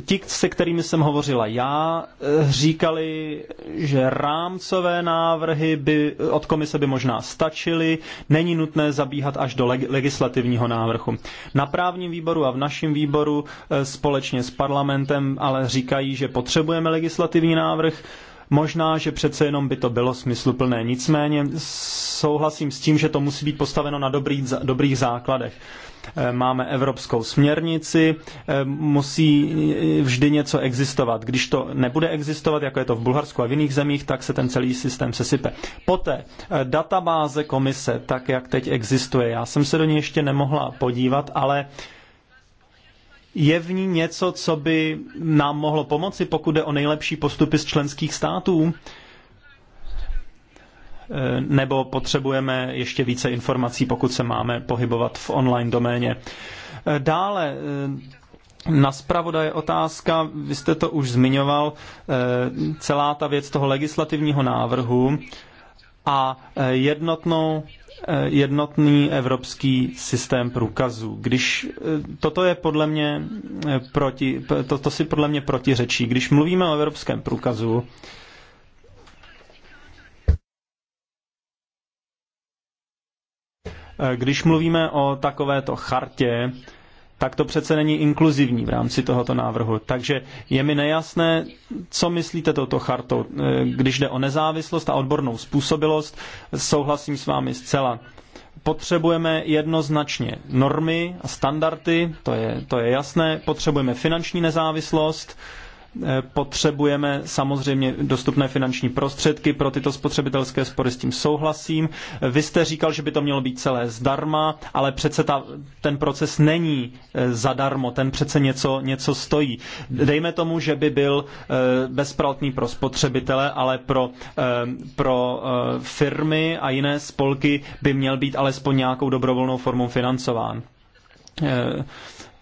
Ti, se kterými jsem hovořila já, eh, říkali, že rámcové návrhy by, od komise by možná stačily, není nutné zabíhat až do legislativního návrhu. Na právním výboru a v našem výboru eh, společně s parlamentem ale říkají, že potřebujeme legislativní návrh, Možná, že přece jenom by to bylo smysluplné. Nicméně souhlasím s tím, že to musí být postaveno na dobrý, dobrých základech. E, máme evropskou směrnici, e, musí vždy něco existovat. Když to nebude existovat, jako je to v Bulharsku a v jiných zemích, tak se ten celý systém sesype. Poté e, databáze komise, tak jak teď existuje. Já jsem se do ní ještě nemohla podívat, ale je v ní něco, co by nám mohlo pomoci, pokud jde o nejlepší postupy z členských států? Eh, nebo potřebujeme ještě více informací, pokud se máme pohybovat v online doméně? Eh, dále eh, na zpravoda je otázka, vy jste to už zmiňoval, celá ta věc toho legislativního návrhu a jednotnou Eh, jednotný evropský systém průkazů. Když eh, toto je podle mě eh, proti, to, to si podle mě protiřečí. Když mluvíme o evropském průkazu, když mluvíme o takovéto chartě, tak to přece není inkluzivní v rámci tohoto návrhu. Takže je mi nejasné, co myslíte touto chartou. Eh, Když jde o nezávislost a odbornou způsobilost, souhlasím s vámi zcela. Potřebujeme jednoznačně normy a standardy, to je, to je jasné. Potřebujeme finanční nezávislost, Eh, potřebujeme samozřejmě dostupné finanční prostředky pro tyto spotřebitelské spory, s tím souhlasím. Eh, vy jste říkal, že by to mělo být celé zdarma, ale přece ta, ten proces není eh, zadarmo, ten přece něco, něco stojí. Dejme tomu, že by byl bezplatný pro spotřebitele, ale pro, pro firmy a jiné spolky by měl být alespoň nějakou dobrovolnou formou financován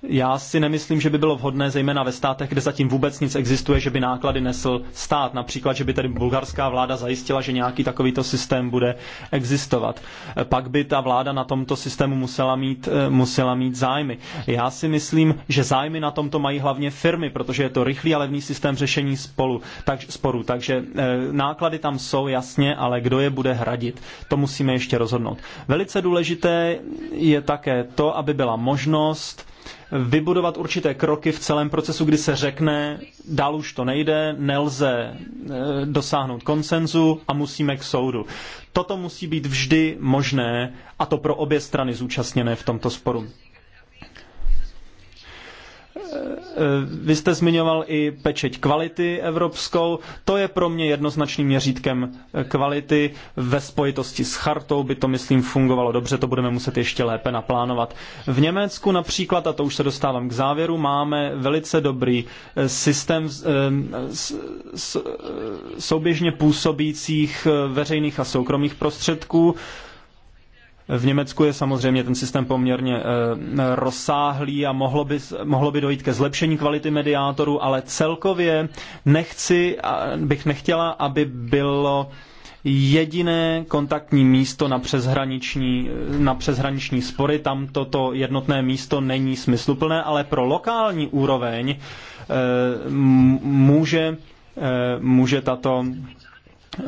já si nemyslím, že by bylo vhodné, zejména ve státech, kde zatím vůbec nic existuje, že by náklady nesl stát. Například, že by tedy bulgarská vláda zajistila, že nějaký takovýto systém bude existovat. Pak by ta vláda na tomto systému musela mít, eh, musela mít zájmy. Já si myslím, že zájmy na tomto mají hlavně firmy, protože je to rychlý a levný systém řešení spolu, tak, sporu. Takže eh, náklady tam jsou jasně, ale kdo je bude hradit, to musíme ještě rozhodnout. Velice důležité je také to, aby byla možnost, vybudovat určité kroky v celém procesu, kdy se řekne, dál už to nejde, nelze e, dosáhnout konsenzu a musíme k soudu. Toto musí být vždy možné a to pro obě strany zúčastněné v tomto sporu. Vy jste zmiňoval i pečeť kvality evropskou. To je pro mě jednoznačným měřítkem eh, kvality. Ve spojitosti s chartou by to, myslím, fungovalo dobře, to budeme muset ještě lépe naplánovat. V Německu například, a to už se dostávám k závěru, máme velice dobrý eh, systém eh, souběžně působících veřejných a soukromých prostředků v Německu je samozřejmě ten systém poměrně eh, rozsáhlý a mohlo by, mohlo by dojít ke zlepšení kvality mediátorů, ale celkově nechci, bych nechtěla, aby bylo jediné kontaktní místo na přeshraniční, na přeshraniční spory. Tam toto jednotné místo není smysluplné, ale pro lokální úroveň eh, může, eh, může tato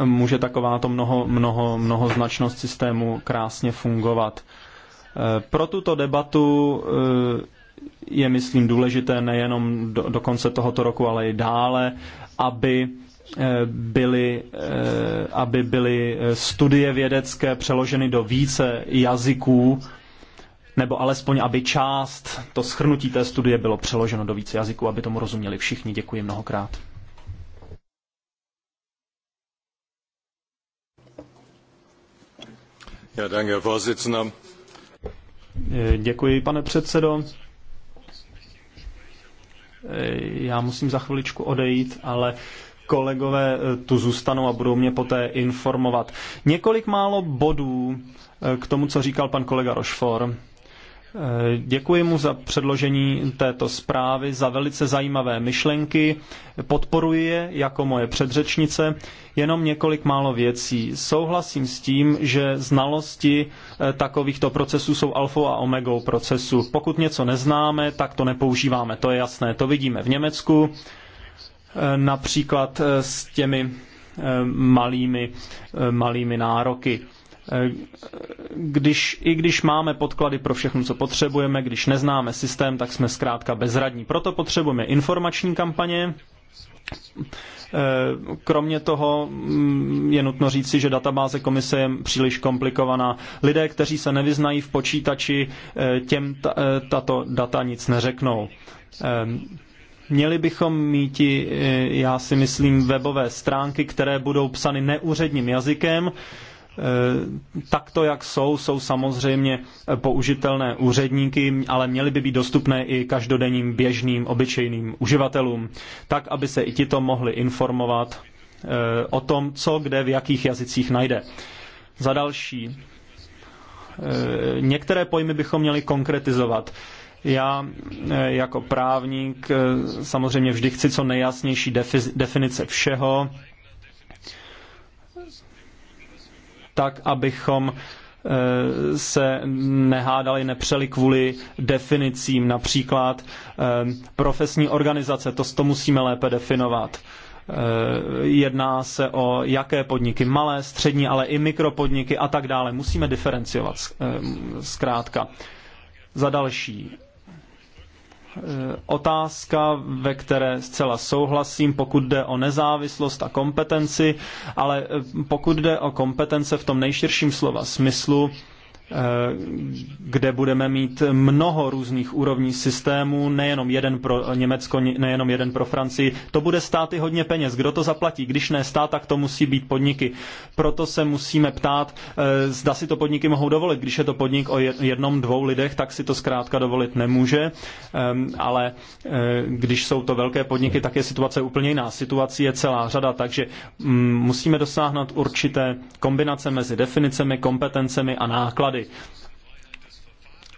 může taková to mnoho, mnoho, mnoho značnost systému krásně fungovat. E, pro tuto debatu e, je, myslím, důležité nejenom do, do konce tohoto roku, ale i dále, aby e, byly, aby byly studie vědecké přeloženy do více jazyků, nebo alespoň, aby část, to schrnutí té studie bylo přeloženo do více jazyků, aby tomu rozuměli všichni. Děkuji mnohokrát. Eh, děkuji, pane předsedo. Eh, já musím za chviličku odejít, ale kolegové eh, tu zůstanou a budou mě poté informovat. Několik málo bodů k tomu, co říkal pan kolega Rochefort. Eh, děkuji mu za předložení této zprávy, za velice zajímavé myšlenky. Podporuji je jako moje předřečnice. Jenom několik málo věcí. Souhlasím s tím, že znalosti eh, takovýchto procesů jsou alfou a omegou procesu. Pokud něco neznáme, tak to nepoužíváme. To je jasné. To vidíme v Německu eh, například s těmi malými, malými nároky Eh, když, i když máme podklady pro všechno, co potřebujeme, když neznáme systém, tak jsme zkrátka bezradní. Proto potřebujeme informační kampaně, eh, Kromě toho mm, je nutno říci, že databáze komise je příliš komplikovaná. Lidé, kteří se nevyznají v počítači, eh, těm tato data nic neřeknou. Měli bychom mít, já si myslím, webové stránky, které budou psany neúředním jazykem, Eh, takto, jak jsou, jsou samozřejmě použitelné úředníky, ale měly by být dostupné i každodenním běžným, obyčejným uživatelům, tak, aby se i tito mohli informovat eh, o tom, co kde v jakých jazycích najde. Za další, eh, některé pojmy bychom měli konkretizovat. Já jako právník samozřejmě vždy chci co nejjasnější definice všeho, tak abychom eh, se nehádali, nepřeli kvůli definicím, například eh, profesní organizace, to, to musíme lépe definovat. Eh, jedná se o jaké podniky, malé, střední, ale i mikropodniky a tak dále. Musíme diferenciovat zkrátka. Za další, Eh, otázka, ve které zcela souhlasím, pokud jde o nezávislost a kompetenci, ale eh, pokud jde o kompetence v tom nejširším slova smyslu, Eh, kde budeme mít mnoho různých úrovní systémů, nejenom jeden pro Německo, nejenom jeden pro Francii. To bude stát i hodně peněz. Kdo to zaplatí? Když ne stát, tak to musí být podniky. Proto se musíme ptát, eh, zda si to podniky mohou dovolit. Když je to podnik o jednom, dvou lidech, tak si to zkrátka dovolit nemůže, ehm, ale eh, když jsou to velké podniky, tak je situace úplně jiná. Situace je celá řada, takže mm, musíme dosáhnout určité kombinace mezi definicemi, kompetencemi a náklady vlády.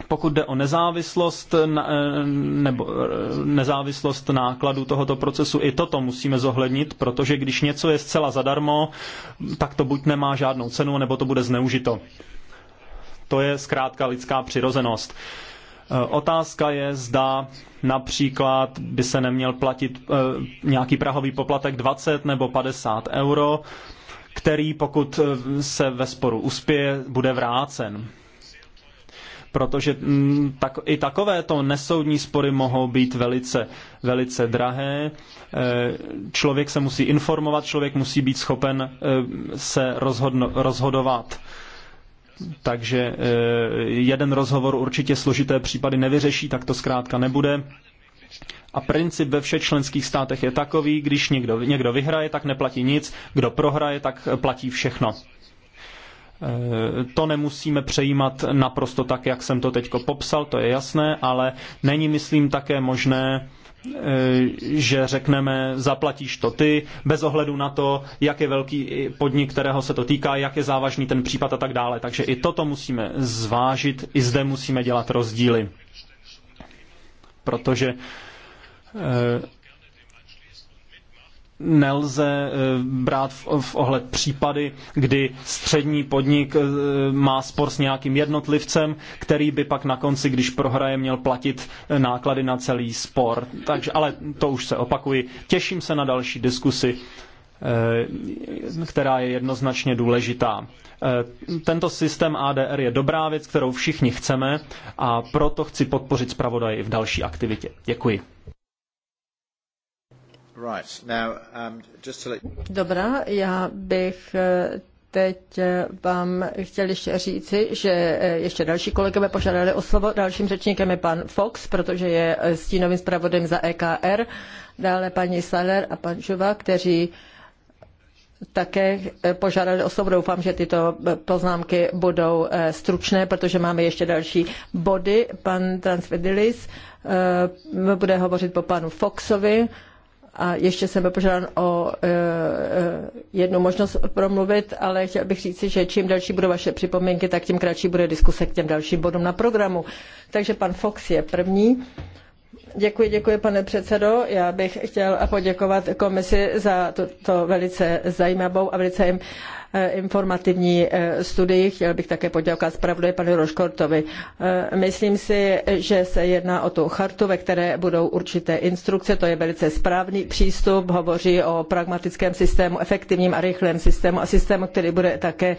Pokud jde o nezávislost eh, nebo eh, nezávislost nákladu tohoto procesu, i toto musíme zohlednit, protože když něco je zcela zadarmo, tak to buď nemá žádnou cenu, nebo to bude zneužito. To je zkrátka lidská přirozenost. Eh, otázka je, zda například by se neměl platit nějaký prahový poplatek 20 nebo 50 euro který pokud eh, se ve sporu uspěje, bude vrácen. Protože mm, tak, i takovéto nesoudní spory mohou být velice, velice drahé. Eh, člověk se musí informovat, člověk musí být schopen eh, se rozhodno, rozhodovat. Takže jeden rozhovor určitě složité případy nevyřeší, tak to zkrátka nebude. A princip ve všech členských státech je takový, když někdo, někdo vyhraje, tak neplatí nic, kdo prohraje, tak eh, platí všechno. Eh, to nemusíme přejímat naprosto tak, jak jsem to teď popsal, to je jasné, ale není, myslím, také možné, eh, že řekneme, zaplatíš to ty, bez ohledu na to, jak je velký podnik, kterého se to týká, jak je závažný ten případ a tak dále. Takže i toto musíme zvážit, i zde musíme dělat rozdíly. Protože Eh, nelze eh, brát v ohled případy, kdy střední podnik eh, má spor s nějakým jednotlivcem, který by pak na konci, když prohraje, měl platit náklady na celý spor. Takže, ale to už se opakuji. Těším se na další diskusi která je jednoznačně důležitá. Tento systém ADR je dobrá věc, kterou všichni chceme a proto chci podpořit zpravodaj i v další aktivitě. Děkuji. Um, Dobrá, já bych eh, teď eh, vám chtěl ještě říci, že eh, ještě další kolegové požádali o slovo. Dalším řečníkem je pan Fox, protože je stínovým zpravodem za EKR, dále paní Saler a pan Žuva, kteří také požádali o slovo. Doufám, že tyto poznámky budou stručné, protože máme ještě další body. Pan Transvedilis bude hovořit po panu Foxovi a ještě jsem byl požádán o e, e, jednu možnost promluvit, ale chtěl bych říci, že čím další budou vaše připomínky, tak tím kratší bude diskuse k těm dalším bodům na programu. Takže pan Fox je první. Děkuji, děkuji, pane předsedo. Já bych chtěl poděkovat komisi za tuto velice zajímavou a velice Eh, informativní eh, studii. Chtěl bych také poděkovat zpravodaji panu Roškortovi. Eh, myslím si, že se jedná o tu chartu, ve které budou určité instrukce. To je velice správný přístup. Hovoří o pragmatickém systému, efektivním a rychlém systému a systému, který bude také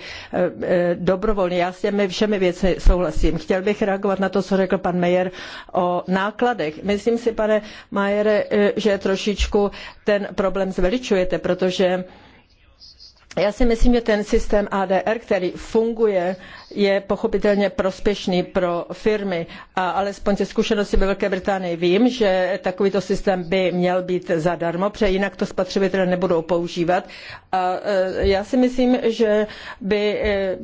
dobrovolný. Já s těmi všemi věci souhlasím. Chtěl bych reagovat na to, co řekl pan Mayer o nákladech. Myslím si, pane Majere, že trošičku ten problém zveličujete, protože já si myslím, že ten systém ADR, který funguje je pochopitelně prospěšný pro firmy. A alespoň ze zkušenosti ve Velké Británii vím, že takovýto systém by měl být zadarmo, protože jinak to spotřebitelé nebudou používat. A e, já si myslím, že by e,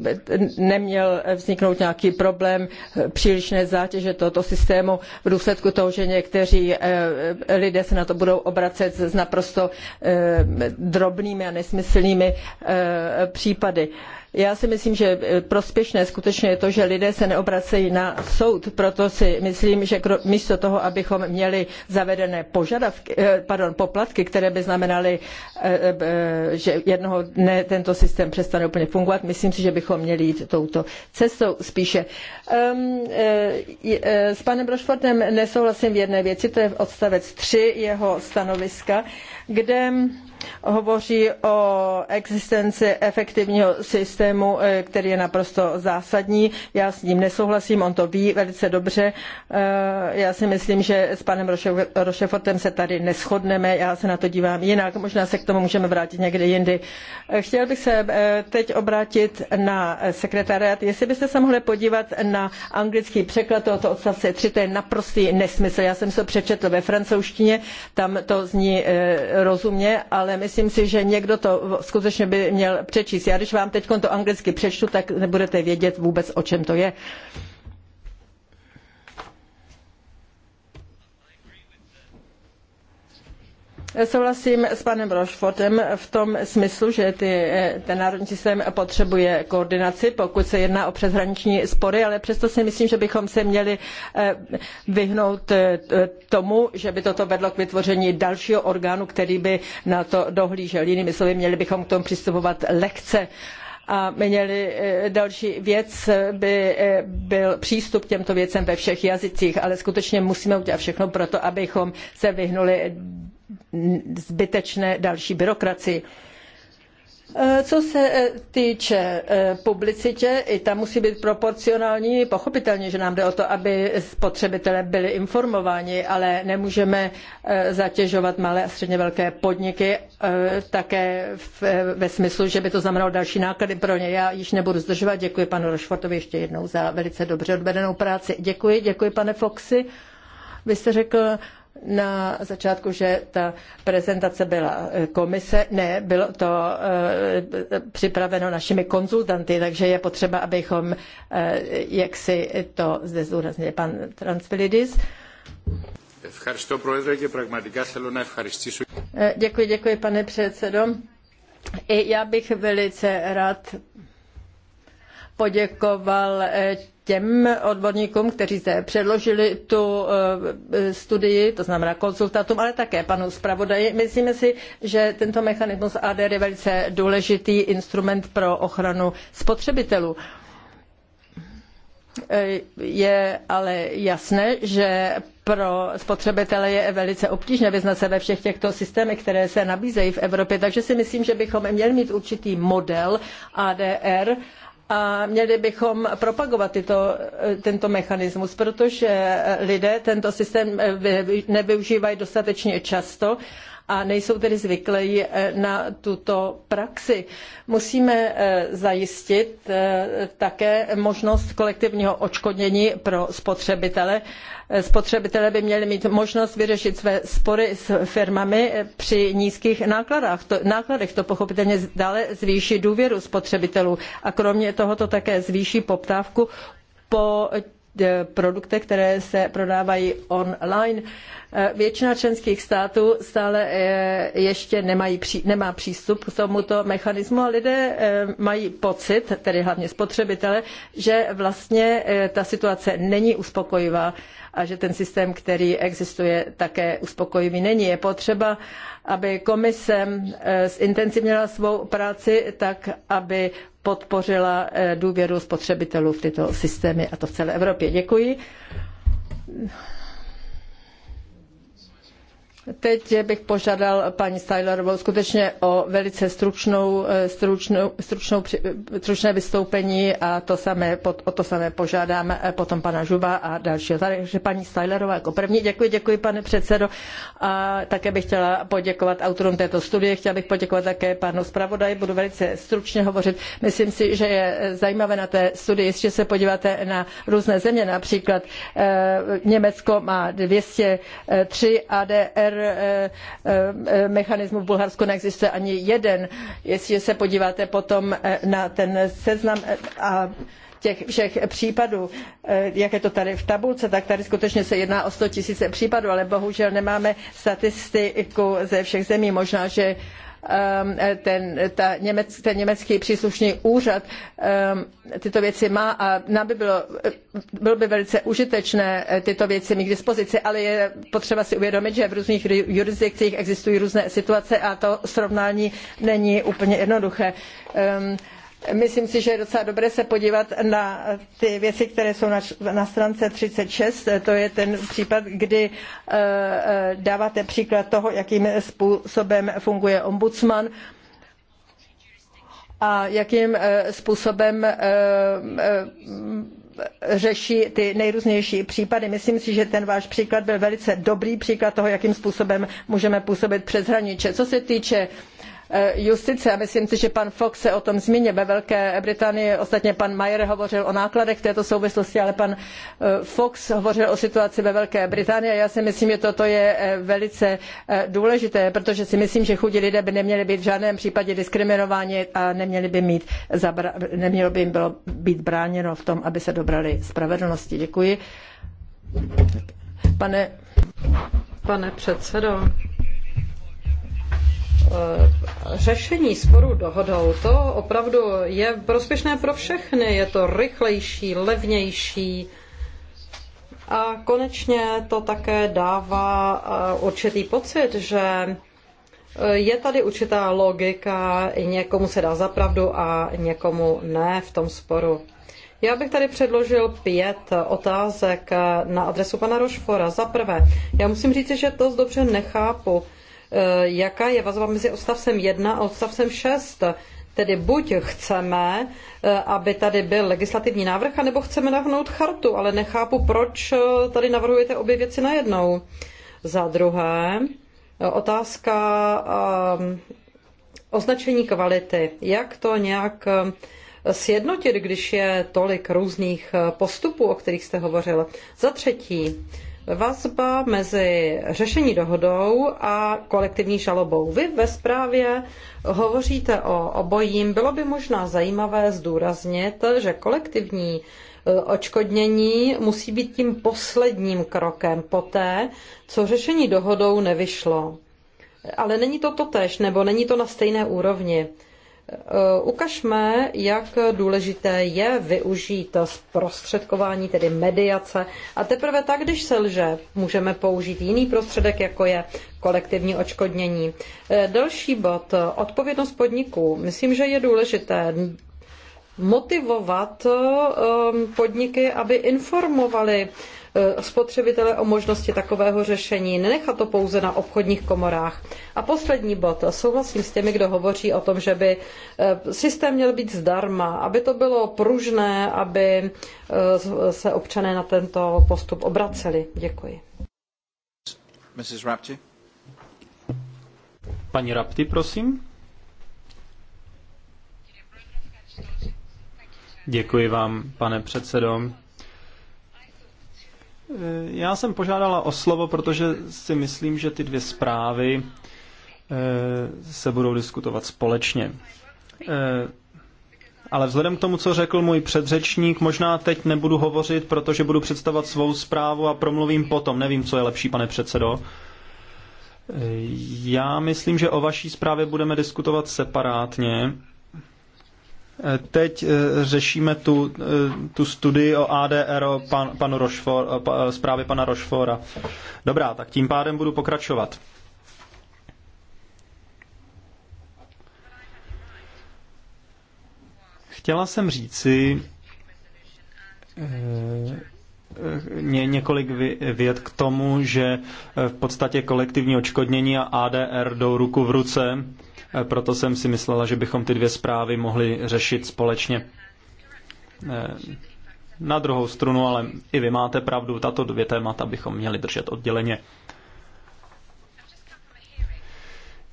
neměl vzniknout nějaký problém přílišné zátěže tohoto systému v důsledku toho, že někteří e, lidé se na to budou obracet s naprosto drobnými a nesmyslnými případy. Já si myslím, že eh, prospěšné skutečně je to, že lidé se neobracejí na soud, proto si myslím, že místo toho, abychom měli zavedené požadavky, eh, pardon, poplatky, které by znamenaly, eh, že jednoho dne tento systém přestane úplně fungovat, myslím si, že bychom měli jít touto cestou spíše. Ehm, s panem Brošfortem nesouhlasím v jedné věci, to je odstavec 3 jeho stanoviska kde hovoří o existenci efektivního systému, eh, který je naprosto zásadní. Já s ním nesouhlasím, on to ví velice dobře. Eh, já si myslím, že s panem Rošefortem se tady neschodneme, já se na to dívám jinak, možná se k tomu můžeme vrátit někdy jindy. Eh, chtěl bych se teď obrátit na sekretariat, jestli byste se mohli podívat na anglický překlad tohoto odstavce 3, to je naprostý nesmysl. Já jsem se přečetl ve francouzštině, tam to zní rozumně, ale myslím si, že někdo to skutečně by měl přečíst. Já když vám teď to anglicky přečtu, tak nebudete vědět vůbec, o čem to je. Souhlasím s panem rochefortem v tom smyslu, že ty, eh, ten národní systém potřebuje koordinaci, pokud se jedná o přeshraniční spory, ale přesto si myslím, že bychom se měli eh, vyhnout eh, tomu, že by toto vedlo k vytvoření dalšího orgánu, který by na to dohlížel. Jinými slovy, měli bychom k tomu přistupovat lehce a měli další věc by byl přístup k těmto věcem ve všech jazycích, ale skutečně musíme udělat všechno pro to, abychom se vyhnuli zbytečné další byrokracii. E, co se e, týče e, publicitě, i ta musí být proporcionální. Pochopitelně, že nám jde o to, aby spotřebitelé byli informováni, ale nemůžeme zatěžovat malé a středně velké podniky také ve smyslu, že by to znamenalo další náklady pro ně. Já již nebudu zdržovat. Děkuji panu Rošfortovi ještě jednou za velice dobře odvedenou práci. Děkuji, děkuji pane Foxy. Vy jste řekl, na začátku, že ta prezentace byla eh, komise. Ne, bylo to eh, připraveno našimi konzultanty, takže je potřeba, abychom eh, jak si to zde zúraznil pan Transfilidis. Děkuji, děkuji, pane předsedo. I já bych velice rád poděkoval eh, těm odborníkům, kteří se předložili tu eh, eh, studii, to znamená konzultantům, ale také panu zpravodaji. Myslíme si, že tento mechanismus ADR je velice důležitý instrument pro ochranu spotřebitelů. Je ale jasné, že pro spotřebitele je velice obtížné vyznat se ve všech těchto systémech, které se nabízejí v Evropě, takže si myslím, že bychom měli mít určitý model ADR, a měli bychom propagovat tyto, tento mechanismus, protože lidé tento systém nevyužívají dostatečně často a nejsou tedy zvyklí eh, na tuto praxi. Musíme eh, zajistit eh, také možnost kolektivního odškodnění pro spotřebitele. Spotřebitelé by měli mít možnost vyřešit své spory s firmami při nízkých nákladách. To, nákladech to pochopitelně dále zvýší důvěru spotřebitelů a kromě toho to také zvýší poptávku po Eh, produkty, které se prodávají online. Eh, většina členských států stále eh, ještě nemají, nemá přístup k tomuto mechanismu a lidé mají pocit, tedy hlavně spotřebitele, že vlastně ta situace není uspokojivá a že ten systém, který existuje, také uspokojivý není. Je potřeba, aby komise zintenzivnila svou práci tak, aby podpořila eh, důvěru spotřebitelů v tyto systémy a to v celé Evropě. Děkuji. Teď bych požádal paní Stylerovou skutečně o velice stručnou, eh, stručnou, stručnou, eh, stručné vystoupení a to samé, o to samé požádám eh, potom pana Žuba a dalšího. Takže paní Stylerová jako první. Děkuji, děkuji pane předsedo. A také bych chtěla poděkovat autorům této studie, chtěla bych poděkovat také panu zpravodaji, budu velice stručně hovořit. Myslím si, že je zajímavé na té studii, jestli se podíváte na různé země, například Německo má 203 ADR, Eh, eh, eh, mechanismu v Bulharsku neexistuje ani jeden. Jestliže se podíváte potom na ten seznam a těch všech případů, jak je to tady v tabulce, tak tady skutečně se jedná o 100 tisíce případů, ale bohužel nemáme statistiku ze všech zemí. Možná, že Um, ten, ta němec, ten německý příslušný úřad um, tyto věci má a nám by bylo, bylo by velice užitečné eh, tyto věci mít k dispozici, ale je potřeba si uvědomit, že v různých jurisdikcích existují různé situace a to srovnání není úplně jednoduché. Um, Myslím si, že je docela dobré se podívat na ty věci, které jsou na, na stránce 36. To je ten případ, kdy eh, eh, dáváte příklad toho, jakým způsobem funguje ombudsman a jakým eh, způsobem řeší ty nejrůznější případy. Myslím si, že ten váš příklad byl velice dobrý příklad toho, jakým způsobem můžeme působit přeshraničně. Co se týče Eh, justice a myslím si, že pan Fox se o tom zmínil ve Velké Británii, ostatně pan Mayer hovořil o nákladech této souvislosti, ale pan eh, Fox hovořil o situaci ve Velké Británii a já si myslím, že toto je eh, velice důležité, protože si myslím, že chudí lidé by neměli být v žádném případě diskriminováni a neměli by mít nemělo by jim bylo být bráněno v tom, aby se dobrali spravedlnosti. Děkuji. Pane, Pane předsedo, Eh, řešení sporu dohodou, to opravdu je prospěšné pro všechny. Je to rychlejší, levnější a konečně to také dává eh, určitý pocit, že eh, je tady určitá logika, někomu se dá zapravdu a někomu ne v tom sporu. Já bych tady předložil pět otázek na adresu pana Rošfora. Za prvé, já musím říct, že to dobře nechápu, Eh, jaká je vazba mezi odstavcem 1 a odstavcem 6. Tedy buď chceme, eh, aby tady byl legislativní návrh, anebo chceme navrhnout chartu, ale nechápu, proč eh, tady navrhujete obě věci najednou. Za druhé, otázka označení kvality. Jak to nějak sjednotit, když je tolik různých postupů, o kterých jste hovořil? Za třetí, vazba mezi řešení dohodou a kolektivní žalobou. Vy ve zprávě hovoříte o obojím. Bylo by možná zajímavé zdůraznit, že kolektivní e, očkodnění musí být tím posledním krokem poté, co řešení dohodou nevyšlo. Ale není to totéž, nebo není to na stejné úrovni. Eh, ukažme, jak důležité je využít zprostředkování, tedy mediace. A teprve tak, když se lže, můžeme použít jiný prostředek, jako je kolektivní očkodnění. Eh, další bod, odpovědnost podniků. Myslím, že je důležité motivovat eh, podniky, aby informovali Eh, spotřebitele o možnosti takového řešení, nenechat to pouze na obchodních komorách. A poslední bod. Souhlasím s těmi, kdo hovoří o tom, že by eh, systém měl být zdarma, aby to bylo pružné, aby eh, se občané na tento postup obraceli. Děkuji. Mrs. Rapti. Paní Rapti, prosím. Děkuji vám, pane předsedo. Eh, já jsem požádala o slovo, protože si myslím, že ty dvě zprávy eh, se budou diskutovat společně. Eh, ale vzhledem k tomu, co řekl můj předřečník, možná teď nebudu hovořit, protože budu představovat svou zprávu a promluvím potom. Nevím, co je lepší, pane předsedo. Já myslím, že o vaší zprávě budeme diskutovat separátně. Eh, teď eh, řešíme tu, eh, tu studii o ADR o pan, panu Rošfor, zprávy pana Rošfora. Dobrá, tak tím pádem budu pokračovat. Chtěla jsem říci, ně, několik věd k tomu, že eh, v podstatě kolektivní očkodnění a ADR jdou ruku v ruce, eh, proto jsem si myslela, že bychom ty dvě zprávy mohli řešit společně. Eh, na druhou stranu, ale i vy máte pravdu, tato dvě témata bychom měli držet odděleně.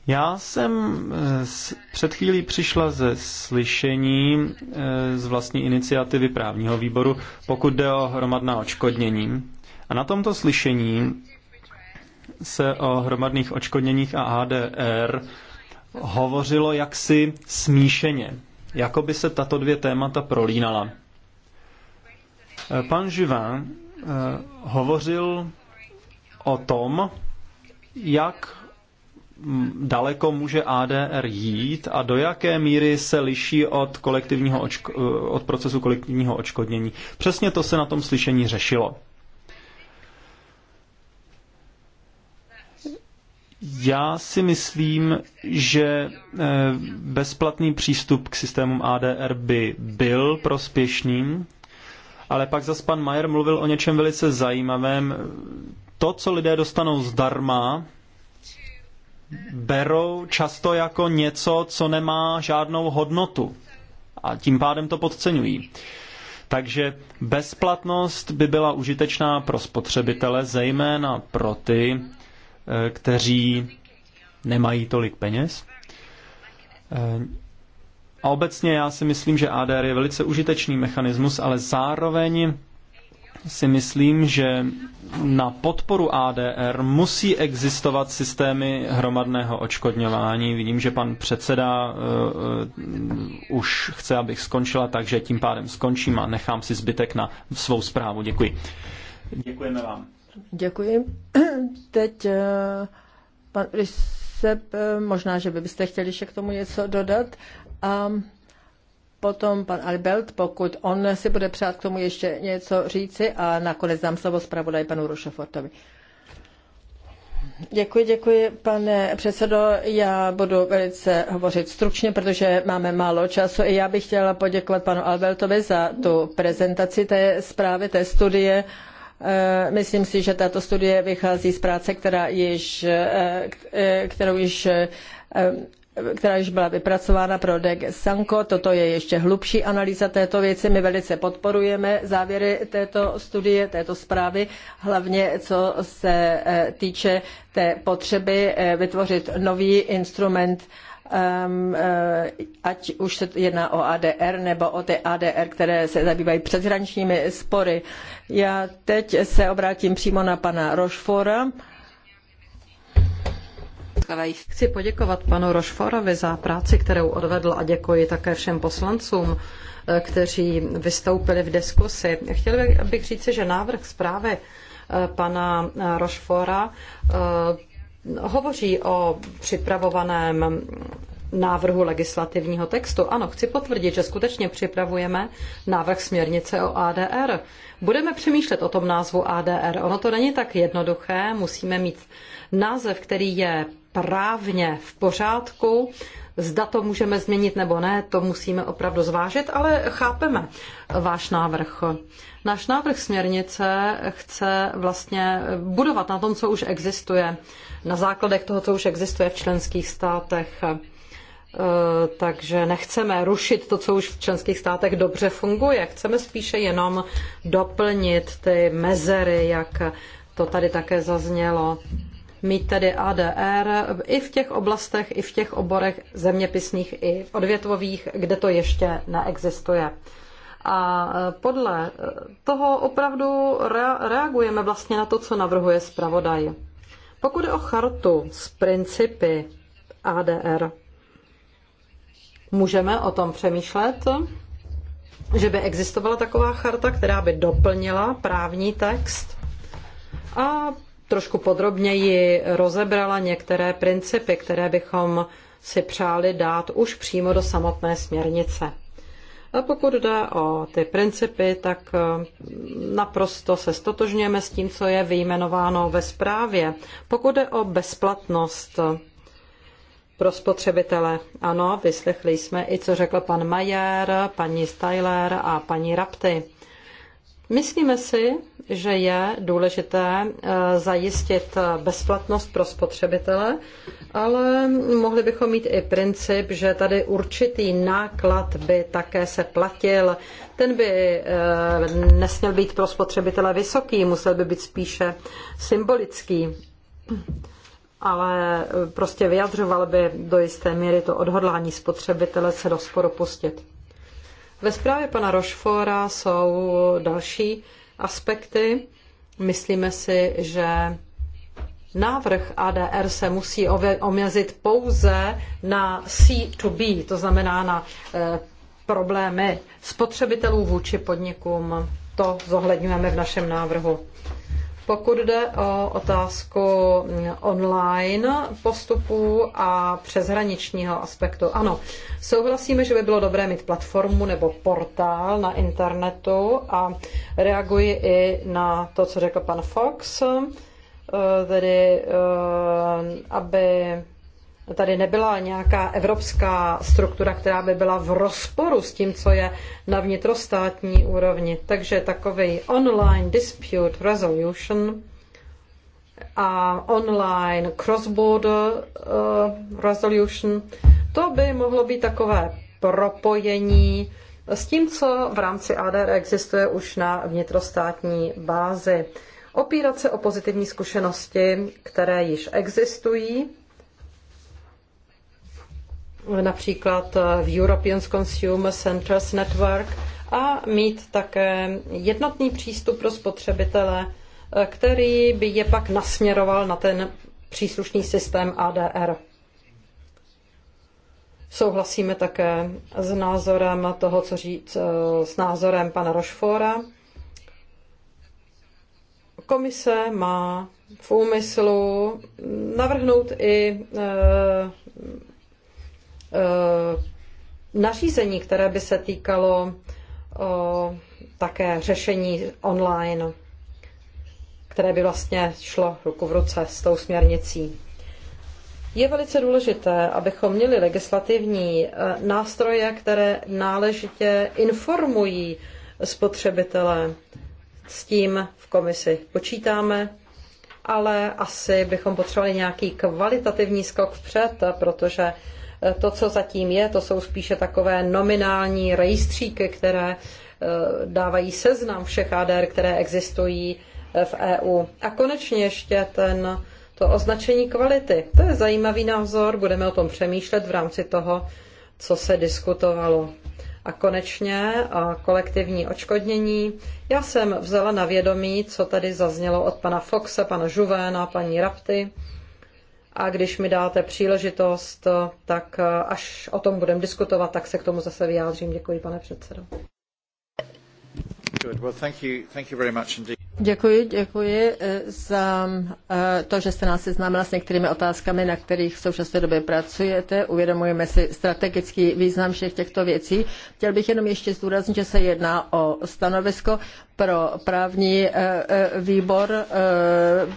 Já jsem eh, před chvílí přišla ze slyšení eh, z vlastní iniciativy právního výboru, pokud jde o hromadná očkodnění. A na tomto slyšení se o hromadných očkodněních a ADR hovořilo jaksi smíšeně, jako by se tato dvě témata prolínala. Eh, pan Juvin hovořil o tom, jak daleko může ADR jít a do jaké míry se liší od, kolektivního očko- eh, od procesu kolektivního očkodnění. Přesně to se na tom slyšení řešilo. Já si myslím, že eh, bezplatný přístup k systémům ADR by byl prospěšným, ale pak zas pan Mayer mluvil o něčem velice zajímavém. To, co lidé dostanou zdarma, berou často jako něco, co nemá žádnou hodnotu. A tím pádem to podceňují. Takže bezplatnost by byla užitečná pro spotřebitele, zejména pro ty, eh, kteří nemají tolik peněz. Eh, a obecně já si myslím, že ADR je velice užitečný mechanismus, ale zároveň si myslím, že na podporu ADR musí existovat systémy hromadného očkodňování. Vidím, že pan předseda uh, už chce, abych skončila, takže tím pádem skončím a nechám si zbytek na svou zprávu. Děkuji. Děkujeme vám. Děkuji. [CLEARS THROAT] Teď uh, pan Rysep, možná, že byste chtěli ještě k tomu něco dodat. um potom pan Albert, pokud on si bude přát k tomu ještě něco říci a nakonec dám slovo zpravodaj panu Rošofortovi. Děkuji, děkuji, pane předsedo. Já budu velice hovořit stručně, protože máme málo času. I já bych chtěla poděkovat panu Albertovi za tu prezentaci té zprávy, té studie. Eh, myslím si, že tato studie vychází z práce, která již, eh, eh, kterou již která již byla vypracována pro DG Sanko. Toto je ještě hlubší analýza této věci. My velice podporujeme závěry této studie, této zprávy, hlavně co se eh, týče té potřeby eh, vytvořit nový instrument ehm, eh, ať už se jedná o ADR nebo o ty ADR, které se zabývají přeshraničními spory. Já teď se obrátím přímo na pana Rošfora Chci poděkovat panu Rošforovi za práci, kterou odvedl a děkuji také všem poslancům, eh, kteří vystoupili v diskusi. Chtěl bych říci, že návrh zprávy eh, pana eh, Rošfora hovoří o připravovaném návrhu legislativního textu. Ano, chci potvrdit, že skutečně připravujeme návrh směrnice o ADR. Budeme přemýšlet o tom názvu ADR. Ono to není tak jednoduché, musíme mít název, který je právně v pořádku. Zda to můžeme změnit nebo ne, to musíme opravdu zvážit, ale chápeme váš návrh. Náš návrh směrnice chce vlastně budovat na tom, co už existuje, na základech toho, co už existuje v členských státech. E, takže nechceme rušit to, co už v členských státech dobře funguje. Chceme spíše jenom doplnit ty mezery, jak to tady také zaznělo mít tedy ADR i v těch oblastech, i v těch oborech zeměpisných, i odvětvových, kde to ještě neexistuje. A e, podle e, toho opravdu reagujeme vlastně na to, co navrhuje zpravodaj. Pokud je o chartu s principy ADR, můžeme o tom přemýšlet, že by existovala taková charta, která by doplnila právní text a trošku podrobněji rozebrala některé principy, které bychom si přáli dát už přímo do samotné směrnice. A pokud jde o ty principy, tak eh, naprosto se stotožňujeme s tím, co je vyjmenováno ve zprávě. Pokud jde o bezplatnost eh, pro spotřebitele, ano, vyslechli jsme i, co řekl pan Majer, paní Styler a paní Rapty. Myslíme si, že je důležité eh, zajistit eh, bezplatnost pro spotřebitele, ale mohli bychom mít i princip, že tady určitý náklad by také se platil. Ten by eh, nesměl být pro spotřebitele vysoký, musel by být spíše symbolický, ale prostě vyjadřoval by do jisté míry to odhodlání spotřebitele se do sporu pustit. Ve zprávě pana Rošfora jsou další aspekty. Myslíme si, že návrh ADR se musí omezit pouze na C2B, to znamená na eh, problémy spotřebitelů vůči podnikům. To zohledňujeme v našem návrhu. Pokud jde o otázku online postupů a přeshraničního aspektu, ano, souhlasíme, že by bylo dobré mít platformu nebo portál na internetu a reaguji i na to, co řekl pan Fox, eh, tedy eh, aby tady nebyla nějaká evropská struktura, která by byla v rozporu s tím, co je na vnitrostátní úrovni. Takže takový online dispute resolution a online cross-border uh, resolution, to by mohlo být takové propojení s tím, co v rámci ADR existuje už na vnitrostátní bázi. Opírat se o pozitivní zkušenosti, které již existují, například eh, v European Consumer Centers Network a mít také jednotný přístup pro spotřebitele, eh, který by je pak nasměroval na ten příslušný systém ADR. Souhlasíme také s názorem toho, co říct, eh, s názorem pana Rošfora. Komise má v úmyslu navrhnout i Eh, nařízení, které by se týkalo eh, také řešení online, které by vlastně šlo ruku v ruce s tou směrnicí. Je velice důležité, abychom měli legislativní eh, nástroje, které náležitě informují spotřebitele. S tím v komisi počítáme, ale asi bychom potřebovali nějaký kvalitativní skok vpřed, protože to, co zatím je, to jsou spíše takové nominální rejstříky, které eh, dávají seznam všech ADR, které existují eh, v EU. A konečně ještě ten, to označení kvality. To je zajímavý názor, budeme o tom přemýšlet v rámci toho, co se diskutovalo. A konečně a kolektivní očkodnění. Já jsem vzala na vědomí, co tady zaznělo od pana Foxe, pana Žuvéna, paní Rapty a když mi dáte příležitost, tak eh, až o tom budeme diskutovat, tak se k tomu zase vyjádřím. Děkuji, pane předsedo. Děkuji, děkuji eh, za eh, to, že jste nás seznámila s některými otázkami, na kterých v současné době pracujete. Uvědomujeme si strategický význam všech těchto věcí. Chtěl bych jenom ještě zdůraznit, že se jedná o stanovisko pro právní eh, eh, výbor, eh,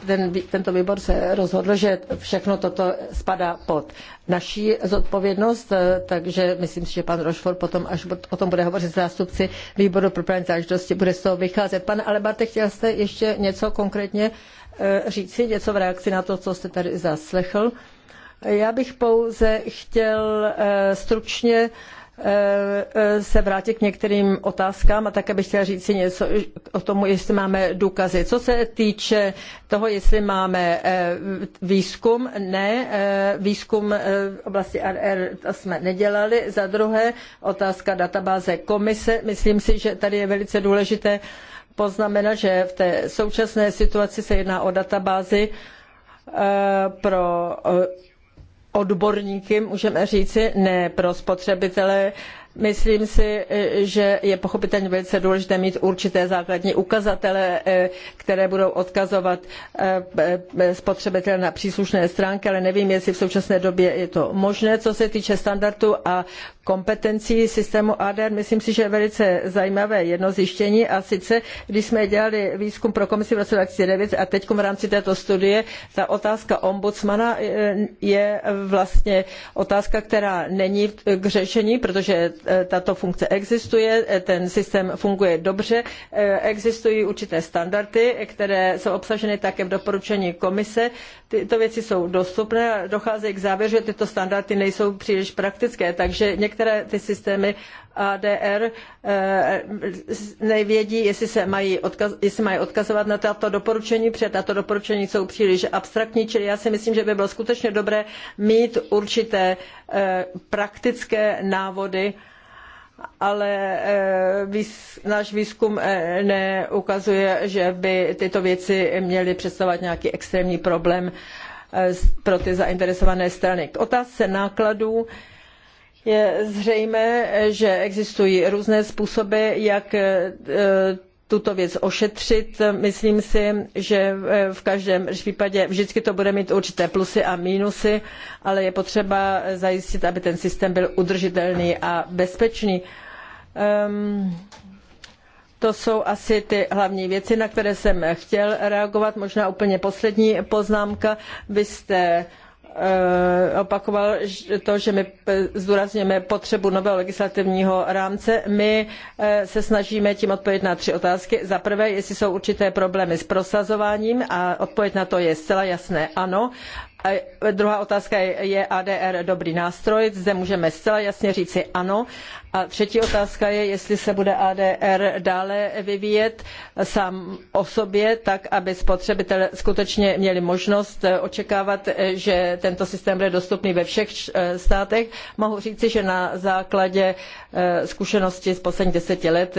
ten, tento výbor se rozhodl, že všechno toto spadá pod naší zodpovědnost, takže myslím si, že pan Rošfor potom, až o tom bude hovořit zástupci výboru pro právní záležitosti, bude z toho vycházet. Pane Alebarte, chtěl jste ještě něco konkrétně říci, něco v reakci na to, co jste tady zaslechl? Já bych pouze chtěl stručně Eh, eh, se vrátit k některým otázkám a také bych chtěla říct si něco o tomu, jestli máme důkazy. Co se týče toho, jestli máme eh, výzkum, ne, výzkum v oblasti RR to jsme nedělali. Za druhé, otázka databáze komise. Myslím si, že tady je velice důležité poznamenat, že v té současné situaci se jedná o databázi pro odborníky, můžeme říci, ne pro spotřebitele. Myslím si, že je pochopitelně velice důležité mít určité základní ukazatele, eh, které budou odkazovat eh, eh, spotřebitele na příslušné stránky, ale nevím, jestli v současné době je to možné. Co se týče standardu a kompetencí systému ADR, myslím si, že je velice zajímavé jedno zjištění a sice, když jsme dělali výzkum pro komisi v roce nine a teď v rámci této studie, ta otázka ombudsmana eh, je vlastně otázka, která není k řešení, protože eh, tato funkce existuje, eh, ten systém funguje dobře, existují určité standardy, které jsou obsaženy také v doporučení komise, tyto věci jsou dostupné a dochází k závěru, že tyto standardy nejsou příliš praktické, takže některé ty systémy ADR eh, nevědí, jestli se mají, odkaz, jestli mají odkazovat na tato doporučení, protože tato doporučení jsou příliš abstraktní, čili já si myslím, že by bylo skutečně dobré mít určité eh, praktické návody, ale eh, náš výzkum eh, neukazuje, že by tyto věci měly představovat nějaký extrémní problém eh, pro ty zainteresované strany. K otázce nákladů je zřejmé, že existují různé způsoby, jak tuto věc ošetřit. Myslím si, že eh, v každém případě vždycky to bude mít určité plusy a mínusy, ale je potřeba zajistit, aby ten systém byl udržitelný a bezpečný. Ehm, to jsou asi ty hlavní věci, na které jsem chtěl reagovat. Možná úplně poslední poznámka. Vy jste Eh, opakoval to, že my zdůrazněme potřebu nového legislativního rámce. My eh, se snažíme tím odpovědět na tři otázky. Za prvé, jestli jsou určité problémy s prosazováním a odpověď na to je zcela jasné ano druhá otázka je, je ADR dobrý nástroj? Zde můžeme zcela jasně říci ano. A třetí otázka je, jestli se bude ADR dále vyvíjet sám o sobě, tak aby spotřebitelé skutečně měli možnost eh, očekávat, eh, že tento systém bude dostupný ve všech eh, státech. Mohu říci, že na základě zkušenosti z posledních deseti let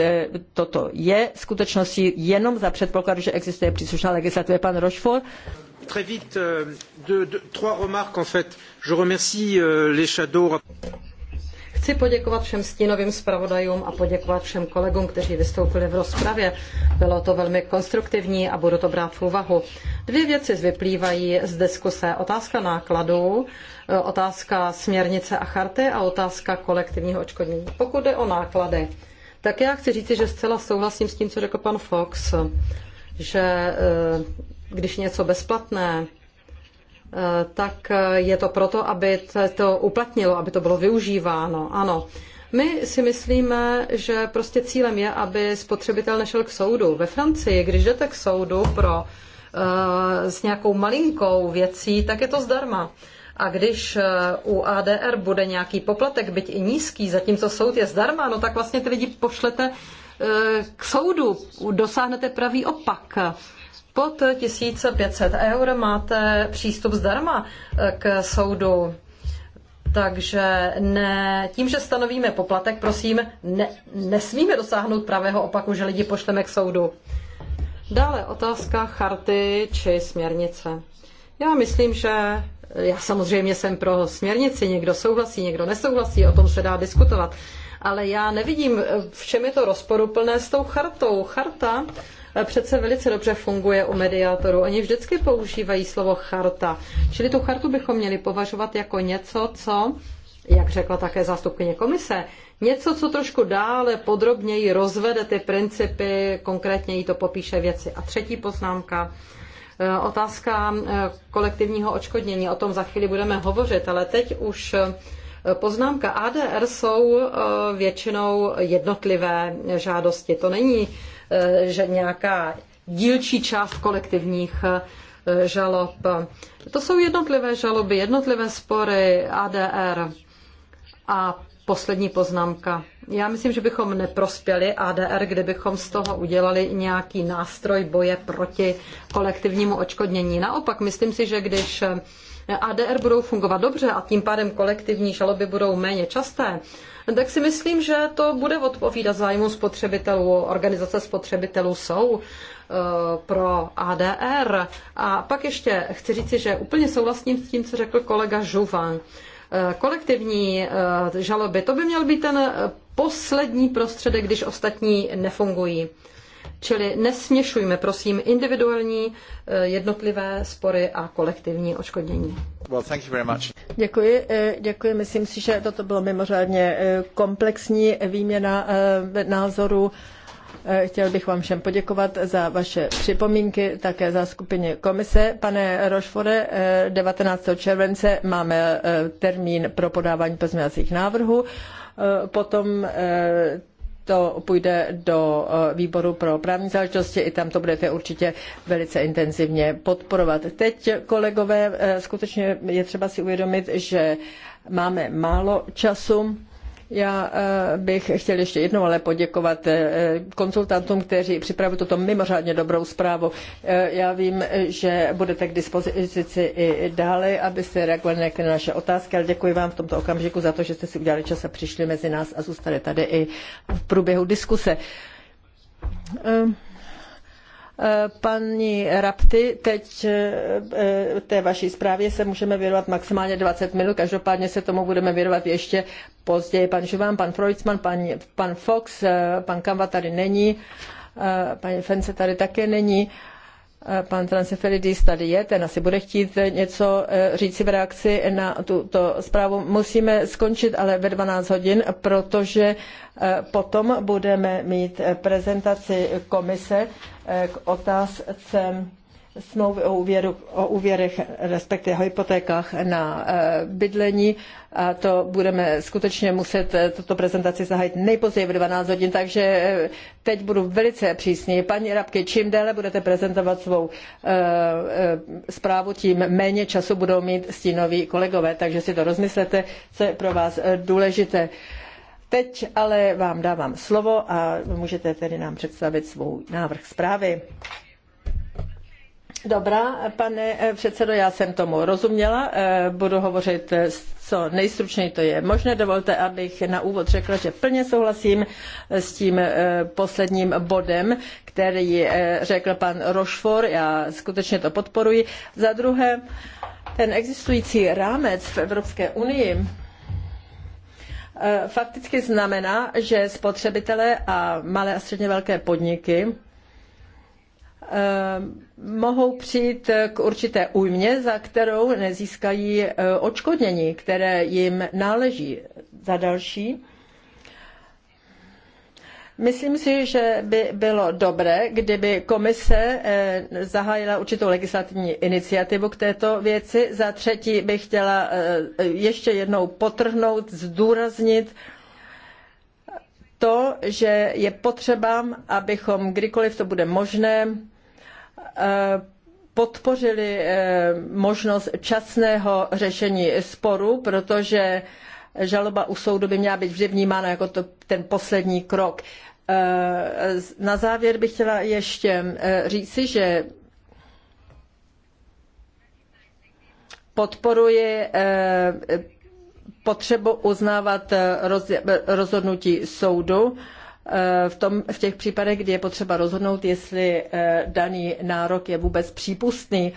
toto je skutečností jenom za předpokladu, že existuje příslušná legislativa. Pan Rochefort. Très vite, euh, deux, deux, trois remarques en fait. Je remercie euh, les shadows. Chci poděkovat všem stínovým zpravodajům a poděkovat všem kolegům, kteří vystoupili v rozpravě. Bylo to velmi konstruktivní a budu to brát v úvahu. Dvě věci vyplývají z diskuse. Otázka nákladů, e, otázka směrnice a charty a otázka kolektivního očkodnění. Pokud jde o náklady, tak já chci říci, že zcela souhlasím s tím, co řekl pan Fox, že e, když něco bezplatné, eh, tak eh, je to proto, aby to uplatnilo, aby to bylo využíváno. Ano. My si myslíme, že prostě cílem je, aby spotřebitel nešel k soudu. Ve Francii, když jdete k soudu pro eh, s nějakou malinkou věcí, tak je to zdarma. A když u ADR bude nějaký poplatek, byť i nízký, zatímco soud je zdarma, no tak vlastně ty lidi pošlete k soudu, dosáhnete pravý opak pod 1500 eur máte přístup zdarma eh, k soudu. Takže ne, tím, že stanovíme poplatek, prosím, ne, nesmíme dosáhnout pravého opaku, že lidi pošleme k soudu. Dále otázka charty či směrnice. Já myslím, že já samozřejmě jsem pro směrnici, někdo souhlasí, někdo nesouhlasí, o tom se dá diskutovat. Ale já nevidím, v čem je to rozporuplné s tou chartou. Charta přece velice dobře funguje u mediátorů. Oni vždycky používají slovo charta. Čili tu chartu bychom měli považovat jako něco, co, jak řekla také zástupkyně komise, něco, co trošku dále podrobněji rozvede ty principy, konkrétně jí to popíše věci. A třetí poznámka, eh, otázka eh, kolektivního očkodnění, o tom za chvíli budeme hovořit, ale teď už eh, poznámka ADR jsou většinou jednotlivé žádosti. To není Eh, že nějaká dílčí část kolektivních eh, žalob. To jsou jednotlivé žaloby, jednotlivé spory ADR. A poslední poznámka. Já myslím, že bychom neprospěli ADR, kdybychom z toho udělali nějaký nástroj boje proti kolektivnímu očkodnění. Naopak, myslím si, že když eh, ADR budou fungovat dobře a tím pádem kolektivní žaloby budou méně časté, tak si myslím, že to bude odpovídat zájmu spotřebitelů. Organizace spotřebitelů jsou eh, pro ADR. A pak ještě chci říci, že úplně souhlasím s tím, co řekl kolega Žuvan. Eh, kolektivní eh, žaloby, to by měl být ten poslední prostředek, když ostatní nefungují. Čili nesměšujme, prosím, individuální eh, jednotlivé spory a kolektivní odškodnění. Well, thank you very much. Děkuji, eh, děkuji. Myslím si, že toto bylo mimořádně eh, komplexní výměna názorů. Chtěl bych vám všem poděkovat za vaše připomínky, také za skupině komise. Pane Rošfore, 19. července máme termín pro podávání pozměňovacích návrhů. Potom to půjde do eh, výboru pro právní záležitosti, i tam to budete určitě velice intenzivně podporovat. Teď, kolegové, eh, skutečně je třeba si uvědomit, že máme málo času. Já eh, bych chtěl ještě jednou ale poděkovat eh, konzultantům, kteří připravili tuto mimořádně dobrou zprávu. Eh, já vím, že budete k dispozici i dále, abyste reagovali na naše otázky, ale děkuji vám v tomto okamžiku za to, že jste si udělali čas a přišli mezi nás a zůstali tady i v průběhu diskuse. Um Eh, paní Rapty, teď eh, eh, té vaší zprávě se můžeme věnovat maximálně 20 minut, každopádně se tomu budeme věnovat ještě později. Pan Živán, pan Freudsman, pan, pan Fox, pan Kamba tady není, paní Fence tady také není. Pan Transeferidis tady je, ten asi bude chtít něco říci v reakci na tuto zprávu. Musíme skončit ale ve 12 hodin, protože potom budeme mít prezentaci komise Eh, k otázce smlouvy o, úvěru, o úvěrech, respektive hypotékách na eh, bydlení. A to budeme skutečně muset eh, tuto prezentaci zahájit nejpozději v 12 hodin, takže teď budu velice přísný. Paní Rabky, čím déle budete prezentovat svou zprávu, tím méně času budou mít stínoví kolegové, takže si to rozmyslete, co je pro vás důležité. Teď ale vám dávám slovo a můžete tedy nám představit svůj návrh zprávy. Dobrá, pane eh, předsedo, já jsem tomu rozuměla. Eh, budu hovořit eh, co nejstručněji to je možné. Dovolte, abych na úvod řekla, že plně souhlasím s tím posledním bodem, který řekl pan Rošfor. Já skutečně to podporuji. Za druhé, ten existující rámec v Evropské unii Eh, fakticky znamená, že spotřebitelé a malé a středně velké podniky eh, mohou přijít k určité újmě, za kterou nezískají eh, odškodnění, které jim náleží. Za další, Myslím si, že by bylo dobré, kdyby komise eh, zahájila určitou legislativní iniciativu k této věci. Za třetí bych chtěla eh, ještě jednou potrhnout, zdůraznit, to, že je potřeba, abychom kdykoliv to bude možné, eh, podpořili možnost časného řešení sporu, protože žaloba u soudu by měla být vždy vnímána jako to, ten poslední krok. Eh, na závěr bych chtěla ještě eh, říci, že podporuji eh, potřebu uznávat rozhodnutí soudu v, tom, v těch případech, kdy je potřeba rozhodnout, jestli daný nárok je vůbec přípustný.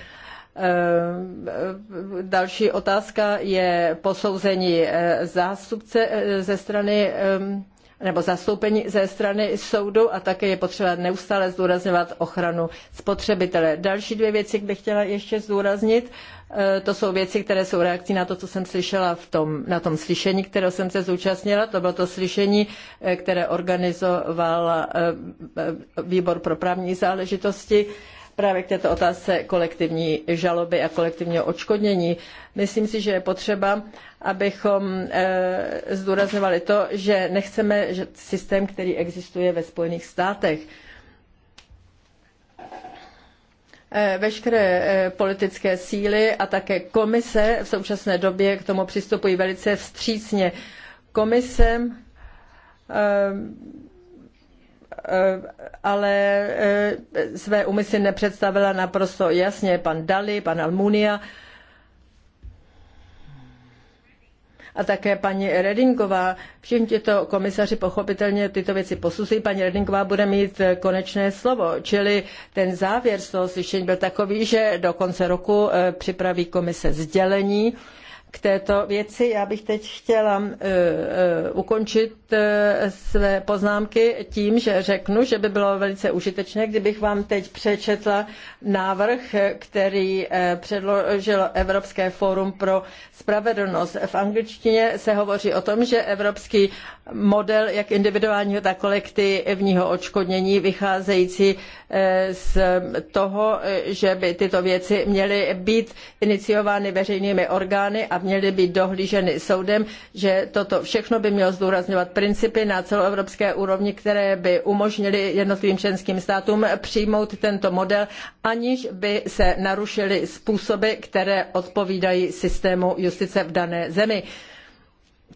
Eh, další otázka je posouzení eh, zástupce eh, ze strany nebo zastoupení ze strany soudu a také je potřeba neustále zdůrazňovat ochranu spotřebitele. Další dvě věci bych chtěla ještě zdůraznit. To jsou věci, které jsou reakcí na to, co jsem slyšela v tom, na tom slyšení, kterého jsem se zúčastnila. To bylo to slyšení, které organizoval Výbor pro právní záležitosti právě k této otázce kolektivní žaloby a kolektivního odškodnění. Myslím si, že je potřeba, abychom eh, zdůrazňovali to, že nechceme systém, který existuje ve Spojených státech. Eh, veškeré eh, politické síly a také komise v současné době k tomu přistupují velice vstřícně. Komise Eh, ale eh, své úmysly nepředstavila naprosto jasně pan Dali, pan Almunia a také paní Redingová. Všichni tito komisaři pochopitelně tyto věci posuzují. Paní Redingová bude mít konečné slovo. Čili ten závěr z toho slyšení byl takový, že do konce roku eh, připraví komise sdělení, k této věci. Já bych teď chtěla eh, eh, ukončit eh, své poznámky tím, že řeknu, že by bylo velice užitečné, kdybych vám teď přečetla návrh, který předložilo Evropské fórum pro spravedlnost. V angličtině se hovoří o tom, že evropský model jak individuálního, tak kolektivního odškodnění vycházející z toho, že by tyto věci měly být iniciovány veřejnými orgány a měly být dohlíženy soudem, že toto všechno by mělo zdůrazňovat principy na celoevropské úrovni, které by umožnily jednotlivým členským státům přijmout tento model, aniž by se narušily způsoby, které odpovídají systému justice v dané zemi.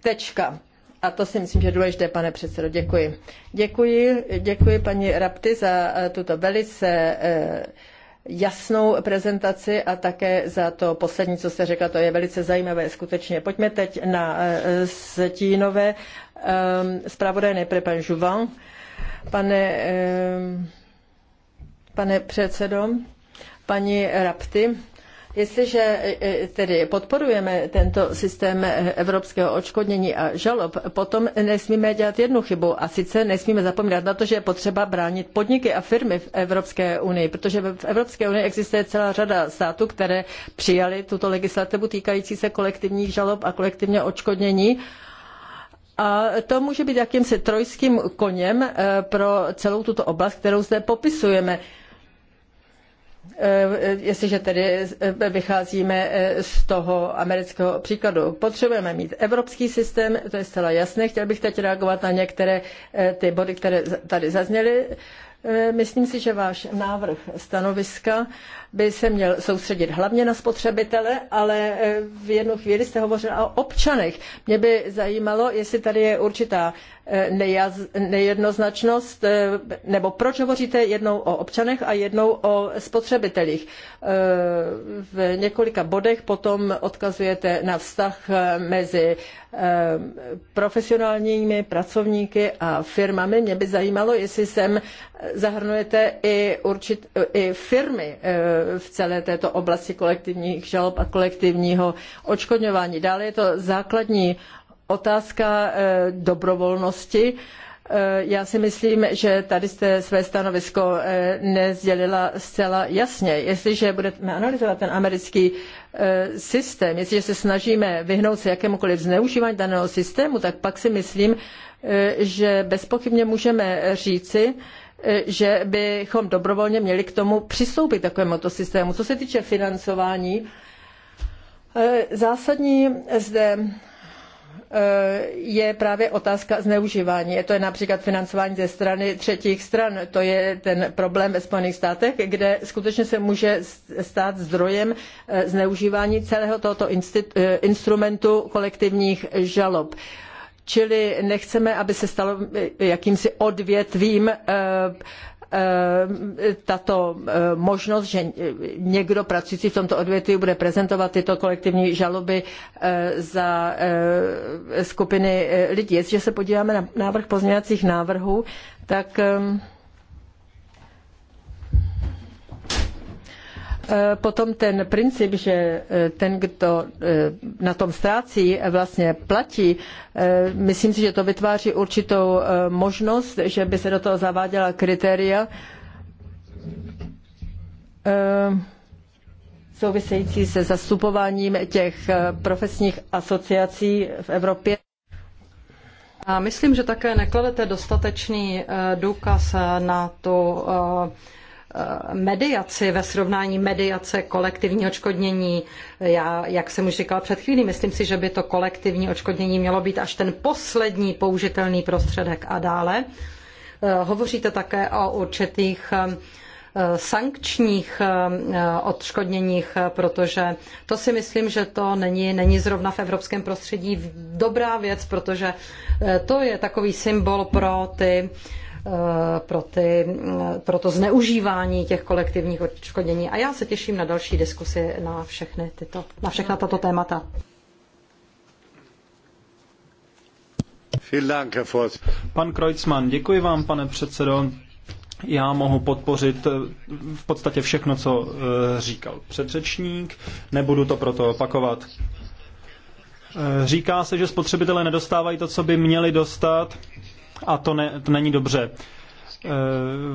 Tečka. A to si myslím, že je důležité, pane předsedo. Děkuji. Děkuji, děkuji paní Rapti za eh, tuto velice eh, jasnou prezentaci a také za to poslední, co jste řekla, to je velice zajímavé skutečně. Pojďme teď na eh, stínové ehm, zpravodajné nejprve pan Žuvan. Pane, ehm, pane předsedo, paní Rapty, Jestliže e, e, tedy podporujeme tento systém evropského odškodnění a žalob, potom nesmíme dělat jednu chybu a sice nesmíme zapomínat na to, že je potřeba bránit podniky a firmy v Evropské unii, protože v Evropské unii existuje celá řada států, které přijali tuto legislativu týkající se kolektivních žalob a kolektivního odškodnění. A to může být jakýmsi trojským koněm e, pro celou tuto oblast, kterou zde popisujeme. Eh, jestliže tedy eh, vycházíme eh, z toho amerického příkladu. Potřebujeme mít evropský systém, to je zcela jasné. Chtěl bych teď reagovat na některé ty body, které tady zazněly. Myslím si, že váš návrh stanoviska by se měl soustředit hlavně na spotřebitele, ale eh, v jednu chvíli jste hovořil o občanech. Mě by zajímalo, jestli tady je určitá eh, nejednoznačnost, eh, nebo proč hovoříte jednou o občanech a jednou o spotřebitelích. V několika bodech potom odkazujete na vztah mezi profesionálními pracovníky a firmami. Mě by zajímalo, jestli sem zahrnujete i, určit, i firmy v celé této oblasti kolektivních žalob a kolektivního odškodňování. Dále je to základní otázka eh, dobrovolnosti. Eh, já si myslím, že tady jste své stanovisko eh, nezdělila zcela jasně. Jestliže budeme analyzovat ten americký systém, jestliže se snažíme vyhnout se jakémukoliv zneužívání daného systému, tak pak si myslím, že bezpochybně můžeme říci, že bychom dobrovolně měli k tomu přistoupit takovému to systému. Co se týče financování, eh, zásadní zde eh, je právě otázka zneužívání. To je například financování ze strany třetích stran. To je ten problém ve Spojených státech, kde skutečně se může stát zdrojem eh, zneužívání celého tohoto instrumentu kolektivních žalob. Čili nechceme, aby se stalo eh, jakýmsi odvětvím eh, eh, tato možnost, že někdo pracující v tomto odvětví bude prezentovat tyto kolektivní žaloby za skupiny lidí. Jestliže se podíváme na návrh pozměňovacích návrhů, tak Eh, potom ten princip, že eh, ten, kdo eh, na tom ztrácí, vlastně platí, myslím si, že to vytváří určitou možnost, že by se do toho zaváděla kritéria související se zastupováním těch profesních asociací v Evropě. A myslím, že také nekladete dostatečný důkaz na tu Eh, mediaci ve srovnání mediace kolektivní odškodnění. Já, jak jsem už říkala před chvílí, myslím si, že by to kolektivní odškodnění mělo být až ten poslední použitelný prostředek a dále. Eh, hovoříte také o určitých eh, sankčních odškodněních, protože to si myslím, že to není, není zrovna v evropském prostředí dobrá věc, protože to je takový symbol pro ty uh, Eh, pro, ty, eh, pro to zneužívání těch kolektivních odškodnění. A já se těším na další diskusy na, všechny tyto, na všechna tato témata. Pan Kreuzmann, děkuji vám, pane předsedo. Já mohu podpořit eh, v podstatě všechno, co říkal předřečník. Nebudu to proto opakovat. Říká se, že spotřebitelé nedostávají to, co by měli dostat a to, ne, to není dobře. E,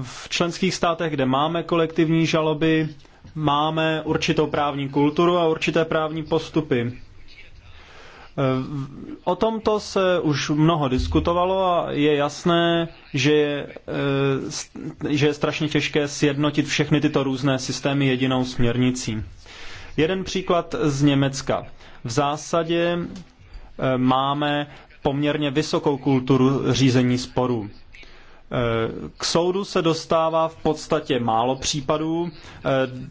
v členských státech, kde máme kolektivní žaloby, máme určitou právní kulturu a určité právní postupy. E, o tomto se už mnoho diskutovalo a je jasné, že je, e, že je strašně těžké sjednotit všechny tyto různé systémy jedinou směrnicí. Jeden příklad z Německa. V zásadě máme poměrně vysokou kulturu řízení sporů. E, k soudu se dostává v podstatě málo případů.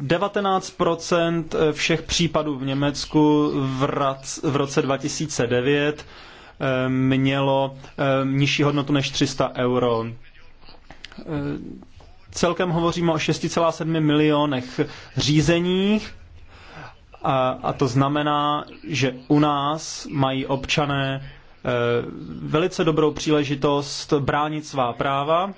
19% e, všech případů v Německu v roce 2009 e, mělo nižší hodnotu než 300 euro. Celkem hovoříme o 6,7 milionech řízeních a, a to znamená, že u nás mají občané Eh, velice dobrou příležitost bránit svá práva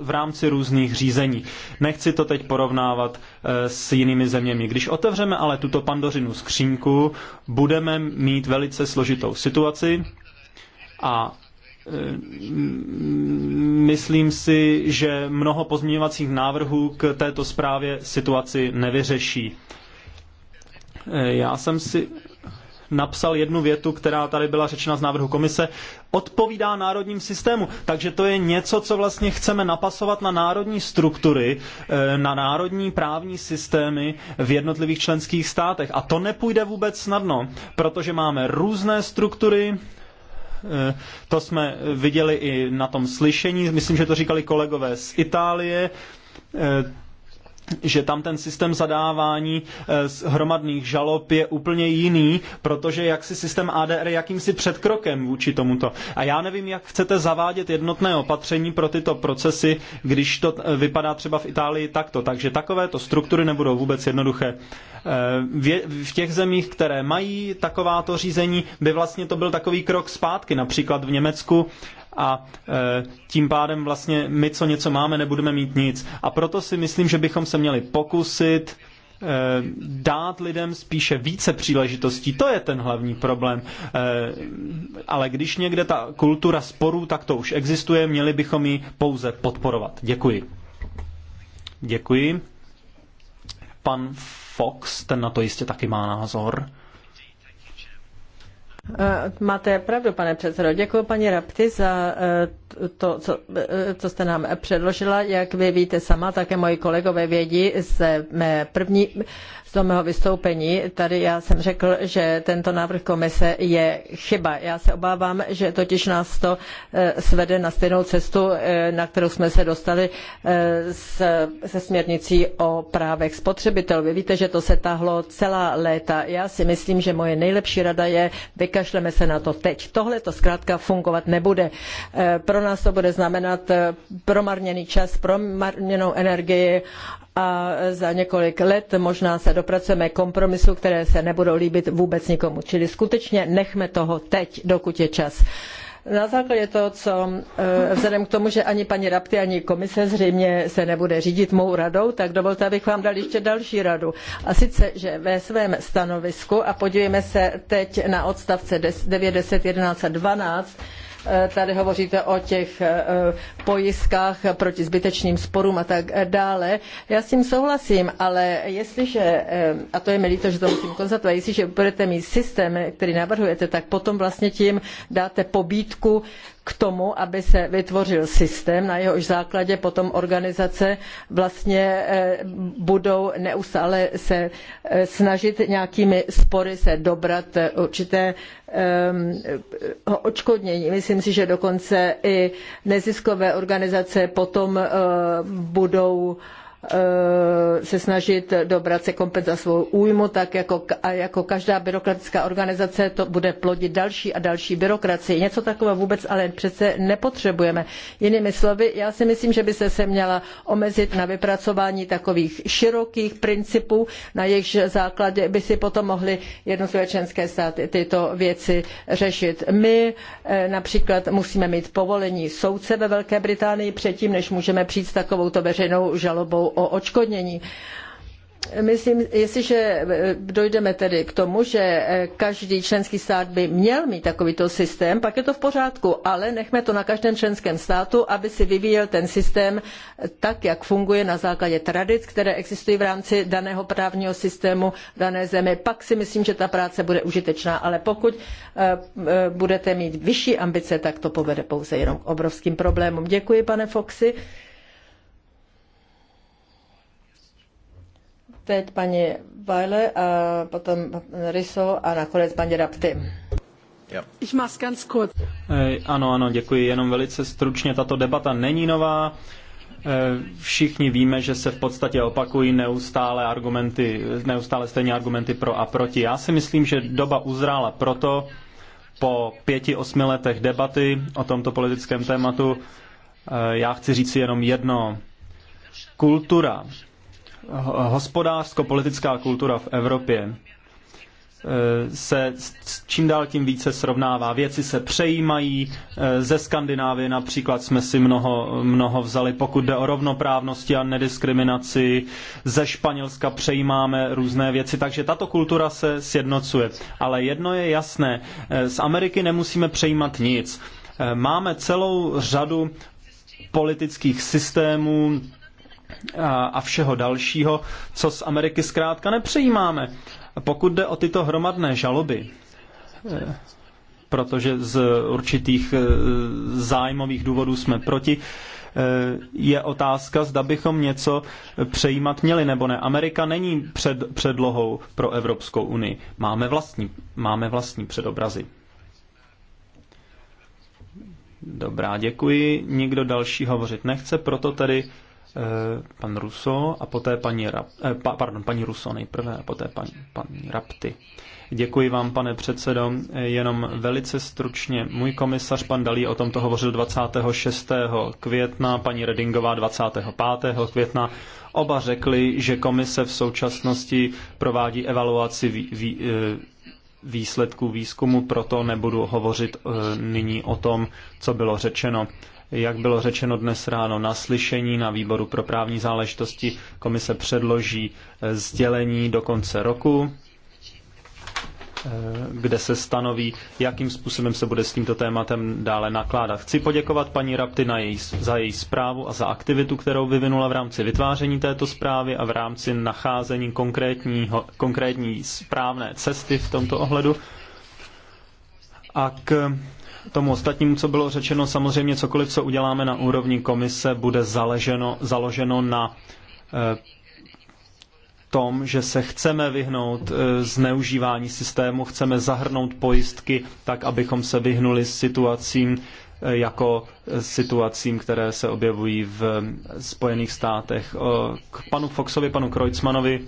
v rámci různých řízení. Nechci to teď porovnávat eh, s jinými zeměmi. Když otevřeme ale tuto pandořinu skřínku, budeme mít velice složitou situaci a eh, myslím si, že mnoho pozměňovacích návrhů k této zprávě situaci nevyřeší. Já jsem si napsal jednu větu, která tady byla řečena z návrhu komise, odpovídá národním systému. Takže to je něco, co vlastně chceme napasovat na národní struktury, eh, na národní právní systémy v jednotlivých členských státech. A to nepůjde vůbec snadno, protože máme různé struktury, eh, to jsme viděli i na tom slyšení, myslím, že to říkali kolegové z Itálie, eh, že tam ten systém zadávání eh, hromadných žalob je úplně jiný, protože jak si systém ADR jakýmsi předkrokem vůči tomuto. A já nevím, jak chcete zavádět jednotné opatření pro tyto procesy, když to eh, vypadá třeba v Itálii takto. Takže takovéto struktury nebudou vůbec jednoduché. Eh, v těch zemích, které mají takováto řízení, by vlastně to byl takový krok zpátky. Například v Německu a e, tím pádem vlastně my, co něco máme, nebudeme mít nic. A proto si myslím, že bychom se měli pokusit e, dát lidem spíše více příležitostí. To je ten hlavní problém. E, ale když někde ta kultura sporů, tak to už existuje, měli bychom ji pouze podporovat. Děkuji. Děkuji. Pan Fox, ten na to jistě taky má názor. Eh, máte pravdu, pane předsedo. Děkuji paní Rapti za eh, to, co, eh, co jste nám předložila. Jak vy víte sama, také moji kolegové vědí z mé první z toho mého vystoupení. Tady já jsem řekl, že tento návrh komise je chyba. Já se obávám, že totiž nás to svede na stejnou cestu, na kterou jsme se dostali se směrnicí o právech spotřebitelů. Vy víte, že to se táhlo celá léta. Já si myslím, že moje nejlepší rada je vykat vykašleme se na to teď. Tohle to zkrátka fungovat nebude. E, pro nás to bude znamenat e, promarněný čas, promarněnou energii a za několik let možná se dopracujeme kompromisu, které se nebudou líbit vůbec nikomu. Čili skutečně nechme toho teď, dokud je čas. Na základě toho, co eh, vzhledem k tomu, že ani paní Rapty, ani komise zřejmě se nebude řídit mou radou, tak dovolte, abych vám dal ještě další radu. A sice, že ve svém stanovisku, a podívejme se teď na odstavce 9, 10, 11 a 12, Eh, tady hovoříte o těch eh, pojistkách proti zbytečným sporům a tak dále. Já s tím souhlasím, ale jestliže, eh, a to je mi líto, že to musím konstatovat, jestliže budete mít systém, který navrhujete, tak potom vlastně tím dáte pobídku k tomu, aby se vytvořil systém, na jehož základě potom organizace vlastně eh, budou neustále se eh, snažit nějakými spory se dobrat eh, určitého ehm, odškodnění. Myslím si, že dokonce i neziskové organizace potom budou uh, Eh, se snažit dobrat se za svou újmu, tak jako, a jako každá byrokratická organizace to bude plodit další a další byrokracii. Něco takového vůbec ale přece nepotřebujeme. Jinými slovy, já si myslím, že by se se měla omezit na vypracování takových širokých principů, na jejichž základě by si potom mohly jednotlivé členské státy tyto věci řešit. My eh, například musíme mít povolení soudce ve Velké Británii předtím, než můžeme přijít s takovouto veřejnou žalobou o očkodnění. Myslím, jestliže dojdeme tedy k tomu, že každý členský stát by měl mít takovýto systém, pak je to v pořádku, ale nechme to na každém členském státu, aby si vyvíjel ten systém tak, jak funguje na základě tradic, které existují v rámci daného právního systému v dané zemi. Pak si myslím, že ta práce bude užitečná, ale pokud eh, eh, budete mít vyšší ambice, tak to povede pouze jenom k obrovským problémům. Děkuji, pane Foxy. Teď paní Weile a potom Riso a nakonec paní Rapty. Ich mach's ganz kurz. Ano, ano, děkuji. Jenom velice stručně. Tato debata není nová. Všichni víme, že se v podstatě opakují neustále argumenty, neustále stejně argumenty pro a proti. Já si myslím, že doba uzrála proto, po pěti, osmi letech debaty o tomto politickém tématu, já chci říct si jenom jedno. Kultura hospodářsko-politická kultura v Evropě e, se čím dál tím více srovnává. Věci se přejímají. E, ze Skandinávie například jsme si mnoho, mnoho vzali, pokud jde o rovnoprávnosti a nediskriminaci. Ze Španělska přejímáme různé věci, takže tato kultura se sjednocuje. Ale jedno je jasné, e, z Ameriky nemusíme přejímat nic. Máme celou řadu politických systémů, a všeho dalšího, co z Ameriky zkrátka nepřijímáme. Pokud jde o tyto hromadné žaloby, e, protože z určitých e, zájmových důvodů jsme proti, e, je otázka, zda bychom něco přejímat měli nebo ne. Amerika není před, předlohou pro Evropskou unii. Máme vlastní, máme vlastní předobrazy. Dobrá, děkuji. Nikdo další hovořit nechce, proto tedy Eh, pan Ruso a poté paní, Rap, eh, pa, pardon, paní Ruso nejprve a poté paní, paní Rapty. Děkuji vám, pane předsedo. Eh, jenom velice stručně. Můj komisař pan Dalí o tomto hovořil 26. května, paní Redingová 25. května. Oba řekli, že komise v současnosti provádí evaluaci vý, vý, výsledků výzkumu, proto nebudu hovořit nyní o tom, co bylo řečeno. Jak bylo řečeno dnes ráno na slyšení na výboru pro právní záležitosti, komise předloží eh, sdělení do konce roku, eh, kde se stanoví, jakým způsobem se bude s tímto tématem dále nakládat. Chci poděkovat paní Rapty na její, za její zprávu a za aktivitu, kterou vyvinula v rámci vytváření této zprávy a v rámci nacházení konkrétního, konkrétní správné cesty v tomto ohledu. A k tomu ostatnímu, co bylo řečeno, samozřejmě cokoliv, co uděláme na úrovni komise, bude zaleženo, založeno na eh, tom, že se chceme vyhnout eh, zneužívání systému, chceme zahrnout pojistky tak, abychom se vyhnuli situacím, eh, jako situacím, které se objevují v Spojených státech. K panu Foxovi, panu Kreutzmanovi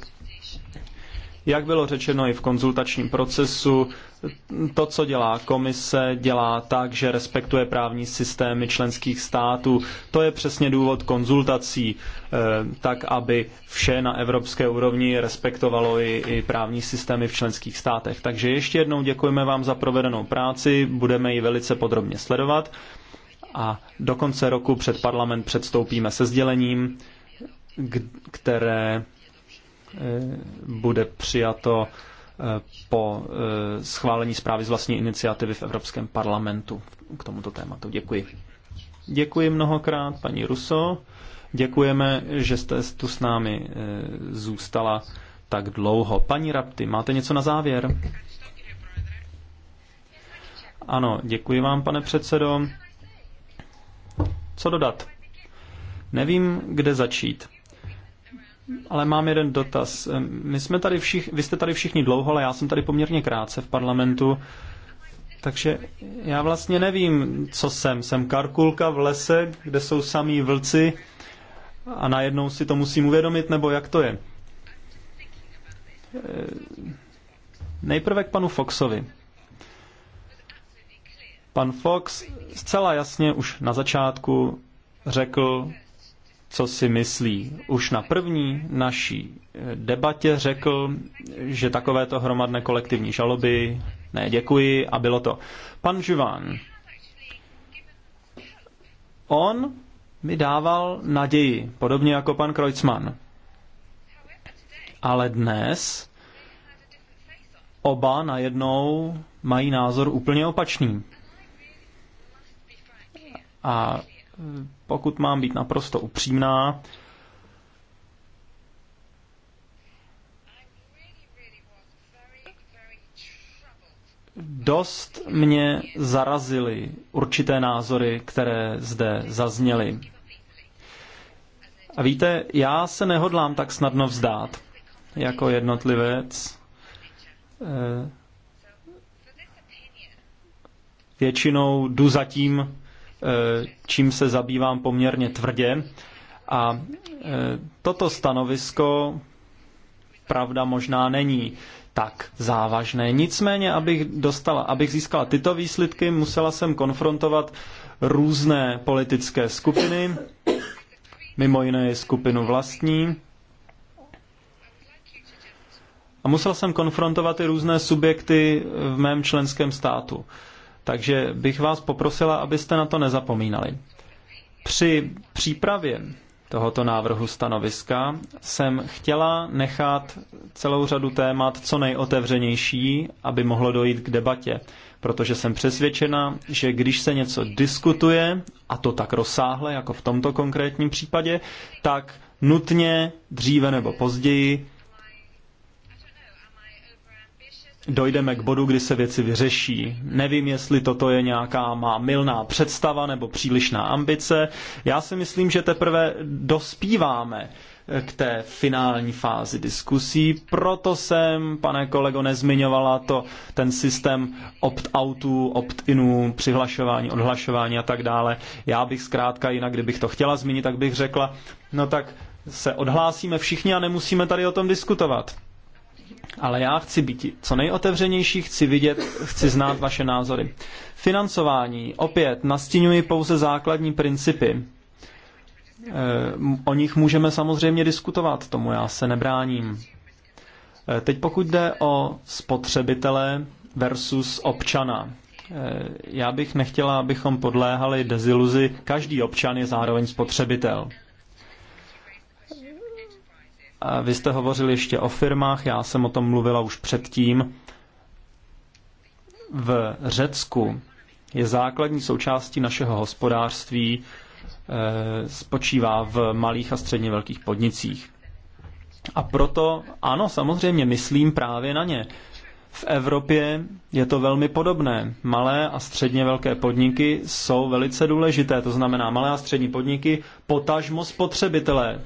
jak bylo řečeno i v konzultačním procesu, to, co dělá komise, dělá tak, že respektuje právní systémy členských států. To je přesně důvod konzultací, eh, tak aby vše na evropské úrovni respektovalo i, i právní systémy v členských státech. Takže ještě jednou děkujeme vám za provedenou práci, budeme ji velice podrobně sledovat a do konce roku před parlament předstoupíme se sdělením, které bude přijato eh, po eh, schválení zprávy z vlastní iniciativy v Evropském parlamentu k tomuto tématu. Děkuji. Děkuji mnohokrát, paní Ruso. Děkujeme, že jste tu s námi eh, zůstala tak dlouho. Paní Rapty, máte něco na závěr? Ano, děkuji vám, pane předsedo. Co dodat? Nevím, kde začít ale mám jeden dotaz. My jsme tady všich, vy jste tady všichni dlouho, ale já jsem tady poměrně krátce v parlamentu. Takže já vlastně nevím, co jsem. Jsem karkulka v lese, kde jsou samí vlci a najednou si to musím uvědomit, nebo jak to je? Nejprve k panu Foxovi. Pan Fox zcela jasně už na začátku řekl, co si myslí. Už na první naší eh, debatě řekl, že takovéto hromadné kolektivní žaloby ne, děkuji a bylo to. Pan Živán, on mi dával naději, podobně jako pan Kreutzmann. Ale dnes oba najednou mají názor úplně opačný. A pokud mám být naprosto upřímná, dost mě zarazily určité názory, které zde zazněly. A víte, já se nehodlám tak snadno vzdát jako jednotlivec. Eh, většinou jdu zatím Eh, čím se zabývám poměrně tvrdě. A eh, toto stanovisko, pravda možná není tak závažné. Nicméně, abych, dostala, abych získala tyto výsledky, musela jsem konfrontovat různé politické skupiny, mimo jiné skupinu vlastní. A musel jsem konfrontovat i různé subjekty v mém členském státu. Takže bych vás poprosila, abyste na to nezapomínali. Při přípravě tohoto návrhu stanoviska jsem chtěla nechat celou řadu témat co nejotevřenější, aby mohlo dojít k debatě, protože jsem přesvědčena, že když se něco diskutuje, a to tak rozsáhle, jako v tomto konkrétním případě, tak nutně dříve nebo později dojdeme k bodu, kdy se věci vyřeší. Nevím, jestli toto je nějaká má milná představa nebo přílišná ambice. Já si myslím, že teprve dospíváme eh, k té finální fázi diskusí. Proto jsem, pane kolego, nezmiňovala to, ten systém opt-outů, opt-inů, přihlašování, odhlašování a tak dále. Já bych zkrátka jinak, kdybych to chtěla zmínit, tak bych řekla, no tak se odhlásíme všichni a nemusíme tady o tom diskutovat ale já chci být co nejotevřenější, chci vidět, chci znát vaše názory. Financování. Opět nastínuji pouze základní principy. Eh, o nich můžeme samozřejmě diskutovat, tomu já se nebráním. Eh, teď pokud jde o spotřebitele versus občana. Eh, já bych nechtěla, abychom podléhali deziluzi, každý občan je zároveň spotřebitel. Vy jste hovořil ještě o firmách, já jsem o tom mluvila už předtím. V Řecku je základní součástí našeho hospodářství, eh, spočívá v malých a středně velkých podnicích. A proto, ano, samozřejmě myslím právě na ně. V Evropě je to velmi podobné. Malé a středně velké podniky jsou velice důležité, to znamená malé a střední podniky, potažmo spotřebitelé.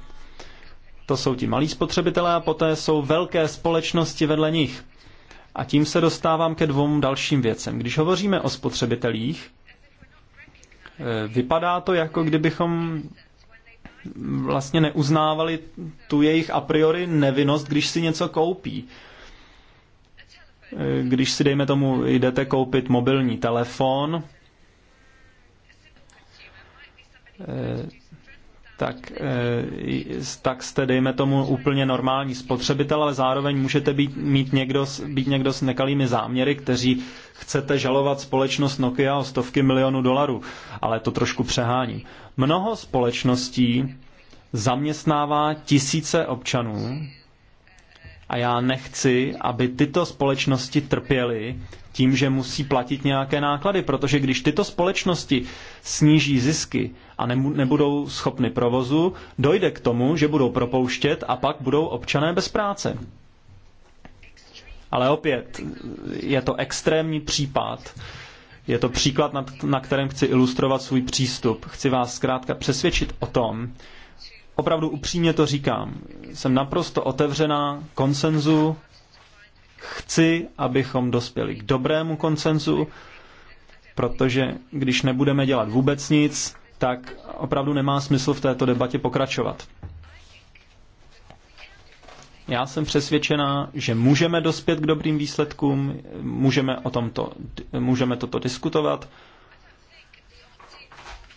To jsou ti malí spotřebitelé a poté jsou velké společnosti vedle nich. A tím se dostávám ke dvou dalším věcem. Když hovoříme o spotřebitelích, eh, vypadá to, jako kdybychom vlastně neuznávali tu jejich a priori nevinnost, když si něco koupí. Eh, když si, dejme tomu, jdete koupit mobilní telefon, eh, tak, eh, tak jste, dejme tomu, úplně normální spotřebitel, ale zároveň můžete být, mít někdo, být někdo s nekalými záměry, kteří chcete žalovat společnost Nokia o stovky milionů dolarů, ale to trošku přehání. Mnoho společností zaměstnává tisíce občanů a já nechci, aby tyto společnosti trpěly tím, že musí platit nějaké náklady, protože když tyto společnosti sníží zisky a nebudou schopny provozu, dojde k tomu, že budou propouštět a pak budou občané bez práce. Ale opět, je to extrémní případ. Je to příklad, na, kterém chci ilustrovat svůj přístup. Chci vás zkrátka přesvědčit o tom, opravdu upřímně to říkám, jsem naprosto otevřená konsenzu Chci, abychom dospěli k dobrému koncenzu, protože když nebudeme dělat vůbec nic, tak opravdu nemá smysl v této debatě pokračovat. Já jsem přesvědčená, že můžeme dospět k dobrým výsledkům, můžeme, o tomto, můžeme toto diskutovat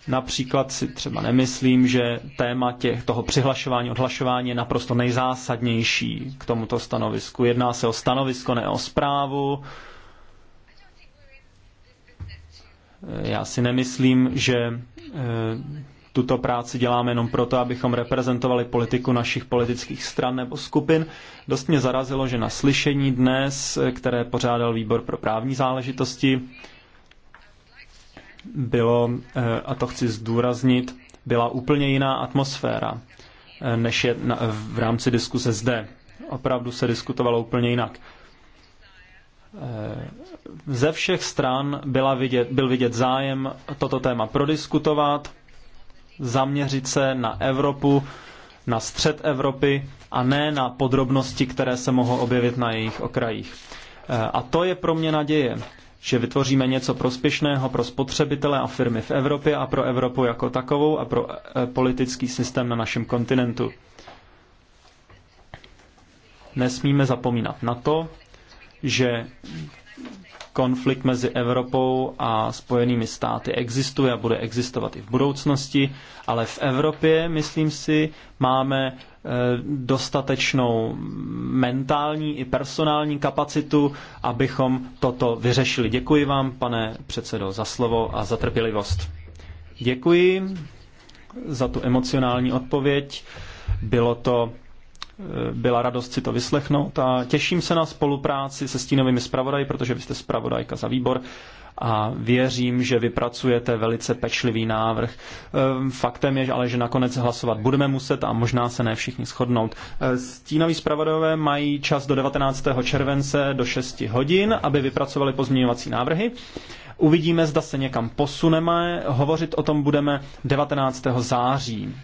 Například si třeba nemyslím, že téma těch, toho přihlašování, odhlašování je naprosto nejzásadnější k tomuto stanovisku. Jedná se o stanovisko, ne o zprávu. Já si nemyslím, že e, tuto práci děláme jenom proto, abychom reprezentovali politiku našich politických stran nebo skupin. Dost mě zarazilo, že na slyšení dnes, e, které pořádal výbor pro právní záležitosti, bylo, eh, a to chci zdůraznit, byla úplně jiná atmosféra, eh, než je v rámci diskuse zde. Opravdu se diskutovalo úplně jinak. Eh, ze všech stran byla vidět, byl vidět zájem toto téma prodiskutovat, zaměřit se na Evropu, na střed Evropy a ne na podrobnosti, které se mohou objevit na jejich okrajích. A to je pro mě naděje, že vytvoříme něco prospěšného pro spotřebitele a firmy v Evropě a pro Evropu jako takovou a pro eh, politický systém na našem kontinentu. Nesmíme zapomínat na to, že konflikt mezi Evropou a Spojenými státy existuje a bude existovat i v budoucnosti, ale v Evropě, myslím si, máme dostatečnou mentální i personální kapacitu, abychom toto vyřešili. Děkuji vám, pane předsedo, za slovo a za trpělivost. Děkuji za tu emocionální odpověď. Bylo to byla radost si to vyslechnout a těším se na spolupráci se stínovými zpravodaji, protože vy jste zpravodajka za výbor a věřím, že vypracujete velice pečlivý návrh. Ehm, faktem je ale, že nakonec hlasovat budeme muset a možná se ne všichni shodnout. Ehm, stínoví zpravodajové mají čas do 19. července do 6 hodin, aby vypracovali pozměňovací návrhy. Uvidíme, zda se někam posuneme. Hovořit o tom budeme 19. září.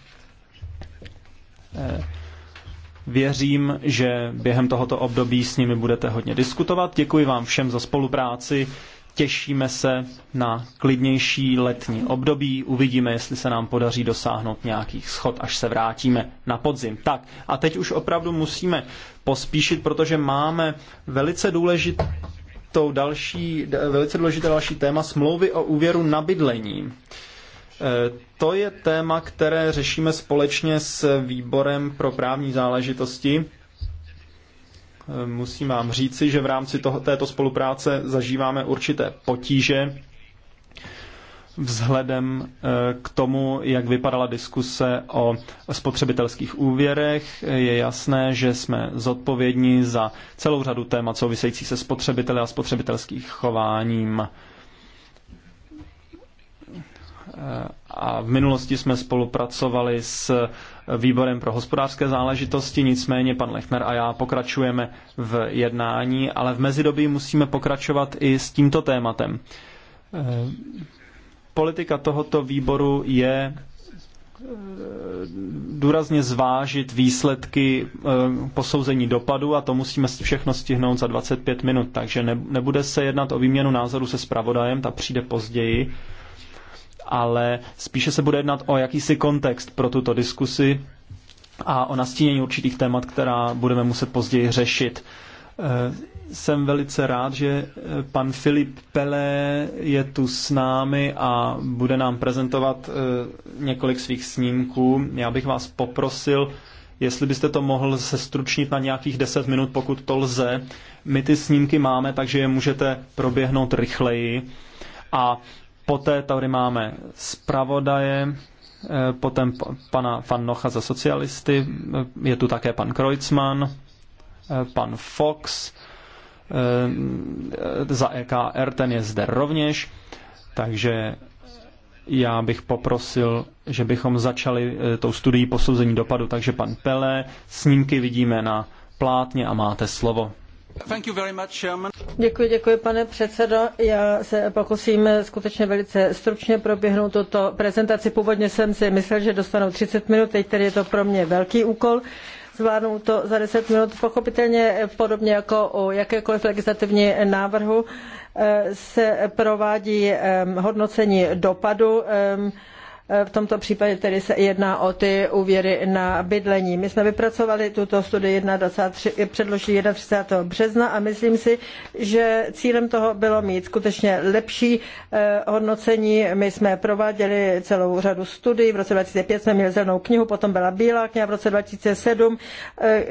Ehm, Věřím, že během tohoto období s nimi budete hodně diskutovat. Děkuji vám všem za spolupráci. Těšíme se na klidnější letní období. Uvidíme, jestli se nám podaří dosáhnout nějakých schod, až se vrátíme na podzim. Tak a teď už opravdu musíme pospíšit, protože máme velice důležitou další, velice důležité další téma smlouvy o úvěru na bydlení. Eh, to je téma, které řešíme společně s výborem pro právní záležitosti. Eh, musím vám říci, že v rámci toho, této spolupráce zažíváme určité potíže vzhledem eh, k tomu, jak vypadala diskuse o spotřebitelských úvěrech. Je jasné, že jsme zodpovědní za celou řadu témat související se spotřebiteli a spotřebitelských chováním a v minulosti jsme spolupracovali s výborem pro hospodářské záležitosti, nicméně pan Lechner a já pokračujeme v jednání, ale v mezidobí musíme pokračovat i s tímto tématem. Eh, politika tohoto výboru je eh, důrazně zvážit výsledky eh, posouzení dopadu a to musíme všechno stihnout za 25 minut, takže nebude se jednat o výměnu názoru se spravodajem, ta přijde později ale spíše se bude jednat o jakýsi kontext pro tuto diskusi a o nastínění určitých témat, která budeme muset později řešit. Eh, jsem velice rád, že eh, pan Filip Pele je tu s námi a bude nám prezentovat eh, několik svých snímků. Já bych vás poprosil, jestli byste to mohl sestručnit na nějakých 10 minut, pokud to lze. My ty snímky máme, takže je můžete proběhnout rychleji. A Poté tady máme zpravodaje, eh, potom pana Van Nocha za socialisty, eh, je tu také pan Kreuzmann, eh, pan Fox, za EKR, ten je zde rovněž, takže já bych poprosil, že bychom začali tou studií posouzení dopadu, takže pan Pele, snímky vidíme na plátně a máte slovo děkuji, děkuji, pane předsedo. Já se pokusím skutečně velice stručně proběhnout tuto prezentaci. Původně jsem si myslel, že dostanu 30 minut, teď tedy je to pro mě velký úkol. zvládnout to za 10 minut. Pochopitelně podobně jako u jakékoliv legislativní návrhu eh, se provádí eh, hodnocení dopadu. Um, v tomto případě tedy se jedná o ty úvěry na bydlení. My jsme vypracovali tuto studii 23, předložili 31. března a myslím si, že cílem toho bylo mít skutečně lepší eh, hodnocení. My jsme prováděli celou řadu studií. V roce 2005 jsme měli zelenou knihu, potom byla bílá kniha v roce 2007. K eh,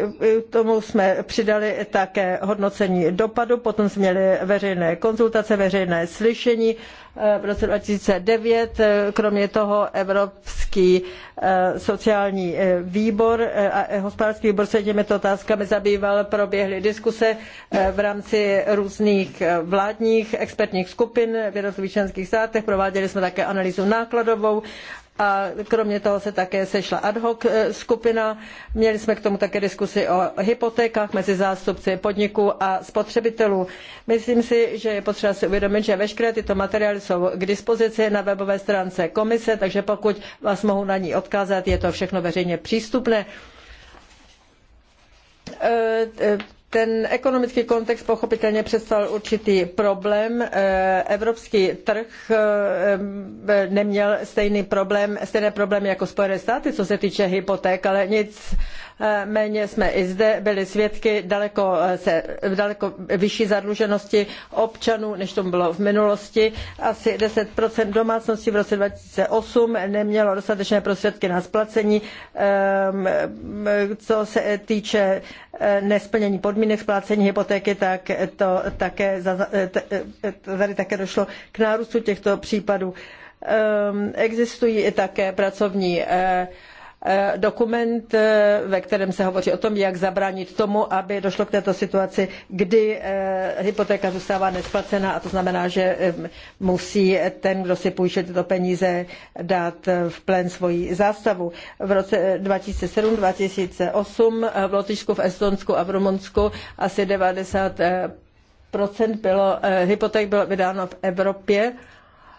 tomu jsme přidali také hodnocení dopadu, potom jsme měli veřejné konzultace, veřejné slyšení v roce 2009. Eh, kromě toho Evropský eh, sociální eh, výbor a hospodářský výbor se těmito otázkami zabýval. Proběhly diskuse v rámci různých vládních expertních skupin v jednotlivých členských státech. Prováděli jsme také analýzu nákladovou a kromě toho se také sešla ad hoc eh, skupina. Měli jsme k tomu také diskusi o hypotékách mezi zástupci podniků a spotřebitelů. Myslím si, že je potřeba si uvědomit, že veškeré tyto materiály jsou k dispozici na webové stránce komise, takže pokud vás mohu na ní odkázat, je to všechno veřejně přístupné eh, eh, ten ekonomický kontext pochopitelně představil určitý problém. Eh, evropský trh eh, eh, neměl stejný problém, stejné problémy jako Spojené státy, co se týče hypoték, ale nic Eh, méně jsme i zde byli svědky eh, daleko, vyšší zadluženosti občanů, než tomu bylo v minulosti. Asi ten domácností v roce 2008 nemělo dostatečné prostředky na splacení. Ehm, co se týče eh, nesplnění podmínek splácení hypotéky, tak to také, tady také došlo k nárůstu těchto případů. Ehm, existují i také pracovní Eh, dokument, eh, ve kterém se hovoří o tom, jak zabránit tomu, aby došlo k této situaci, kdy eh, hypotéka zůstává nesplacená a to znamená, že musí ten, kdo si půjčil tyto peníze, dát v plen svoji zástavu. V roce 2007-2008 v Lotyšsku, v Estonsku a v Rumunsku asi 90 bylo, hypoték bylo vydáno v Evropě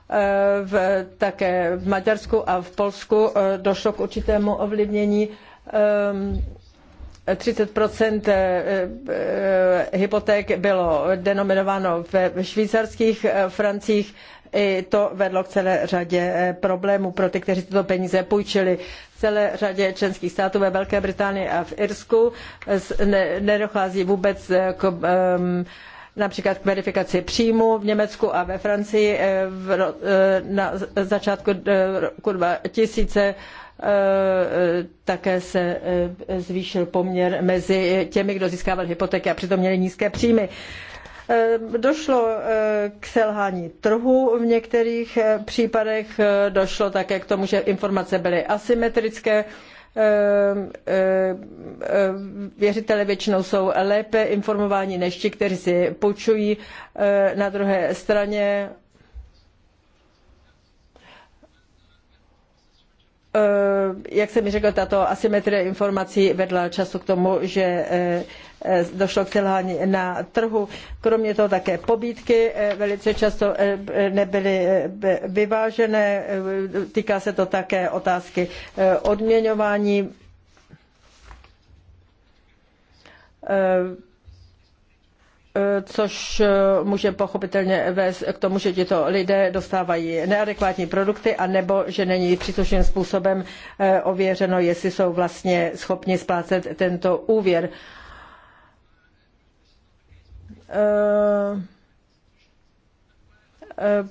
E, v, také v Maďarsku a v Polsku e, došlo k určitému ovlivnění. 30 e, hypoték bylo denominováno ve švýcarských francích. I to vedlo k celé řadě problémů pro ty, kteří tyto peníze půjčili. V celé řadě členských států ve Velké Británii a v Irsku nedochází vůbec k například k verifikaci příjmu v Německu a ve Francii eh, eh, na začátku eh, roku 2000 také se zvýšil poměr mezi těmi, kdo získával hypotéky a přitom měli nízké příjmy. Došlo k selhání trhu v některých případech, došlo také k tomu, že informace byly asymetrické Ehm, ehm, věřitele většinou jsou lépe informováni než ti, kteří si půjčují. Eh, na druhé straně Eh, jak jsem řekl, tato asymetrie informací vedla často k tomu, že eh, eh, došlo k selhání na trhu. Kromě toho také pobídky velice často nebyly vyvážené. Týká se to také otázky odměňování což eh, může pochopitelně vést k tomu, že tito lidé dostávají neadekvátní produkty, anebo že není příslušným způsobem eh, ověřeno, jestli jsou vlastně schopni splácet tento úvěr. Eh,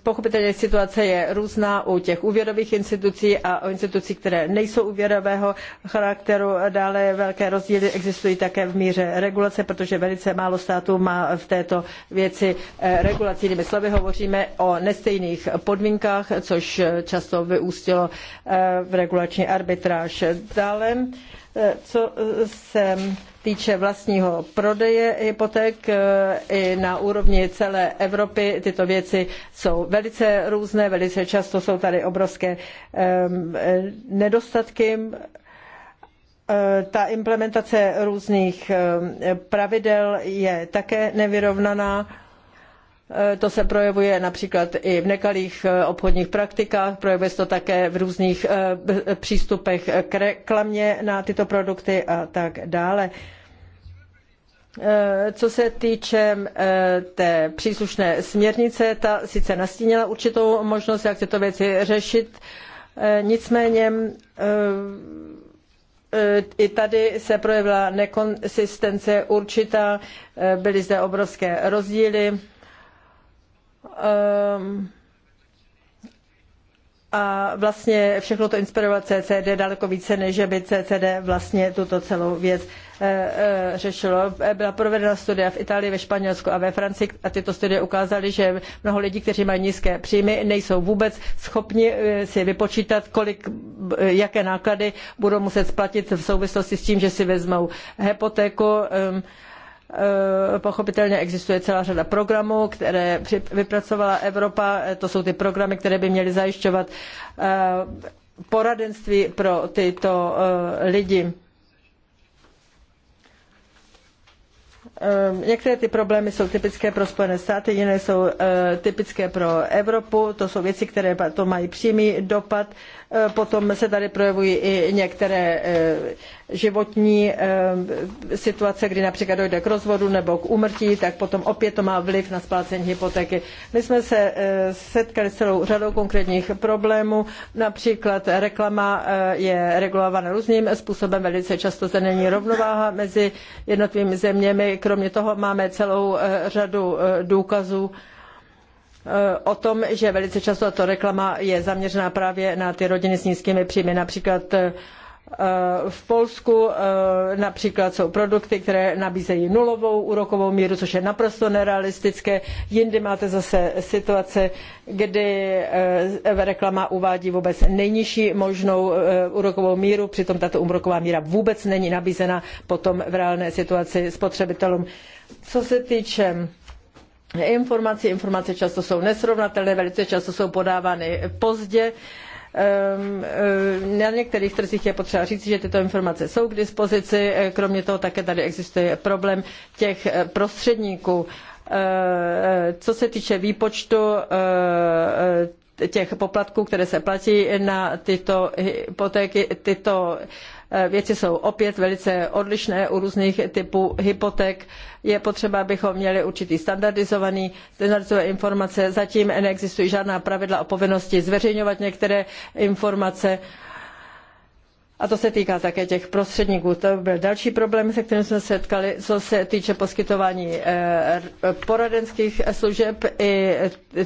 Pochopitelně situace je různá u těch úvěrových institucí a u institucí, které nejsou úvěrového charakteru. Dále velké rozdíly existují také v míře regulace, protože velice málo států má v této věci eh, regulaci. Jinými slovy hovoříme o nestejných podmínkách, což často vyústilo eh, v regulační arbitráž. Dále Eh, co eh, se týče vlastního prodeje hypoték eh, i na úrovni celé Evropy, tyto věci jsou velice různé, velice často jsou tady obrovské ehm, nedostatky ta implementace různých ehm, pravidel je také nevyrovnaná. Eh, to se projevuje například i v nekalých eh, obchodních praktikách, projevuje se to také v různých eh, přístupech k reklamě na tyto produkty a tak dále. Co se týče té příslušné směrnice, ta sice nastínila určitou možnost, jak tyto věci řešit, nicméně i tady se projevila nekonsistence určitá, byly zde obrovské rozdíly Ehm, a vlastně všechno to inspirovalo CCD daleko více, než by CCD vlastně tuto celou věc eh, eh, řešilo. Byla provedena studia v Itálii, ve Španělsku a ve Francii a tyto studie ukázaly, že mnoho lidí, kteří mají nízké příjmy, nejsou vůbec schopni eh, si vypočítat, kolik, jaké náklady budou muset splatit v souvislosti s tím, že si vezmou hypotéku, ehm, Eh, pochopitelně existuje celá řada programů, které vypracovala Evropa. Eh, to jsou ty programy, které by měly zajišťovat eh, poradenství pro tyto lidi. Některé ty problémy jsou typické pro Spojené státy, jiné jsou typické pro Evropu. To jsou věci, které to mají přímý dopad. Potom se tady projevují i některé životní eh, situace, kdy například dojde k rozvodu nebo k úmrtí, tak potom opět to má vliv na splácení hypotéky. My jsme se eh, setkali s celou řadou konkrétních problémů, například reklama eh, je regulována různým způsobem, velice často zde není rovnováha mezi jednotlivými zeměmi, kromě toho máme celou řadu důkazů, o tom, že velice často tato reklama je zaměřená právě na ty rodiny s nízkými příjmy. Například Eh, v Polsku eh, například jsou produkty, které nabízejí nulovou úrokovou míru, což je naprosto nerealistické. Jindy máte zase situace, kdy eh, reklama uvádí vůbec nejnižší možnou úrokovou míru, přitom tato úroková míra vůbec není nabízena potom v reálné situaci spotřebitelům. Co se týče informací, informace často jsou nesrovnatelné, velice často jsou podávány pozdě. Ehm, ehm, na některých trzích je potřeba říct, že tyto informace jsou k dispozici. Eh, kromě toho také tady existuje problém těch eh, prostředníků. Eh, co se týče výpočtu těch poplatků, které se platí na tyto hypotéky, tyto Eh, věci jsou opět velice odlišné u různých typů hypoték. Je potřeba, abychom měli určité standardizované informace. Zatím neexistují žádná pravidla o povinnosti zveřejňovat některé informace. A to se týká také těch prostředníků. To byl další problém, se kterým jsme setkali, co se týče poskytování eh, poradenských služeb. I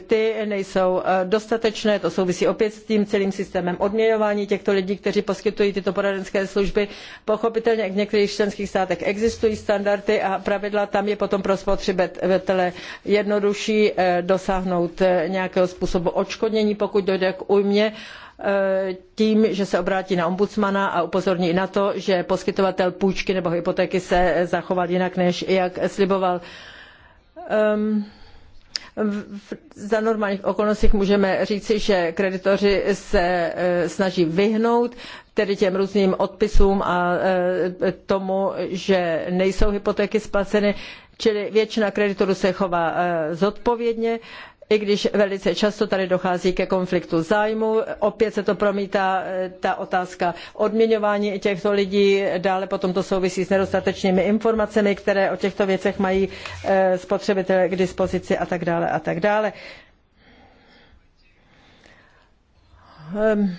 ty nejsou eh, dostatečné, to souvisí opět s tím celým systémem odměňování těchto lidí, kteří poskytují tyto poradenské služby. Pochopitelně v některých členských státech existují standardy a pravidla, tam je potom pro spotřebitele jednodušší eh, dosáhnout nějakého způsobu odškodnění, pokud dojde k újmě tím, že se obrátí na ombudsmana a upozorní na to, že poskytovatel půjčky nebo hypotéky se zachoval jinak, než jak sliboval. Um, za normálních okolností můžeme říci, že kreditoři se eh, snaží vyhnout tedy těm různým odpisům a eh, tomu, že nejsou hypotéky splaceny, čili většina kreditorů se chová eh, zodpovědně i když velice často tady dochází ke konfliktu zájmu. Opět se to promítá eh, ta otázka odměňování těchto lidí, dále potom to souvisí s nedostatečnými informacemi, které o těchto věcech mají eh, spotřebitelé k dispozici a tak dále a tak dále. Um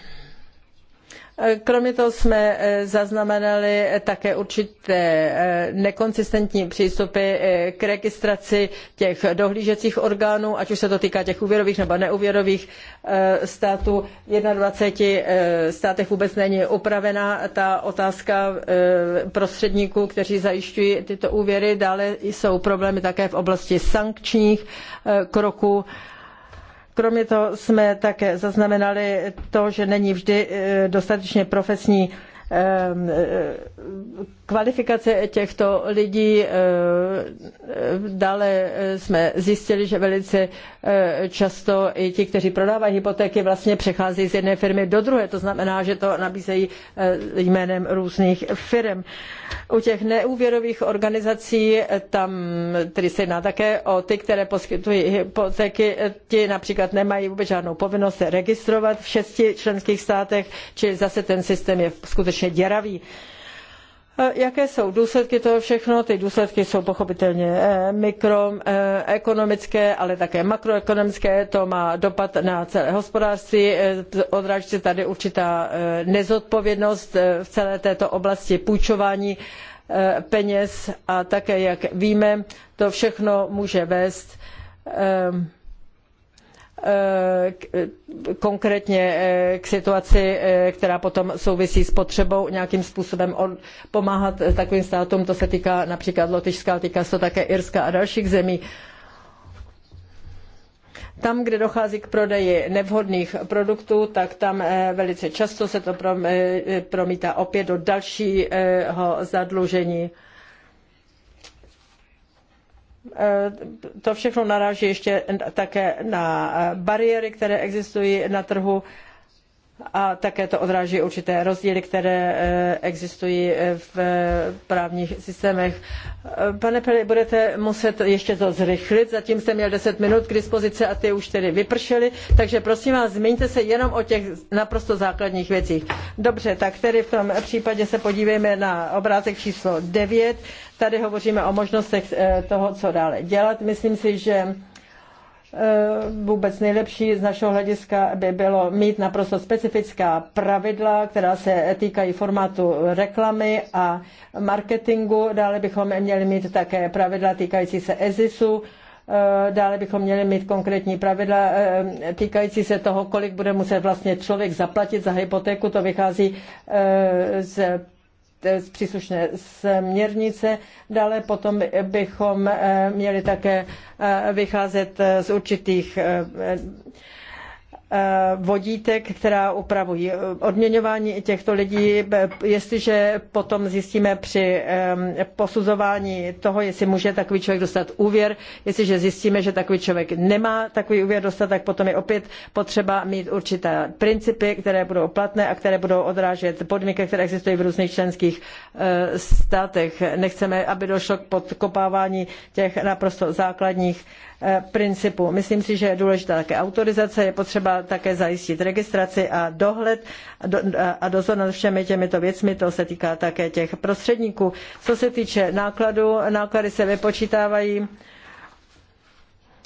Kromě toho jsme eh, zaznamenali eh, také určité eh, nekonsistentní přístupy k registraci těch dohlížecích orgánů, ať už se to týká těch úvěrových nebo neúvěrových států. V jednadvaceti státech vůbec není upravena ta otázka prostředníků, kteří zajišťují tyto úvěry. Dále jsou problémy také v oblasti sankčních kroků. Kromě toho jsme také zaznamenali to, že není vždy eh, dostatečně profesní eh, kvalifikace těchto lidí. Eh, dále jsme zjistili, že velice eh, často i ti, kteří prodávají hypotéky, vlastně přecházejí z jedné firmy do druhé. To znamená, že to nabízejí eh, jménem různých firm. U těch neúvěrových organizací, tam tedy se jedná také o ty, které poskytují hypotéky, ti například nemají vůbec žádnou povinnost se registrovat v šesti členských státech, čili zase ten systém je skutečně děravý. Jaké jsou důsledky toho všechno? Ty důsledky jsou pochopitelně eh, mikroekonomické, ale také makroekonomické. To má dopad na celé hospodářství. Eh, odráží se tady určitá eh, nezodpovědnost v celé této oblasti půjčování peněz a také, jak víme, to všechno může vést Eh, konkrétně eh, k situaci, eh, která potom souvisí s potřebou nějakým způsobem pomáhat takovým státům. To se týká například Lotyšska, týká se to také Irska a dalších zemí. Tam, kde dochází k prodeji nevhodných produktů, tak tam velice často se to promítá opět do dalšího zadlužení. Eh, to všechno naráží ještě také na eh, bariéry, které existují na trhu a také to odráží určité rozdíly, které eh, existují v právních systémech. Pane Peli, budete muset ještě to zrychlit, zatím jste měl 10 minut k dispozici a ty už tedy vypršely, takže prosím vás, zmiňte se jenom o těch naprosto základních věcích. Dobře, tak tedy v tom případě se podívejme na obrázek číslo 9. Tady hovoříme o možnostech eh, toho, co dále dělat. Myslím si, že eh, vůbec nejlepší z našeho hlediska by bylo mít naprosto specifická pravidla, která se týkají formátu reklamy a marketingu. Dále bychom měli mít také pravidla týkající se EZISu. Eh, dále bychom měli mít konkrétní pravidla týkající se toho, kolik bude muset vlastně člověk zaplatit za hypotéku. To vychází z Eh, příslušné směrnice. Dále potom bychom eh, měli také eh, vycházet z určitých Eh, vodítek, která upravují eh, odměňování těchto lidí. Jestliže potom zjistíme při eh, posuzování toho, jestli může takový člověk dostat úvěr, jestliže zjistíme, že takový člověk nemá takový úvěr dostat, tak potom je opět potřeba mít určité principy, které budou platné a které budou odrážet podmínky, které existují v různých členských státech. Nechceme, aby došlo k podkopávání těch naprosto základních Eh, principu. Myslím si, že je důležitá také autorizace, je potřeba také zajistit registraci a dohled a dozor nad všemi těmito věcmi, to se týká také těch prostředníků. Co se týče nákladů, náklady se vypočítávají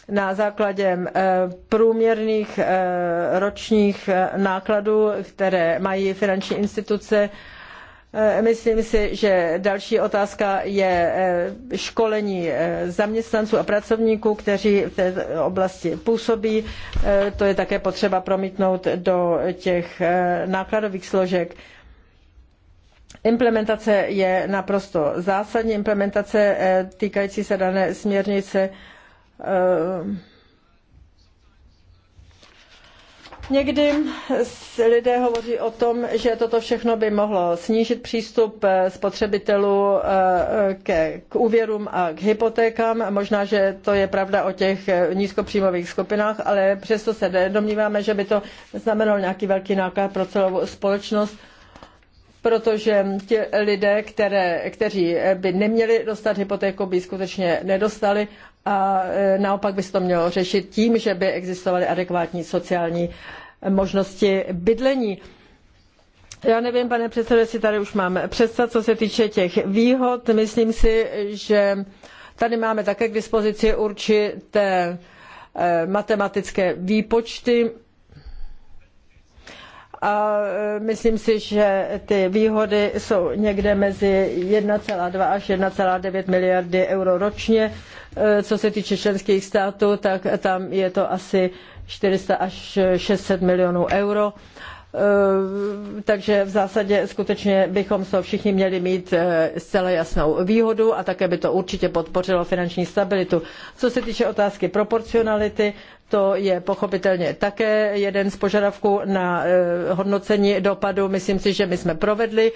na základě eh, průměrných eh, ročních nákladů, které mají finanční instituce Eh, myslím si, že další otázka je eh, školení eh, zaměstnanců a pracovníků, kteří v té oblasti působí. To je také potřeba promítnout do těch nákladových složek. Implementace je naprosto zásadní. Implementace týkající se dané směrnice Někdy lidé hovoří o tom, že toto všechno by mohlo snížit přístup eh, spotřebitelů eh, eh, ke, k úvěrům a k hypotékám. Možná, že to je pravda o těch nízkopříjmových skupinách, ale přesto se domníváme, že by to znamenalo nějaký velký náklad pro celou společnost protože ti lidé, které, kteří by neměli dostat hypotéku, by skutečně nedostali a naopak by se to mělo řešit tím, že by existovaly adekvátní sociální možnosti bydlení. Já nevím, pane předsedo, jestli tady už máme přestat, co se týče těch výhod. Myslím si, že tady máme také k dispozici určité eh, matematické výpočty a eh, myslím si, že ty výhody jsou někde mezi 1,2 až 1,9 miliardy euro ročně Eh, co se týče členských států, tak tam je to asi 400 až 600 milionů euro. Eh, takže v zásadě skutečně bychom se všichni měli mít eh, zcela jasnou výhodu a také by to určitě podpořilo finanční stabilitu. Co se týče otázky proporcionality, to je pochopitelně také jeden z požadavků na hodnocení dopadu. Myslím si, že my jsme provedli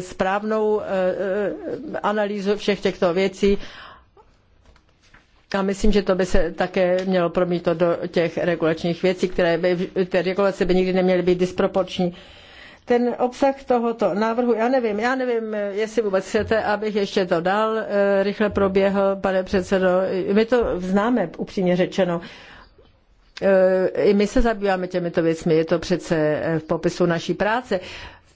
správnou analýzu všech těchto věcí a myslím, že to by se také mělo promítnout do těch regulačních věcí, které by, ty regulace by nikdy neměly být disproporční. Ten obsah tohoto návrhu, já nevím, já nevím, jestli vůbec chcete, abych ještě to dál eh, rychle proběhl, pane předsedo. My to známe, upřímně řečeno. Eh, I my se zabýváme těmito věcmi, je to přece v popisu naší práce.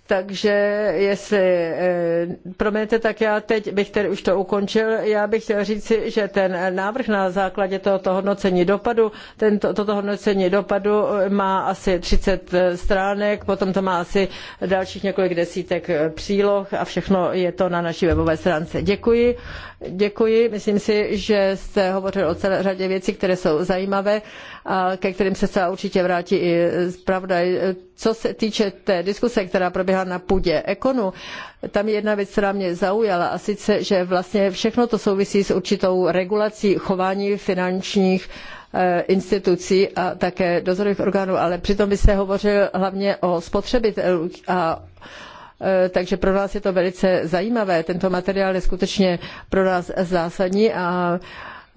Takže jestli eh, promiňte, tak já teď bych tedy už to ukončil. Já bych chtěl říci, že ten návrh na základě tohoto hodnocení dopadu, tento, toto hodnocení dopadu eh, má asi 30 eh, stránek, potom to má asi dalších několik desítek příloh a všechno je to na naší webové stránce. Děkuji. Děkuji. Myslím si, že jste hovořil o celé řadě věcí, které jsou zajímavé a ke kterým se zcela určitě vrátí i zpravodaj co se týče té diskuse, která proběhla na půdě Ekonu, tam je jedna věc, která mě zaujala, a sice, že vlastně všechno to souvisí s určitou regulací chování finančních eh, institucí a také dozorových orgánů, ale přitom by se hovořil hlavně o spotřebitelích a eh, takže pro nás je to velice zajímavé. Tento materiál je skutečně pro nás zásadní a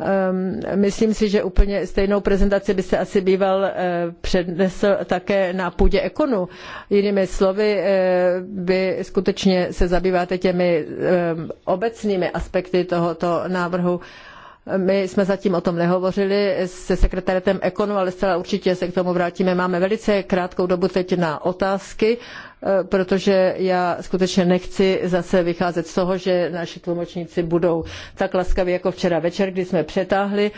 Ehm, myslím si, že úplně stejnou prezentaci se asi býval eh, přednesl také na půdě ekonu. Jinými slovy, eh, vy skutečně se zabýváte těmi ehm, obecnými aspekty tohoto návrhu. My jsme zatím o tom nehovořili se sekretariatem Ekonu, ale zcela určitě se k tomu vrátíme. Máme velice krátkou dobu teď na otázky Eh, protože já skutečně nechci zase vycházet z toho, že naši tlumočníci budou tak laskaví jako včera večer, kdy jsme přetáhli.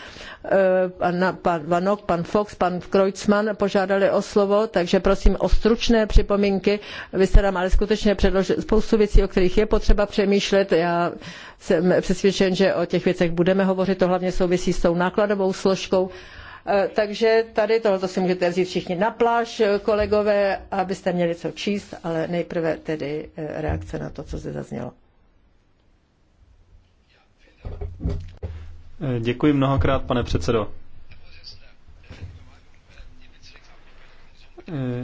Eh, pan, Vanok, pan Fox, pan Kreutzmann požádali o slovo, takže prosím o stručné připomínky. Vy jste nám ale skutečně předložili spoustu věcí, o kterých je potřeba přemýšlet. Já jsem přesvědčen, že o těch věcech budeme hovořit. To hlavně souvisí s tou nákladovou složkou Eh, takže tady tohoto si můžete vzít všichni na pláž, eh, kolegové, abyste měli co číst, ale nejprve tedy eh, reakce na to, co zde zaznělo. Děkuji mnohokrát, pane předsedo.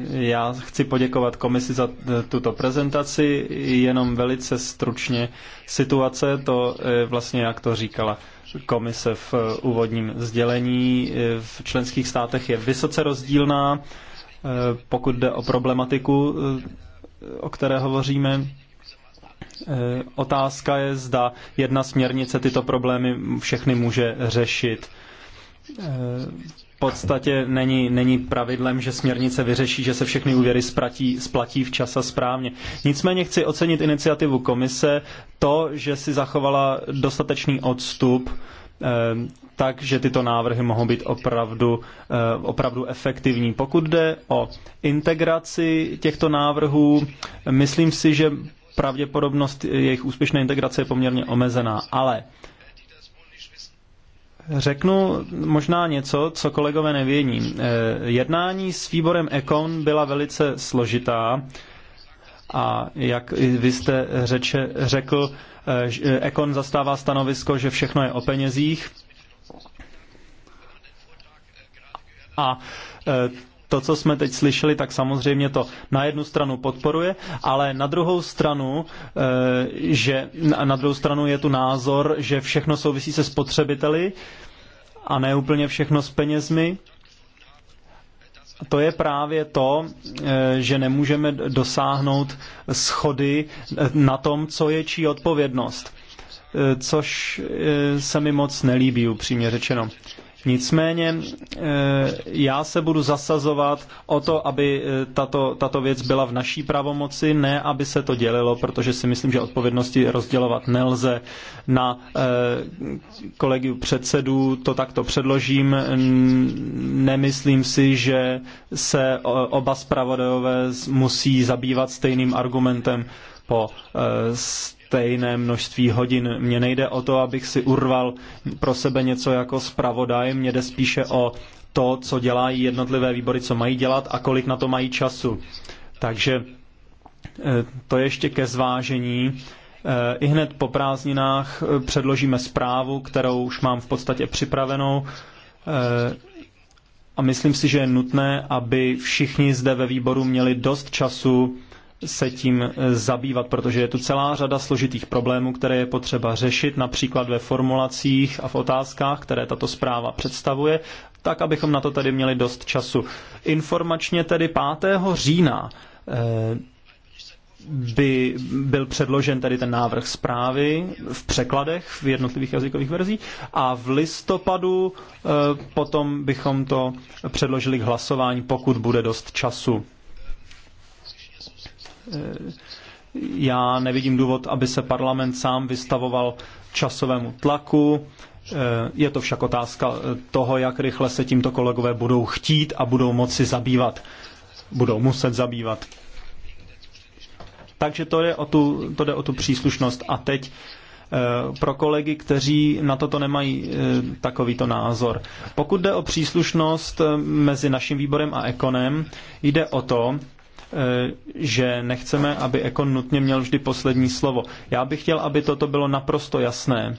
Já chci poděkovat komisi za tuto prezentaci, jenom velice stručně. Situace, to vlastně jak to říkala komise v eh, úvodním sdělení eh, v členských státech je vysoce rozdílná, eh, pokud jde o problematiku, o které hovoříme. Otázka je, zda jedna směrnice tyto problémy všechny může řešit podstatě není, není pravidlem, že směrnice vyřeší, že se všechny úvěry splatí, splatí včas a správně. Nicméně chci ocenit iniciativu komise, to, že si zachovala dostatečný odstup, eh, tak, že tyto návrhy mohou být opravdu, eh, opravdu efektivní. Pokud jde o integraci těchto návrhů, myslím si, že pravděpodobnost jejich úspěšné integrace je poměrně omezená, ale Řeknu možná něco, co kolegové nevědí. Eh, jednání s výborem Econ byla velice složitá a jak vy jste řeče, řekl, eh, eh, Econ zastává stanovisko, že všechno je o penězích. A to, co jsme teď slyšeli, tak samozřejmě to na jednu stranu podporuje, ale na druhou stranu, eh, že na druhou stranu je tu názor, že všechno souvisí se spotřebiteli a ne úplně všechno s penězmi. To je právě to, eh, že nemůžeme dosáhnout schody eh, na tom, co je čí odpovědnost, což se mi moc nelíbí, upřímně řečeno. Nicméně eh, já se budu zasazovat o to, aby eh, tato, tato věc byla v naší pravomoci, ne aby se to dělilo, protože si myslím, že odpovědnosti rozdělovat nelze. Na eh, kolegiu předsedů to takto předložím. Nemyslím si, že se oba zpravodajové musí zabývat stejným argumentem po stejné množství hodin. Mně nejde o to, abych si urval pro sebe něco jako zpravodaj, mně jde spíše o to, co dělají jednotlivé výbory, co mají dělat a kolik na to mají času. Takže eh, to ještě ke zvážení. Eh, I hned po prázdninách eh, předložíme zprávu, kterou už mám v podstatě připravenou. A myslím si, že je nutné, aby všichni zde ve výboru měli dost času se tím eh, zabývat, protože je tu celá řada složitých problémů, které je potřeba řešit, například ve formulacích a v otázkách, které tato zpráva představuje, tak abychom na to tady měli dost času. Informačně tedy 5. října eh, by byl předložen tady ten návrh zprávy v překladech v jednotlivých jazykových verzích a v listopadu eh, potom bychom to předložili k hlasování, pokud bude dost času. Já nevidím důvod, aby se parlament sám vystavoval časovému tlaku. Eh, je to však otázka eh, toho, jak rychle se tímto kolegové budou chtít a budou moci zabývat. Budou muset zabývat. Takže to jde o tu, to jde o tu příslušnost. A teď eh, pro kolegy, kteří na toto nemají takovýto názor. Pokud jde o příslušnost mezi naším výborem a ekonem, jde o to, Eh, že nechceme, aby Ekon nutně měl vždy poslední slovo. Já bych chtěl, aby toto bylo naprosto jasné,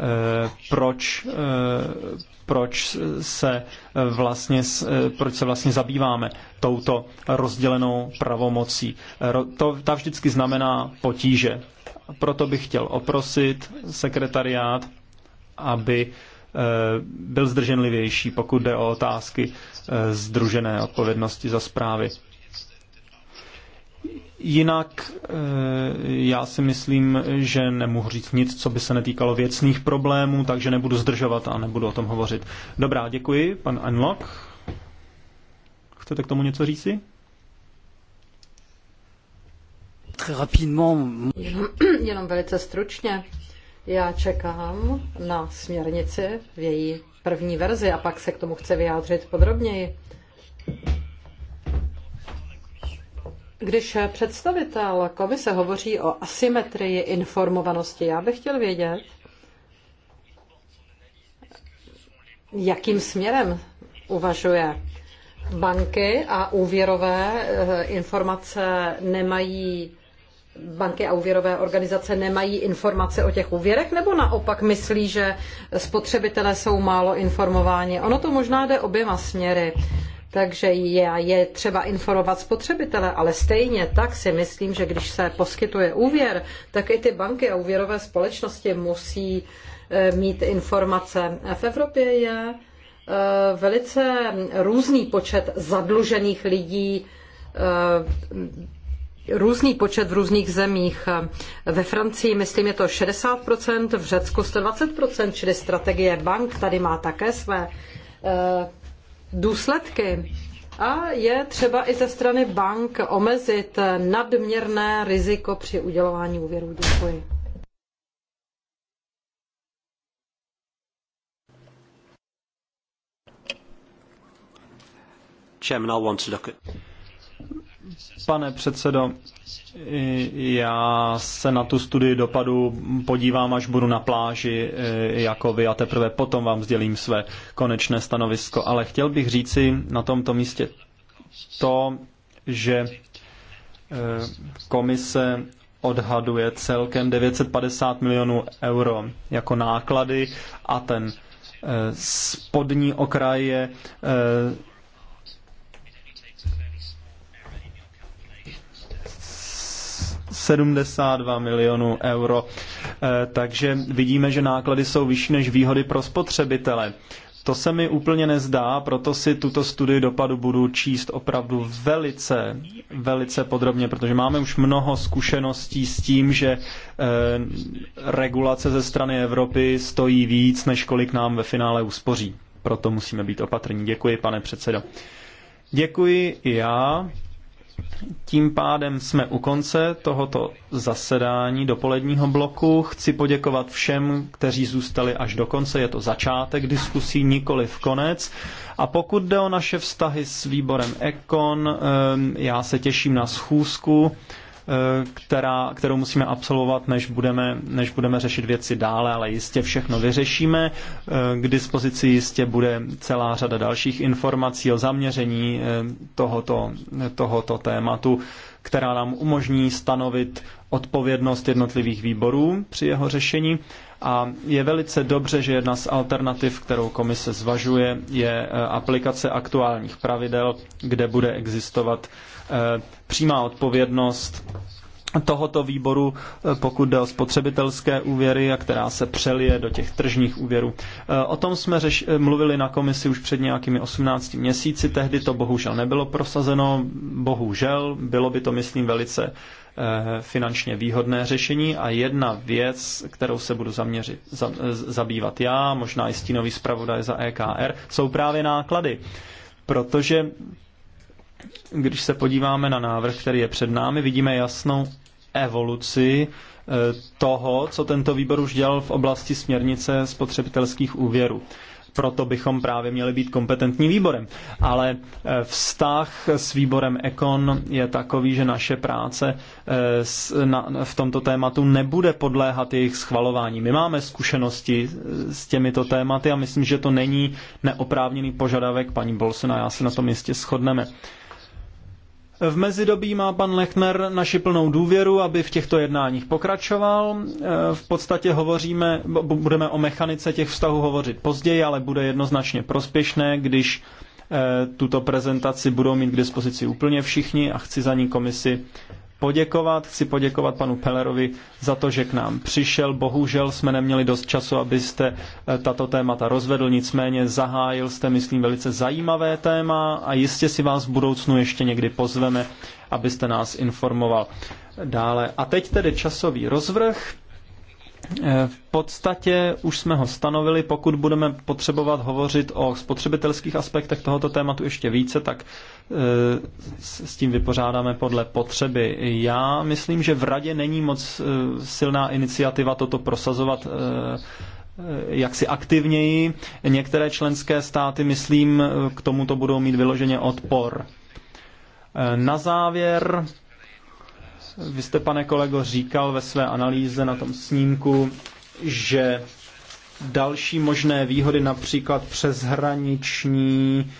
eh, proč, eh, proč, se vlastně, proč se vlastně zabýváme touto rozdělenou pravomocí. To, ta vždycky znamená potíže. Proto bych chtěl oprosit sekretariát, aby byl zdrženlivější, pokud jde o otázky združené odpovědnosti za zprávy. Jinak eh, já si myslím, že nemohu říct nic, co by se netýkalo věcných problémů, takže nebudu zdržovat a nebudu o tom hovořit. Dobrá, děkuji, pan Unlock. Chcete k tomu něco říci? Jenom, [CLEARS THROAT] jenom velice stručně. Já čekám na směrnici v její první verzi a pak se k tomu chce vyjádřit podrobněji. Když představitel komise hovoří o asymetrii informovanosti, já bych chtěl vědět, jakým směrem uvažuje. Banky a úvěrové eh, informace nemají banky a úvěrové organizace nemají informace o těch úvěrech, nebo naopak myslí, že spotřebitelé jsou málo informováni. Ono to možná jde oběma směry. Takže je, je třeba informovat spotřebitele, ale stejně tak si myslím, že když se poskytuje úvěr, tak i ty banky a úvěrové společnosti musí eh, mít informace. V Evropě je eh, velice různý počet zadlužených lidí, eh, různý počet v různých zemích. Ve Francii, myslím, je to 60%, v Řecku 120%, čili strategie bank tady má také své důsledky. A je třeba i ze strany bank omezit nadměrné riziko při udělování úvěrů. Děkuji. Pane předsedo, já se na tu studii dopadu podívám, až budu na pláži jako vy a teprve potom vám sdělím své konečné stanovisko. Ale chtěl bych říci na tomto místě to, že e, komise odhaduje celkem 950 milionů euro jako náklady a ten e, spodní okraj je e, 72 milionů euro. Eh, takže vidíme, že náklady jsou vyšší než výhody pro spotřebitele. To se mi úplně nezdá, proto si tuto studii dopadu budu číst opravdu velice, velice podrobně, protože máme už mnoho zkušeností s tím, že eh, regulace ze strany Evropy stojí víc, než kolik nám ve finále uspoří. Proto musíme být opatrní. Děkuji, pane předsedo. Děkuji i já. Tím pádem jsme u konce tohoto zasedání dopoledního bloku. Chci poděkovat všem, kteří zůstali až do konce. Je to začátek diskusí, nikoli v konec. A pokud jde o naše vztahy s výborem Ekon, ehm, já se těším na schůzku. Eh, která, kterou musíme absolvovat, než budeme, než budeme řešit věci dále, ale jistě všechno vyřešíme. Eh, k dispozici jistě bude celá řada dalších informací o zaměření eh, tohoto, tohoto tématu, která nám umožní stanovit odpovědnost jednotlivých výborů při jeho řešení. A je velice dobře, že jedna z alternativ, kterou komise zvažuje, je aplikace aktuálních pravidel, kde bude existovat Eh, přímá odpovědnost tohoto výboru, eh, pokud jde o spotřebitelské úvěry, a která se přelije do těch tržních úvěrů. Eh, o tom jsme řeš- mluvili na komisi už před nějakými 18 měsíci, tehdy to bohužel nebylo prosazeno, bohužel, bylo by to, myslím, velice finančně výhodné řešení a jedna věc, kterou se budu zaměřit, za, zabývat já, možná i stínový zpravodaj za EKR, jsou právě náklady. Protože když se podíváme na návrh, který je před námi, vidíme jasnou evoluci eh, toho, co tento výbor už dělal v oblasti směrnice spotřebitelských úvěrů proto bychom právě měli být kompetentní výborem. Ale eh, vztah s výborem Econ je takový, že naše práce eh, v tomto tématu nebude podléhat jejich schvalování. My máme zkušenosti s těmito tématy a myslím, že to není neoprávněný požadavek paní Bolsona, já se na tom jistě shodneme. V mezidobí má pan Lechner naši plnou důvěru, aby v těchto jednáních pokračoval. Eh, v podstatě hovoříme, budeme o mechanice těch vztahů hovořit později, ale bude jednoznačně prospěšné, když eh, tuto prezentaci budou mít k dispozici úplně všichni a chci za ní komisi poděkovat. Chci poděkovat panu Pellerovi za to, že k nám přišel. Bohužel jsme neměli dost času, abyste eh, tato témata rozvedl, nicméně zahájil jste, myslím, velice zajímavé téma a jistě si vás v budoucnu ještě někdy pozveme, abyste nás informoval dále. A teď tedy časový rozvrh. Eh, v podstatě už jsme ho stanovili, pokud budeme potřebovat hovořit o spotřebitelských aspektech tohoto tématu ještě více, tak eh, s tím vypořádáme podle potřeby. Já myslím, že v radě není moc eh, silná iniciativa toto prosazovat jaksi aktivněji. Některé členské státy, myslím, k tomuto budou mít vyloženě odpor. Na závěr vy jste, pane kolego, říkal ve své analýze na tom snímku, že další možné výhody, například přeshraniční,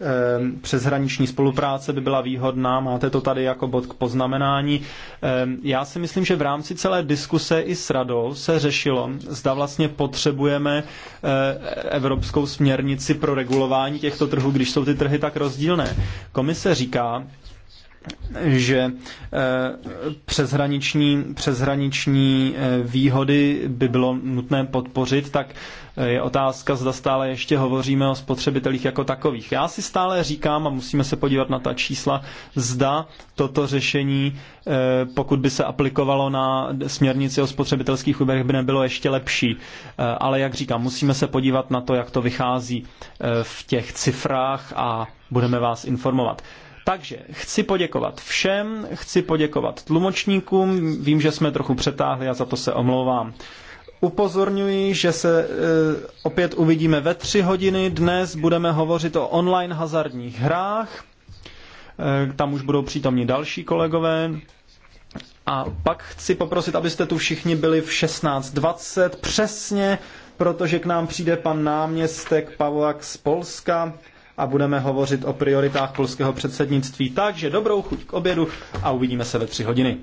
eh, přeshraniční spolupráce by byla výhodná. Máte to tady jako bod k poznamenání. Eh, já si myslím, že v rámci celé diskuse i s radou se řešilo, zda vlastně potřebujeme eh, evropskou směrnici pro regulování těchto trhů, když jsou ty trhy tak rozdílné. Komise říká, že eh, přeshraniční, přeshraniční eh, výhody by bylo nutné podpořit, tak eh, je otázka, zda stále ještě hovoříme o spotřebitelích jako takových. Já si stále říkám, a musíme se podívat na ta čísla, zda toto řešení, pokud by se aplikovalo na směrnici o spotřebitelských úvěrech, by nebylo ještě lepší. Ale jak říkám, musíme se podívat na to, jak to vychází v těch cifrách a budeme vás informovat. Takže chci poděkovat všem, chci poděkovat tlumočníkům, vím, že jsme trochu přetáhli a za to se omlouvám. Upozorňuji, že se e, opět uvidíme ve tři hodiny. Dnes budeme hovořit o online hazardních hrách. E, tam už budou přítomní další kolegové. A pak chci poprosit, abyste tu všichni byli v 16.20 přesně, protože k nám přijde pan náměstek Pavlak z Polska a budeme hovořit o prioritách polského předsednictví. Takže dobrou chuť k obědu a uvidíme se ve tři hodiny.